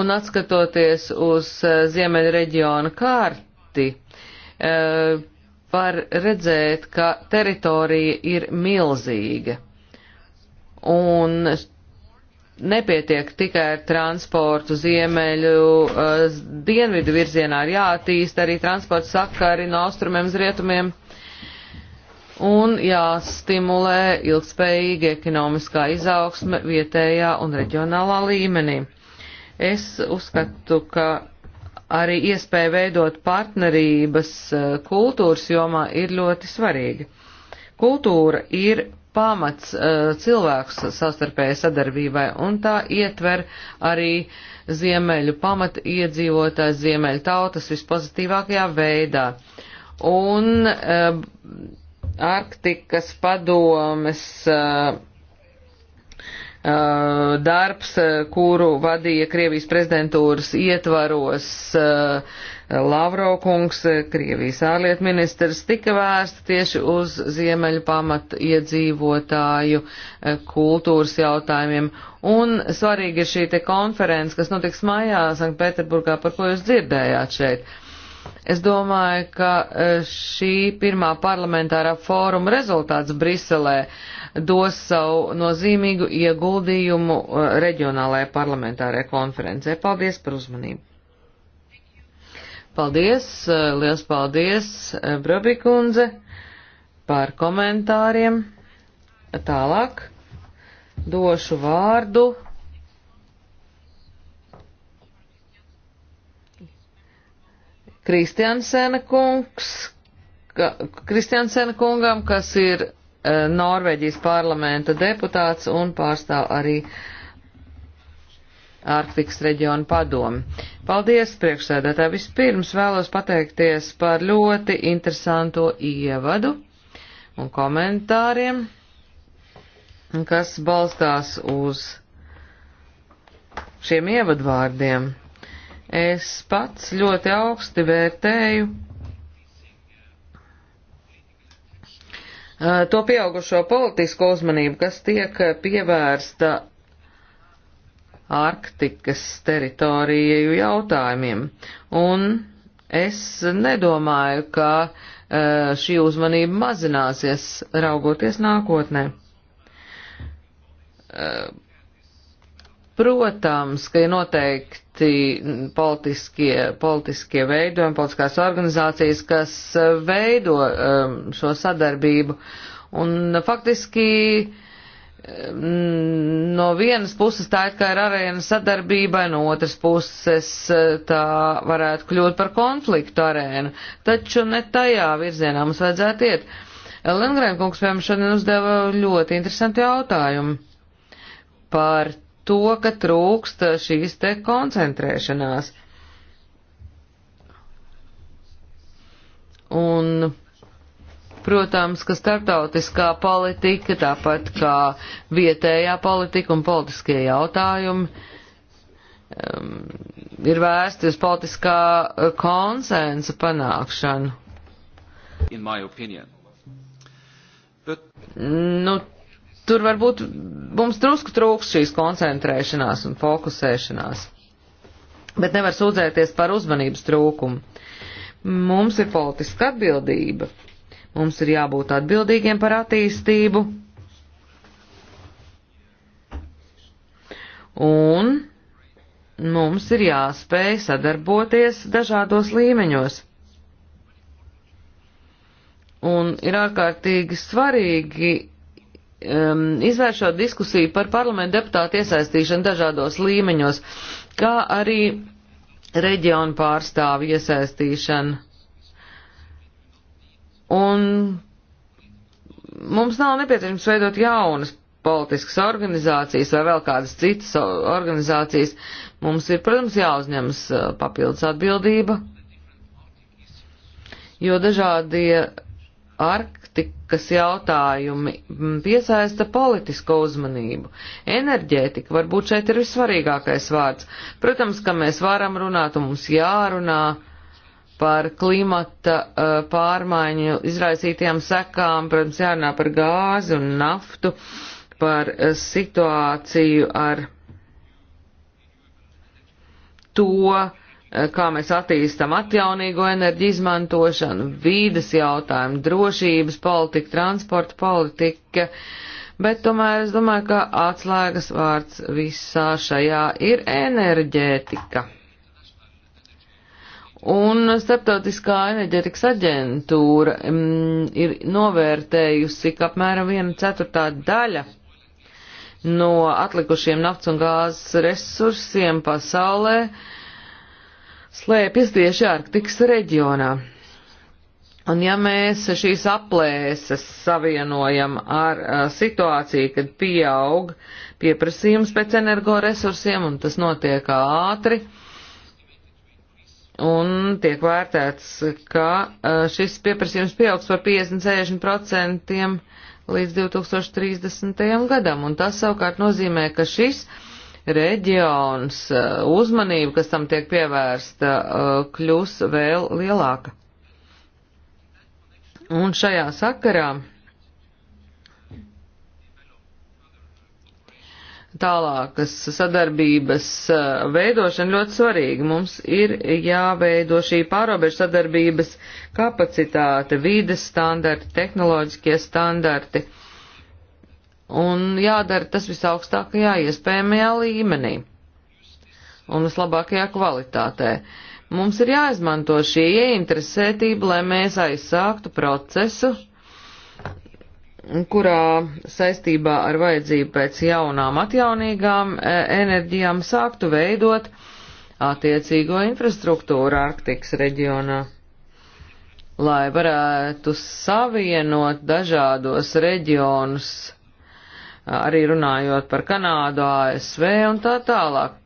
Un atskatoties uz e, ziemeļa reģiona kārti, var redzēt, ka teritorija ir milzīga. Un nepietiek tikai ar transportu ziemeļu, eh, dienvidu virzienā ir jātīst arī transporta sakari no austrumiem uz rietumiem un jāstimulē ilgspējīga ekonomiskā izaugsme vietējā un reģionālā līmenī. Es uzskatu, ka arī iespēja veidot partnerības e, kultūras jomā ir ļoti svarīga. Kultūra ir pamats e, cilvēks savstarpējai sadarbībai, un tā ietver arī ziemeļu pamata iedzīvotājs ziemeļu tautas vispozitīvākajā veidā. Un uh, Arktikas padomes uh, Eh, darbs, eh, kuru vadīja Krievijas prezidentūras ietvaros eh, Lavrokungs, Krievijas ārlietu ministrs, tika vērsta tieši uz ziemeļu pamatu iedzīvotāju kultūras jautājumiem. Un svarīgi ir šī te konference, kas notiks maijā Sanktpēterburgā, par ko jūs dzirdējāt šeit. Es domāju, ka e, šī pirmā parlamentārā fóruma rezultāts Briselē dos savu nozīmīgu ieguldījumu e, reģionālajai parlamentārajai konferencē. Paldies par uzmanību! Paldies, e, liels paldies, Brabikundze, par komentāriem. Tālāk došu vārdu Kristiansena kungs, ka, Kristiansena kungam, kas ir e, Norvēģijas parlamenta deputāts un pārstāv arī Ārtikas reģiona padomu. Paldies, priekšsēdētāji! Vispirms vēlos pateikties par ļoti interesanto ievadu un komentāriem, kas balstās uz šiem ievadvārdiem. Es pats ļoti augsti vērtēju to pieaugušo politisko uzmanību, kas tiek pievērsta Arktikas teritoriju jautājumiem. Un es nedomāju, ka šī uzmanība mazināsies raugoties nākotnē Protams, ka ir noteikti politiskie, politiskie veidojumi, politiskās organizācijas, kas veido um, šo sadarbību. Un faktiski um, no vienas puses tā ir kā ir arēna sadarbībai, no otras puses uh, tā varētu kļūt par konfliktu arēnu. Taču ne tajā virzienā mums vajadzētu iet. Lengrēnkungs, piemēram, šodien uzdeva ļoti interesantu jautājumu par to, ka trūkst šīs te koncentrēšanās. Un, protams, ka starptautiskā politika, tāpat kā vietējā politika un politiskie jautājumi, um, ir vērsti uz politiskā uh, konsensa panākšanu. But... Nu, tur varbūt mums drusku trūks šīs koncentrēšanās un fokusēšanās. Bet nevar sūdzēties par uzmanības trūkumu. Mums ir politiska atbildība. Mums ir jābūt atbildīgiem par attīstību. Un mums ir jāspēj sadarboties dažādos līmeņos. Un ir ārkārtīgi svarīgi um, izvēršot diskusiju par parlamentu deputātu iesaistīšanu dažādos līmeņos, kā arī reģionu pārstāvu iesaistīšanu. Un mums nav nepieciešams veidot jaunas politiskas organizācijas vai vēl kādas citas organizācijas. Mums ir, protams, jāuzņemas uh, papildus atbildība, jo dažādie ar kas jautājumi piesaista politisko uzmanību. Enerģētika varbūt šeit ir vissvarīgākais vārds. Protams, ka mēs varam runāt un mums jārunā par klimata uh, pārmaiņu izraisītajām sekām, protams, jārunā par gāzi un naftu, par uh, situāciju ar to, uh, Eh, kā mēs attīstam atjaunīgo enerģiju izmantošanu, vīdes jautājumu, drošības politika, transporta politika, bet tomēr es domāju, ka atslēgas vārds visā šajā ir enerģētika. Un Startautiskā enerģetikas aģentūra mm, ir novērtējusi, ka apmēram viena ceturtā daļa no atlikušiem nafts un gāzes resursiem pasaulē uh, slēpjas tieši Arktikas reģionā. Un ja mēs šīs aplēses savienojam ar a, situāciju, kad pieaug pieprasījums pēc energoresursiem, un tas notiek ātri, un tiek vērtēts, ka a, šis pieprasījums pieaugs par 50-60% līdz 2030. gadam, un tas savukārt nozīmē, ka šis reģions, eh, uzmanība, kas tam tiek pievērsta, eh, kļūs vēl lielāka. Un šajā sakarā tālākas sadarbības eh, veidošana ļoti svarīga. Mums ir jāveido šī pārobežu sadarbības kapacitāte, vides standarti, tehnoloģiskie standarti. Uh, un jādara tas visaugstākajā iespējamajā līmenī un vislabākajā kvalitātē. Mums ir jāizmanto šī ieinteresētība, lai mēs aizsāktu procesu, kurā saistībā ar vajadzību pēc jaunām atjaunīgām e, enerģijām sāktu veidot attiecīgo infrastruktūru Arktikas reģionā, lai varētu savienot dažādos reģionus arī runājot par Kanādu, ASV un tā tālāk.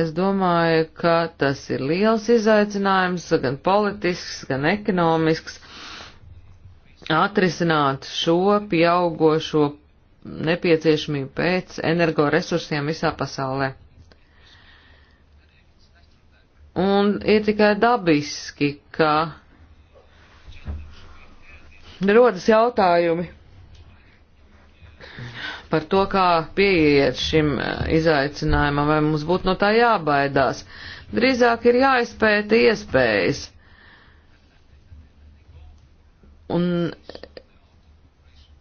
Es domāju, ka tas ir liels izaicinājums, gan politisks, gan ekonomisks, atrisināt šo pieaugošo nepieciešamību pēc energoresursiem visā pasaulē. Un ir tikai dabiski, ka rodas jautājumi par to, kā pieiet šim eh, izaicinājumam, vai mums būtu no tā jābaidās. Drīzāk ir jāizpēta iespējas. Un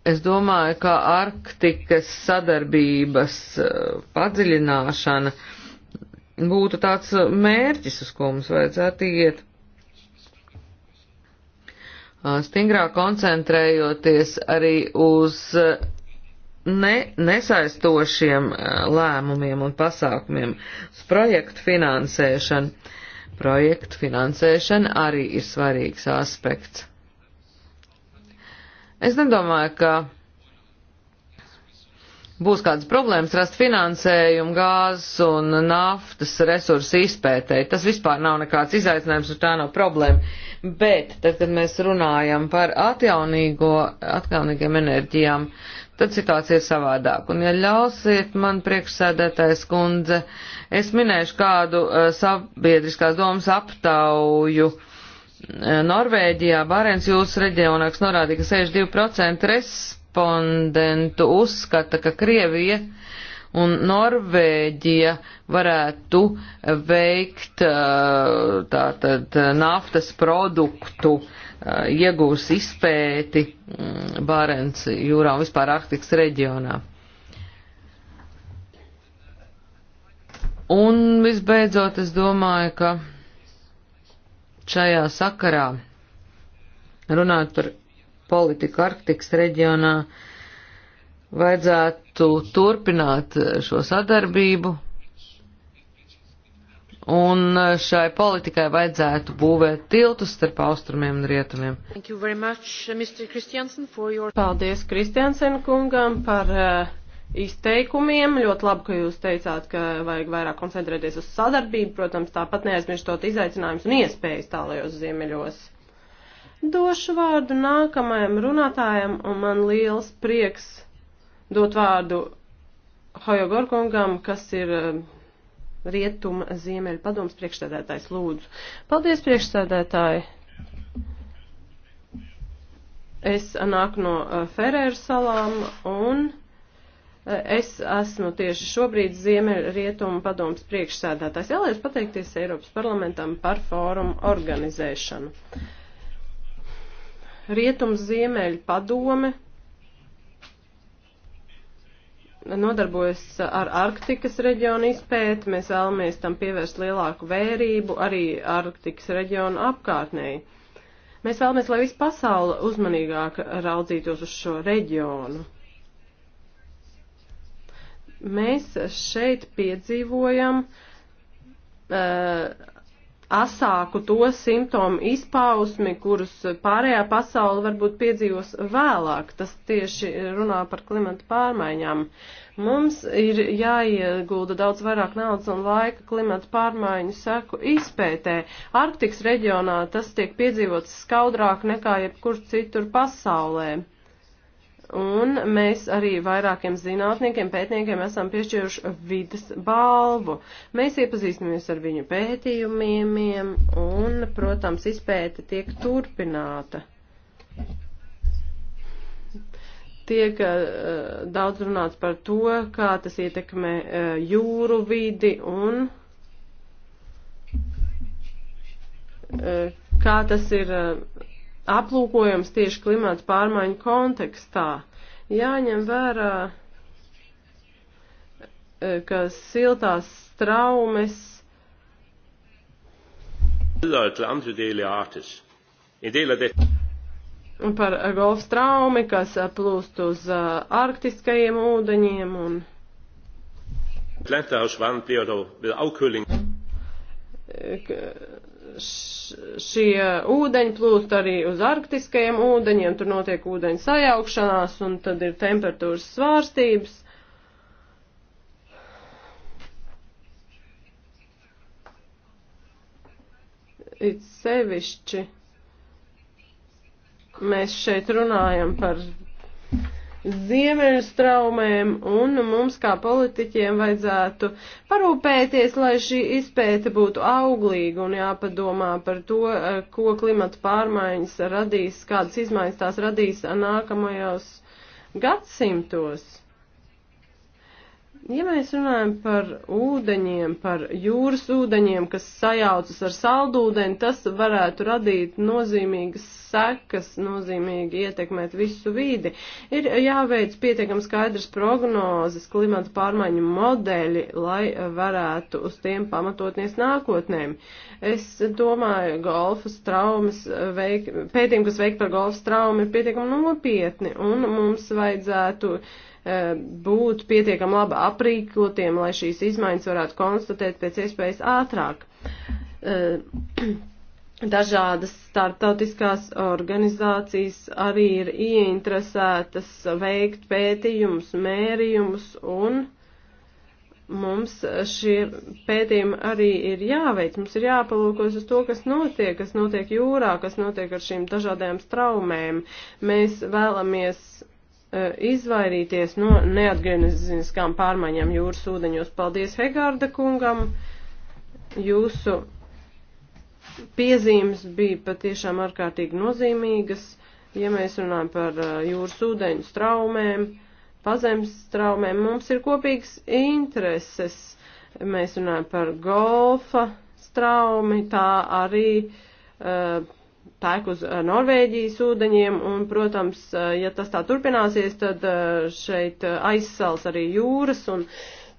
es domāju, ka Arktikas sadarbības eh, padziļināšana būtu tāds eh, mērķis, uz ko mums vajadzētu iet. Stingrāk koncentrējoties arī uz ne, nesaistošiem eh, lēmumiem un pasākumiem uz projektu finansēšanu. Projektu finansēšana arī ir svarīgs aspekts. Es nedomāju, ka būs kādas problēmas rast finansējumu gāzes un naftas resursu izpētēji. Tas vispār nav nekāds izaicinājums un tā nav problēma. Bet, tad, kad mēs runājam par atjaunīgo, atjaunīgiem enerģijām, tad situācija ir savādāka. Un, ja ļausiet man priekšsēdētājs kundze, es minēšu kādu uh, sabiedriskās domas aptauju. Eh, Norvēģijā Bārens jūras reģionā, kas norādīja, ka 62% respondentu uzskata, ka Krievija un Norvēģija varētu veikt eh, tātad naftas produktu uh, Uh, iegūs izpēti mm, Bārens jūrā un vispār Arktikas reģionā. Un visbeidzot, es domāju, ka šajā sakarā runāt par politiku Arktikas reģionā vajadzētu turpināt šo sadarbību, un eh, šai politikai vajadzētu būvēt tiltus starp austrumiem un rietumiem. Much, uh, your... Paldies Kristiansen kungam par uh, izteikumiem. Ļoti labi, ka jūs teicāt, ka vajag vairāk koncentrēties uz sadarbību, protams, tāpat neaizmirstot izaicinājumus un iespējas tālajos ziemeļos. Došu vārdu nākamajam runātājam, un man liels prieks dot vārdu Hojogorkungam, kas ir uh, Rietuma Ziemeļu padomas priekšsēdētājs lūdzu. Paldies, priekšsēdētāji! Es nāku no eh, Ferēru salām un eh, es esmu tieši šobrīd Ziemeļrietumu padomas priekšsēdētājs. Vēlējos pateikties Eiropas parlamentam par fórumu organizēšanu. Rietums Ziemeļu padome nodarbojas ar Arktikas reģionu izpēti, mēs vēlamies tam pievērst lielāku vērību arī Arktikas reģionu apkārtnēji. Mēs vēlamies, lai visa pasaule uzmanīgāk raudzītos uz šo reģionu. Mēs šeit piedzīvojam uh, asāku to simptomu izpausmi, kurus pārējā pasaule varbūt piedzīvos vēlāk. Tas tieši runā par klimatu pārmaiņām. Mums ir jāiegulda daudz vairāk naudas un laika klimatu pārmaiņu seku izpētē. Arktikas reģionā tas tiek piedzīvots skaudrāk nekā jebkur citur pasaulē. Un mēs arī vairākiem zinātniekiem, pētniekiem esam piešķīruši vidas balvu. Mēs iepazīstamies ar viņu pētījumiem un, protams, izpēte tiek turpināta. Tiek uh, daudz runāts par to, kā tas ietekmē uh, jūru vidi un uh, kā tas ir. Uh, aplūkojams tieši klimata pārmaiņu kontekstā. Jāņem vērā, e, ka siltās straumes. Par golf straumi, kas plūst uz e, arktiskajiem ūdeņiem un. Klettervand bliver dog ved afkøling šie ūdeņi plūst arī uz arktiskajiem ūdeņiem, tur notiek ūdeņu sajaukšanās un tad ir temperatūras svārstības. It sevišķi mēs šeit runājam par ziemeļu straumēm, un mums kā politiķiem vajadzētu parūpēties, lai šī izpēta būtu auglīga un jāpadomā par to, eh, ko klimata pārmaiņas radīs, kādas izmaiņas tās radīs nākamajos gadsimtos. Ja mēs runājam par ūdeņiem, par jūras ūdeņiem, kas sajaucas ar saldūdeni, tas varētu radīt nozīmīgas sekas, nozīmīgi ietekmēt visu vīdi. Ir jāveic pietiekam skaidrs prognozes, klimata pārmaiņu modeļi, lai varētu uz tiem pamatotnies nākotnēm. Es domāju, golfas traumas, veik, pētījumi, kas veikti par golfas traumu, ir pietiekam nopietni, un mums vajadzētu uh, E, būt pietiekam labi aprīkotiem, lai šīs izmaiņas varētu konstatēt pēc iespējas ātrāk. E, dažādas startautiskās organizācijas arī ir ieinteresētas veikt pētījumus, mērījumus un mums šie pētījumi arī ir jāveic. Mums ir jāpalūkojas uz to, kas notiek, kas notiek jūrā, kas notiek ar šīm dažādajām straumēm. Mēs vēlamies E, izvairīties no neatgriezeniskām pārmaiņām jūras ūdeņos. Paldies Hegārda kungam. Jūsu piezīmes bija patiešām ārkārtīgi nozīmīgas. Ja mēs runājam par e, jūras ūdeņu straumēm, pazemes straumēm, mums ir kopīgas intereses. Mēs runājam par golfa straumi, tā arī uh, tek uz eh, Norvēģijas ūdeņiem, un, protams, eh, ja tas tā turpināsies, tad eh, šeit aizsals arī jūras, un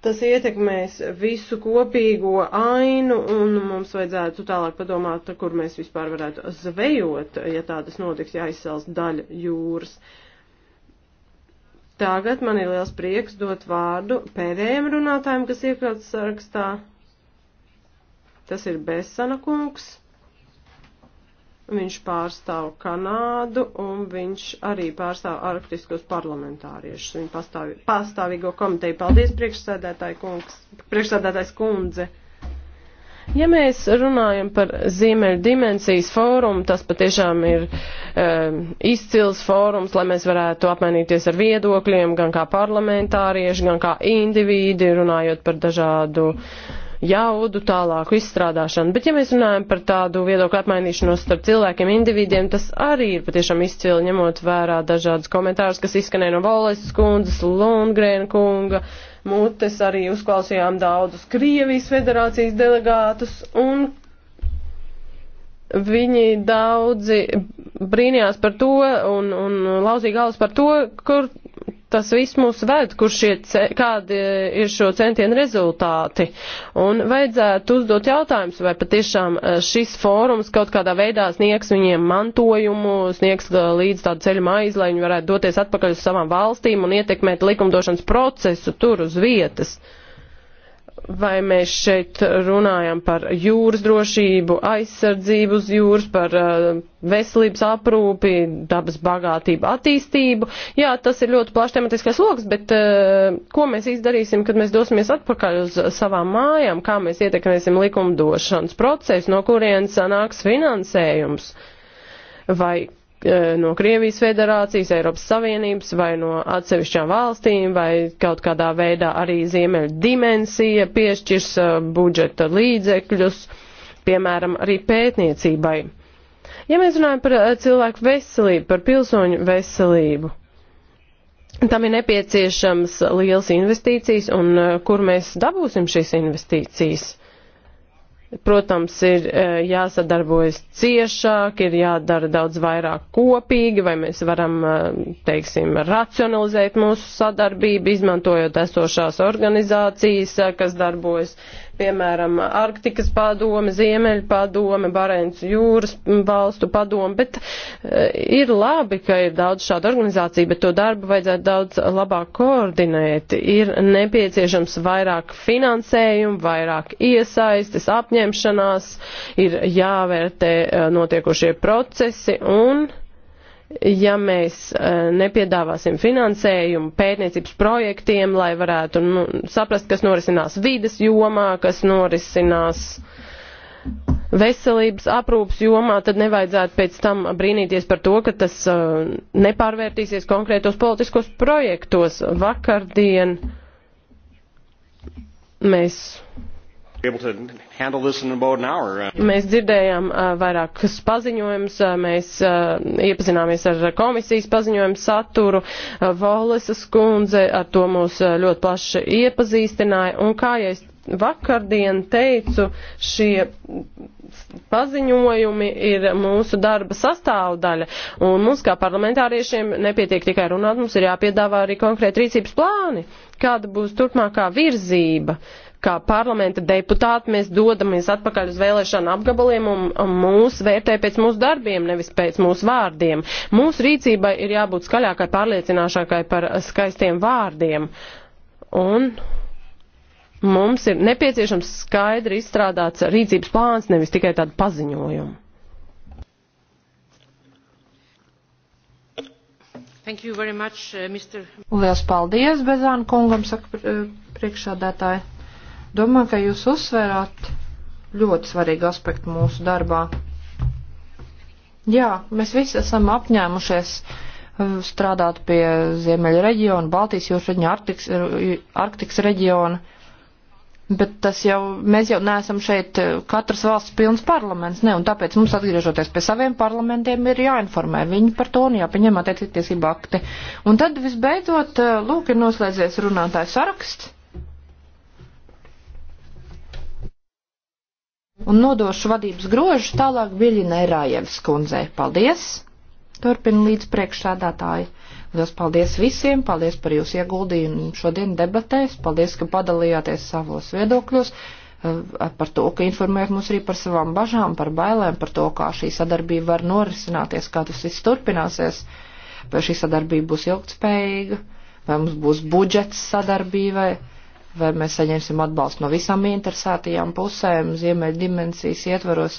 tas ietekmēs visu kopīgo ainu, un mums vajadzētu tālāk padomāt, kur mēs vispār varētu zvejot, ja tādas notiks, ja aizsals daļa jūras. Tagad man ir liels prieks dot vārdu pēdējiem runātājiem, kas iekļauts sarakstā. Tas ir Besana kungs. Viņš pārstāv Kanādu un viņš arī pārstāv arktiskos parlamentāriešus. Viņa pastāv, pastāvīgo komiteju. Paldies, priekšsēdētāji kungs, priekšsēdētājs kundze. Ja mēs runājam par Ziemeļu dimensijas fórumu, tas patiešām ir um, izcils fórums, lai mēs varētu apmainīties ar viedokļiem, gan kā parlamentārieši, gan kā indivīdi, runājot par dažādu uh, jaudu, tālāku izstrādāšanu. Bet, ja mēs runājam par tādu viedokļu apmainīšanos starp cilvēkiem, individiem, tas arī ir patiešām izcili ņemot vērā dažādas komentārus, kas izskanēja no Valēsas kundzes, Lundgrēna kunga, mutes arī uzklausījām daudzus Krievijas federācijas delegātus un viņi daudzi brīnījās par to un, un lauzīja galvas par to, kur tas viss mūs ved, kur šie, kādi ir šo centienu rezultāti. Un vajadzētu uzdot jautājumus, vai patiešām e, šis fórums kaut kādā veidā sniegs viņiem mantojumu, sniegs e, līdz tādu ceļu maizi, lai viņi varētu doties atpakaļ uz savām valstīm un ietekmēt likumdošanas procesu tur uz vietas. Uh, vai mēs šeit runājam par jūras drošību, aizsardzību uz jūras, par eh, veselības aprūpi, dabas bagātību, attīstību. Jā, tas ir ļoti plašs tematiskais lokus, bet eh, ko mēs izdarīsim, kad mēs dosimies atpakaļ uz savām mājām, kā mēs ietekmēsim likumdošanas procesu, no kurienes nāks finansējums? Vai Eh, no Krievijas federācijas, Eiropas Savienības vai no atsevišķām valstīm vai kaut kādā veidā arī ziemeļu dimensija piešķirs eh, budžeta līdzekļus, piemēram, arī pētniecībai. Ja mēs runājam par eh, cilvēku veselību, par pilsoņu veselību, tam ir nepieciešams liels investīcijas un kur mēs dabūsim šīs investīcijas. Protams, ir e, jāsadarbojas ciešāk, ir jādara daudz vairāk kopīgi, vai mēs varam, e, teiksim, racionalizēt mūsu sadarbību, izmantojot esošās organizācijas, e, kas darbojas piemēram, Arktikas padome, Ziemeļa padome, Barents jūras valstu padome, bet eh, ir labi, ka ir daudz šādu organizāciju, bet to darbu vajadzētu daudz labāk koordinēt. Ir nepieciešams vairāk finansējumu, vairāk iesaistes, apņemšanās, ir jāvērtē eh, notiekošie procesi un ja mēs e, nepiedāvāsim finansējumu pētniecības projektiem, lai varētu nu, saprast, kas norisinās vides jomā, kas norisinās veselības aprūpas jomā, tad nevajadzētu pēc tam brīnīties par to, ka tas e, nepārvērtīsies konkrētos politiskos projektos. Vakardien mēs Uh. Mēs dzirdējām uh, vairākus paziņojumus, uh, mēs iepazināmies ar komisijas paziņojumu saturu, Voleses kundze ar to mūs ļoti plaši iepazīstināja, un kā jau es vakardien teicu, šie paziņojumi ir mūsu darba sastāvdaļa, un mums kā parlamentāriešiem nepietiek tikai runāt, mums ir jāpiedāvā arī konkrēti rīcības plāni, kāda būs turpmākā virzība. Uh, kā parlamenta deputāti mēs dodamies atpakaļ uz vēlēšanu apgabaliem un, un mūs vērtē pēc mūsu darbiem, nevis pēc mūsu vārdiem. Mūsu rīcībai ir jābūt skaļākai, pārliecināšākai par skaistiem vārdiem. Un mums ir nepieciešams skaidri izstrādāts rīcības plāns, nevis tikai tādu paziņojumu. Much, uh, Lielas paldies Bezāna kungam, saka uh, priekšsādātāji. Domāju, ka jūs uzsverāt ļoti svarīgu aspektu mūsu darbā. Jā, mēs visi esam apņēmušies uh, strādāt pie Ziemeļa reģiona, Baltijas jūras reģiona, Arktikas, uh, Arktikas reģiona, bet tas jau, mēs jau neesam šeit uh, katras valsts pilns parlaments, ne, un tāpēc mums atgriežoties pie saviem parlamentiem ir jāinformē viņi par to un jāpieņem attiecīgi tiesību akti. Un tad visbeidzot, lūk, ir noslēdzies runātājs saraksts. Un nodošu vadības grožu tālāk Viļinai Rājevs kundzei. Paldies! Turpina līdz priekšsādātāji. Lielas paldies visiem, paldies par jūsu ieguldījumu šodien debatēs, paldies, ka padalījāties savos viedokļos, eh, par to, ka informējat mūs arī par savām bažām, par bailēm, par to, kā šī sadarbība var norisināties, kā tas viss turpināsies, vai šī sadarbība būs ilgtspējīga, vai mums būs budžets sadarbībai vai mēs saņemsim atbalstu no visām interesētajām pusēm, ziemeļa dimensijas ietvaros,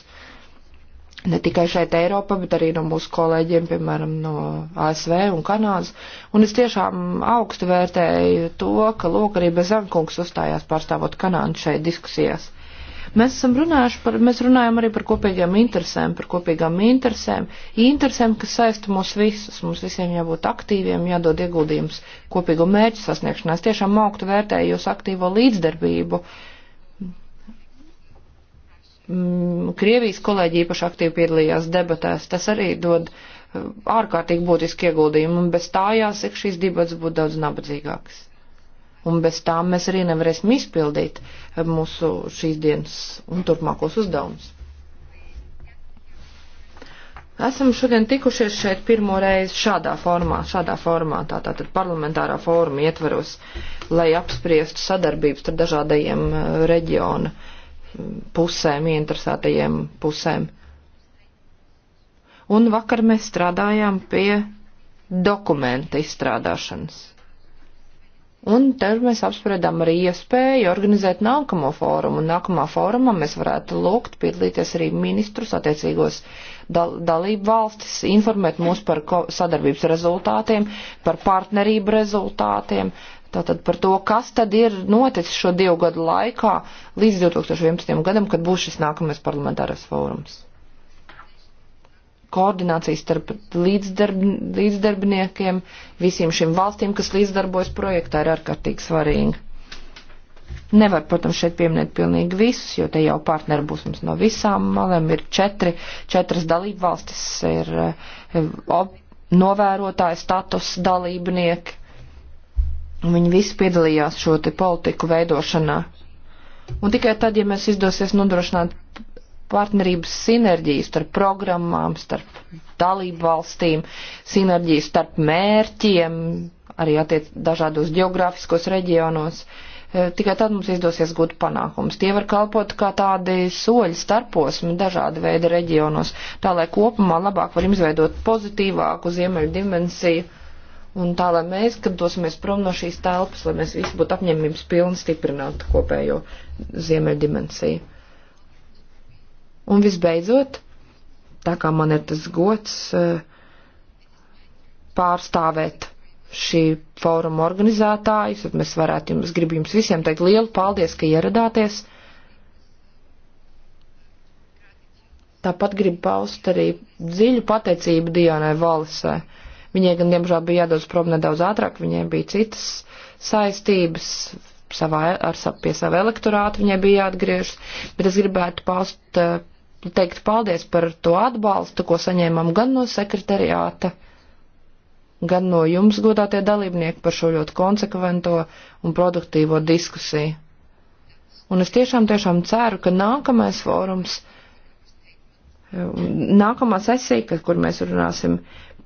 ne tikai šeit Eiropā, bet arī no mūsu kolēģiem, piemēram, no ASV un Kanādas. Un es tiešām augstu vērtēju to, ka, lūk, arī Bezankungs uzstājās pārstāvot Kanādu šeit diskusijās. Mēs esam runājuši par, mēs runājam arī par kopīgām interesēm, par kopīgām interesēm, interesēm, kas saista mūs visus, mums visiem jābūt aktīviem, jādod ieguldījums kopīgo mērķu sasniegšanā. Es tiešām augtu vērtēju jūsu aktīvo līdzdarbību. Mm, Krievijas kolēģi īpaši aktīvi piedalījās debatēs, tas arī dod uh, ārkārtīgi būtiski ieguldījumi, un bez tā jāsaka, šīs debats būtu daudz nabadzīgākas un bez tām mēs arī nevarēsim izpildīt eh, mūsu šīs dienas un turpmākos uzdevumus. Esam šodien tikušies šeit pirmo reizi šādā formā, šādā formā, tātad tā, parlamentārā fóruma ietvaros, lai apspriestu sadarbības ar dažādajiem eh, reģiona pusēm, ieinteresētajiem pusēm. Un vakar mēs strādājām pie dokumenta izstrādāšanas. Un tad mēs apspriedām arī iespēju organizēt nākamo fórumu. Un nākamā fórumā mēs varētu lūgt piedalīties arī ministrus attiecīgos dal dalību valstis, informēt mūs par sadarbības rezultātiem, par partnerību rezultātiem, tātad par to, kas tad ir noticis šo divu gadu laikā līdz 2011. gadam, kad būs šis nākamais parlamentārais fórums koordinācija starp līdzdarb, līdzdarbiniekiem, visiem šiem valstīm, kas līdzdarbojas projektā, ir ārkārtīgi svarīga. Nevar, protams, šeit pieminēt pilnīgi visus, jo te jau partneri būs mums no visām malēm. Ir četri, četras dalību valstis, ir eh, ob, novērotāja status dalībnieki. Viņi visi piedalījās šo te politiku veidošanā. Un tikai tad, ja mēs izdosies nodrošināt partnerības sinerģijas starp programmām, starp dalību valstīm, sinerģijas starp mērķiem, arī attiec dažādos geogrāfiskos reģionos. E, tikai tad mums izdosies gūt panākums. Tie var kalpot kā tādi soļi starposmi dažāda veida reģionos, tā lai kopumā labāk var izveidot pozitīvāku ziemeļu dimensiju. Un tā, lai mēs, kad dosimies prom no šīs telpas, lai mēs visi būtu apņemības pilni stiprināt kopējo ziemeļu dimensiju. Un visbeidzot, tā kā man ir tas gods eh, pārstāvēt šī fóruma organizētājus, tad mēs varētu jums, gribu jums visiem teikt lielu paldies, ka ieradāties. Tāpat gribu paust arī dziļu pateicību Dianai Valisai. Viņai gan, diemžēl, bija jādodas prom nedaudz ātrāk, viņai bija citas saistības savā, ar, pie sava elektorāta, viņai bija jāatgriežas, bet es gribētu paust eh, teikt paldies par to atbalstu, ko saņēmām gan no sekretariāta, gan no jums, godātie dalībnieki, par šo ļoti konsekvento un produktīvo diskusiju. Un es tiešām, tiešām ceru, ka nākamais fórums, nākamā sesija, kur mēs runāsim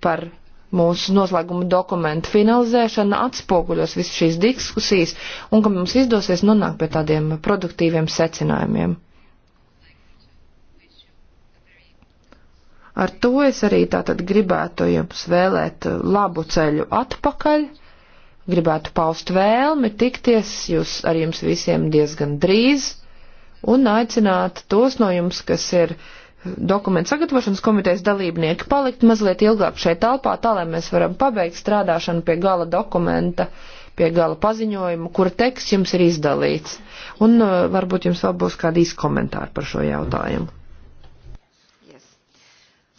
par mūsu noslēguma dokumentu finalizēšana atspoguļos visu šīs diskusijas un ka mums izdosies nonākt pie tādiem produktīviem secinājumiem. Ar to es arī tātad gribētu jums vēlēt labu ceļu atpakaļ, gribētu paust vēlmi tikties jūs ar jums visiem diezgan drīz un aicināt tos no jums, kas ir dokumentu sagatavošanas komitejas dalībnieki, palikt mazliet ilgāk šeit telpā, tā lai mēs varam pabeigt strādāšanu pie gala dokumenta, pie gala paziņojuma, kura teksts jums ir izdalīts. Un uh, varbūt jums vēl būs kādi izkomentāri par šo jautājumu.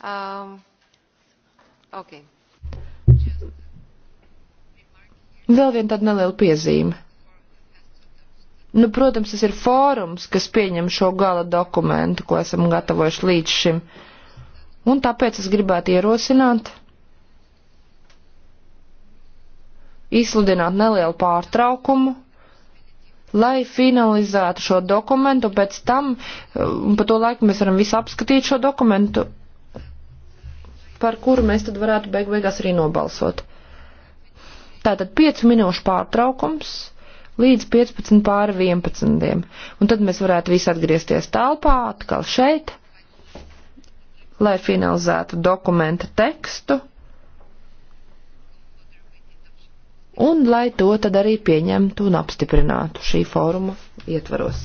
Um, okay. Vēl viena tāda neliela piezīme. Nu, protams, tas ir fórums, kas pieņem šo gala dokumentu, ko esam gatavojuši līdz šim. Un tāpēc es gribētu ierosināt, izsludināt nelielu pārtraukumu, lai finalizētu šo dokumentu, pēc tam, un um, pa to laiku mēs varam visu apskatīt šo dokumentu par kuru mēs tad varētu beig beigās arī nobalsot. Tātad 5 minūšu pārtraukums līdz 15 pāri 11. Un tad mēs varētu visi atgriezties telpā, atkal šeit, lai finalizētu dokumenta tekstu. Un lai to tad arī pieņemtu un apstiprinātu šī fóruma ietvaros.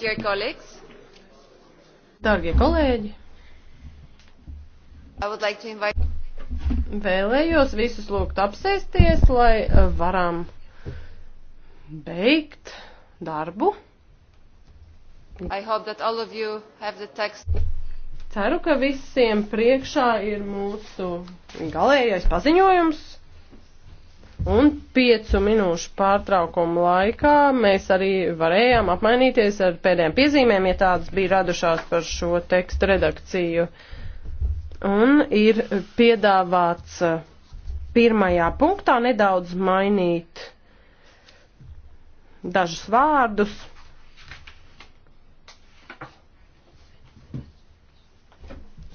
Dear colleagues, Dargie kolēģi, I would like to invite... vēlējos visus lūgt apsēsties, lai eh, varam beigt darbu. I hope that all of you have the text. Ceru, ka visiem priekšā ir mūsu galējais paziņojums. Un piecu minūšu pārtraukumu laikā mēs arī varējām apmainīties ar pēdējām piezīmēm, ja tādas bija radušās par šo tekstu redakciju. Un ir piedāvāts eh, pirmajā punktā nedaudz mainīt dažus vārdus.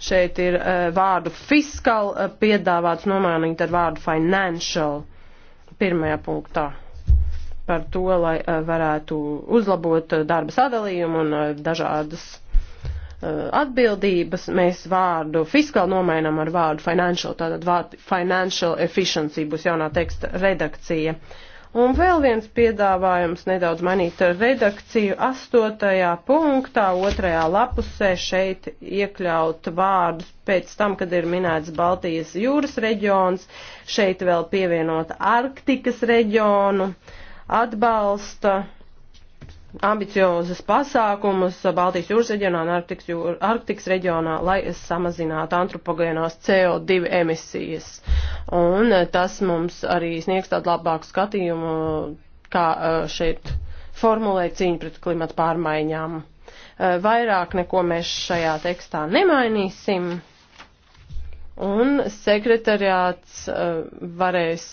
Šeit ir uh, vārdu fiskal uh, piedāvāts nomainīt ar vārdu financial pirmajā punktā par to, lai eh, varētu uzlabot eh, darba sadalījumu un eh, dažādas atbildības. Mēs vārdu fiskāli nomainām ar vārdu financial, tātad vārdu financial efficiency būs jaunā teksta redakcija. Uh, Un vēl viens piedāvājums nedaudz mainīt redakciju. Astotajā punktā, otrajā lapusē šeit iekļaut vārdus pēc tam, kad ir minēts Baltijas jūras reģions, šeit vēl pievienot Arktikas reģionu, atbalsta ambiciozas pasākumus Baltijas jūras reģionā un Arktikas, jūra, Arktikas reģionā, lai samazinātu antropogēnās CO2 emisijas. Un eh, tas mums arī sniegs tādu labāku skatījumu, kā eh, šeit formulē cīņu pret klimatu pārmaiņām. Eh, vairāk neko mēs šajā tekstā nemainīsim. Un sekretariāts varēs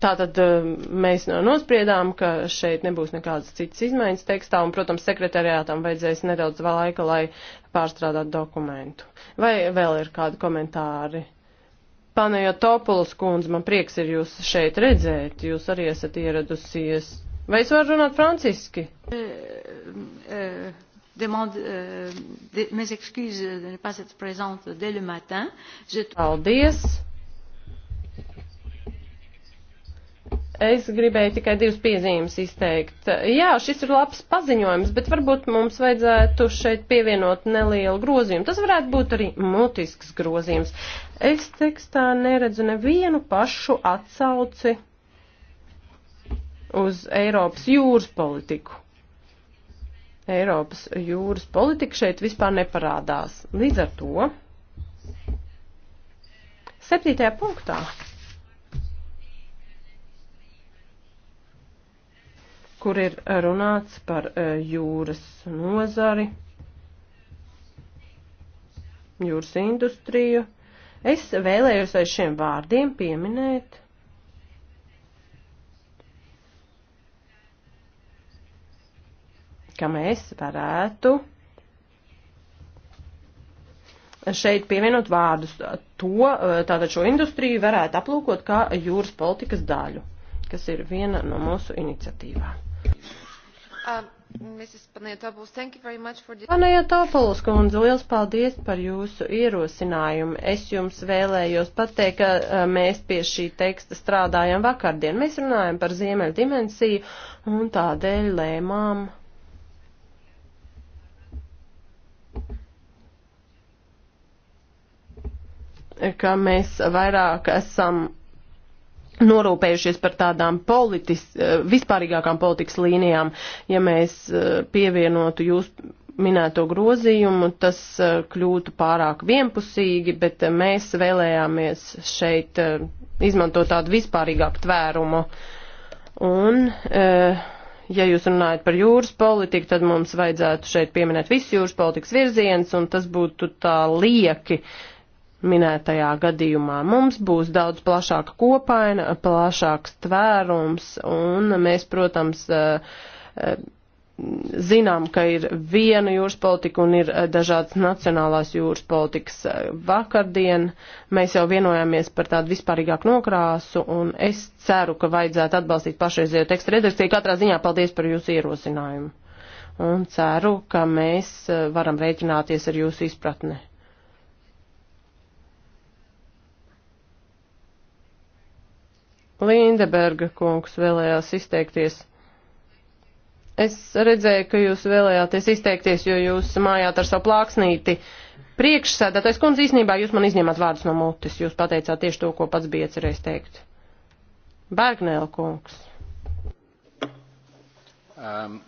Tātad eh, mēs nospriedām, ka šeit nebūs nekādas citas izmaiņas tekstā, un, protams, sekretariātam vajadzēs nedaudz laika, lai pārstrādātu dokumentu. Vai vēl ir kādi komentāri? Panējo Topulas kundze, man prieks ir jūs šeit redzēt, jūs arī esat ieradusies. Vai es varu runāt franciski? Eh, eh, Paldies! Es gribēju tikai divas piezīmes izteikt. Jā, šis ir labs paziņojums, bet varbūt mums vajadzētu šeit pievienot nelielu grozījumu. Tas varētu būt arī mutisks grozījums. Es tekstā neredzu nevienu pašu atsauci uz Eiropas jūras politiku. Eiropas jūras politika šeit vispār neparādās. Līdz ar to. Septītajā punktā kur ir runāts par e, jūras nozari, jūras industriju. Es vēlējos ar šiem vārdiem pieminēt ka mēs varētu šeit pievienot vārdus. To, e, tātad šo industriju varētu aplūkot kā jūras politikas daļu, kas ir viena no mūsu iniciatīvām. Um, Panajotopoulos kundze, liels paldies par jūsu ierosinājumu. Es jums vēlējos pateikt, ka uh, mēs pie šī teksta strādājam vakardien. Mēs runājam par ziemeļu dimensiju un tādēļ lēmām. ka mēs vairāk esam norūpējušies par tādām politis, eh, vispārīgākām politikas līnijām. Ja mēs eh, pievienotu jūs minēto grozījumu, tas eh, kļūtu pārāk vienpusīgi, bet mēs vēlējāmies šeit izmantot tādu vispārīgāku tvērumu. Un, ja jūs runājat par jūras politiku, tad mums vajadzētu šeit pieminēt visu jūras politikas virziens, un tas būtu tā lieki, uh, minētajā gadījumā. Mums būs daudz plašāka kopaina, plašāks tvērums, un mēs, protams, eh, eh, zinām, ka ir viena jūras politika un ir eh, dažādas nacionālās jūras politikas. Vakardien mēs jau vienojāmies par tādu vispārīgāku nokrāsu, un es ceru, ka vajadzētu atbalstīt pašreizējo tekstu redakciju. Katrā ziņā paldies par jūsu ierosinājumu. Un ceru, ka mēs varam rēķināties ar jūsu izpratni. Lindeberga kungs vēlējās izteikties. Es redzēju, ka jūs vēlējāties izteikties, jo jūs mājāt ar savu plāksnīti. Priekšsēdētais kundze, īsnībā jūs man izņemat vārdus no mutes. Jūs pateicāt tieši to, ko pats bija cerējis teikt. Bergnēl kungs. Um,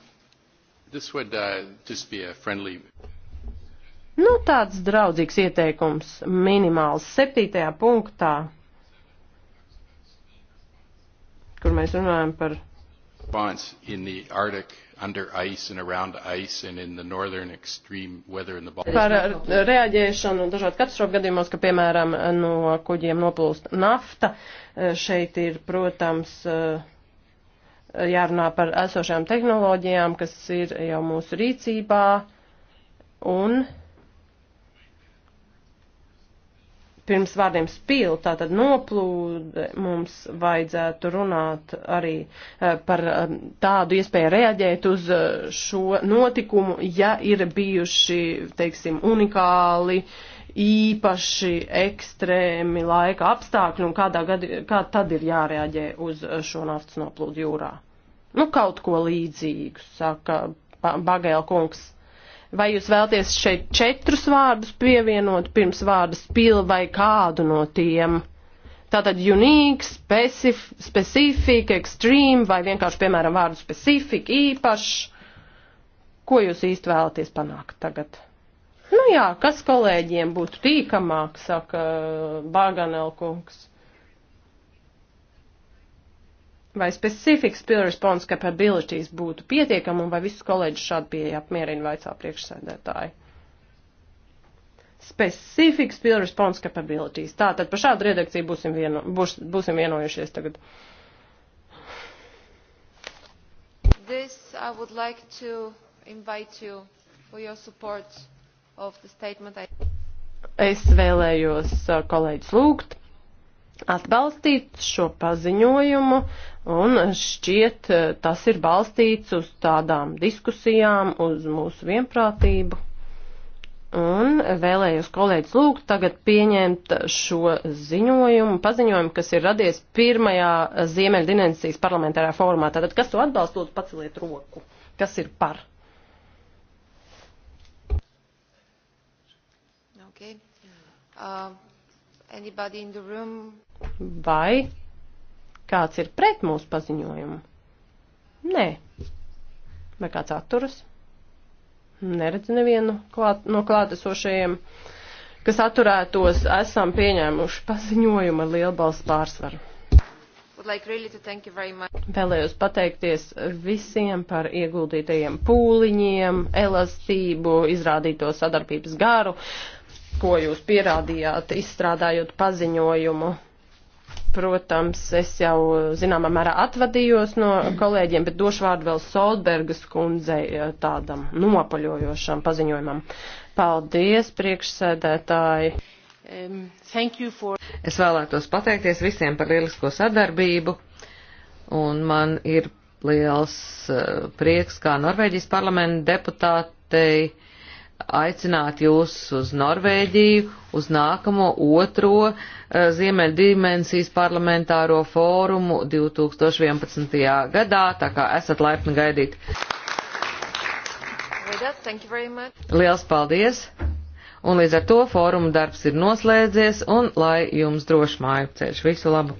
this would uh, just be a friendly Nu, tāds draudzīgs ieteikums minimāls septītajā punktā kur mēs runājam par. Response in the Arctic under ice and around ice and in the northern extreme weather in the Baltic. Par uh, reaģēšanu dažādu katastrofu gadījumos, ka piemēram no kuģiem noplūst nafta, uh, šeit ir, protams, uh, jārunā par esošajām tehnoloģijām, kas ir jau mūsu rīcībā un pirms vārdiem spīl, tātad noplūde, mums vajadzētu runāt arī eh, par eh, tādu iespēju reaģēt uz eh, šo notikumu, ja ir bijuši, teiksim, unikāli, īpaši ekstrēmi laika apstākļi un kādā gadi, kā tad ir jārēģē uz šo naftas noplūdu jūrā. Nu, kaut ko līdzīgu, saka Bagēla kungs. Vai jūs vēlties šeit četrus vārdus pievienot pirms vārda spila vai kādu no tiem? Tātad unique, specif, specific, extreme vai vienkārši, piemēram, vārdu specific, īpašs. Ko jūs īsti vēlaties panākt tagad? Nu jā, kas kolēģiem būtu tīkamāk, saka Bāganelkungs vai specific spill response capabilities būtu pietiekama un vai visus kolēģus šādi pieeja apmierina vaicā priekšsēdētāji. Specific spill response capabilities. Tā tad par šādu redakciju būsim, vieno, būs, būsim vienojušies tagad. This I would like to invite you for your support of the statement. I... Es vēlējos uh, kolēģis lūgt atbalstīt šo paziņojumu, un šķiet eh, tas ir balstīts uz tādām diskusijām, uz mūsu vienprātību. Un vēlējos kolēģis lūgt tagad pieņemt šo ziņojumu, paziņojumu, kas ir radies pirmajā Ziemeļdimensijas parlamentārā formā. Tātad, kas to atbalst, lūdzu, paceliet roku. Kas ir par? Okay. Uh, anybody in the room? Vai kāds ir pret mūsu paziņojumu? Nē. Vai kāds atturas? Neredzu nevienu klāt, no klātesošajiem, kas atturētos, esam pieņēmuši paziņojumu ar lielu balstu pārsvaru. Like really Vēlējos pateikties visiem par ieguldītajiem pūliņiem, elastību, izrādīto sadarbības garu, ko jūs pierādījāt, izstrādājot paziņojumu Protams, es jau zināmā mērā atvadījos no kolēģiem, bet došu vārdu vēl Solbergas kundzei eh, tādam nopaļojošam paziņojumam. Paldies, priekšsēdētāji! Um, for... Es vēlētos pateikties visiem par lielisko sadarbību, un man ir liels eh, prieks kā Norvēģijas parlamenta deputātei aicināt jūs uz Norvēģiju, uz nākamo otro uh, eh, Ziemeļa dimensijas parlamentāro fórumu 2011. gadā, tā kā esat laipni gaidīt. Liels paldies! Un līdz ar to fórumu darbs ir noslēdzies, un lai jums drošmāju ceļš visu labu!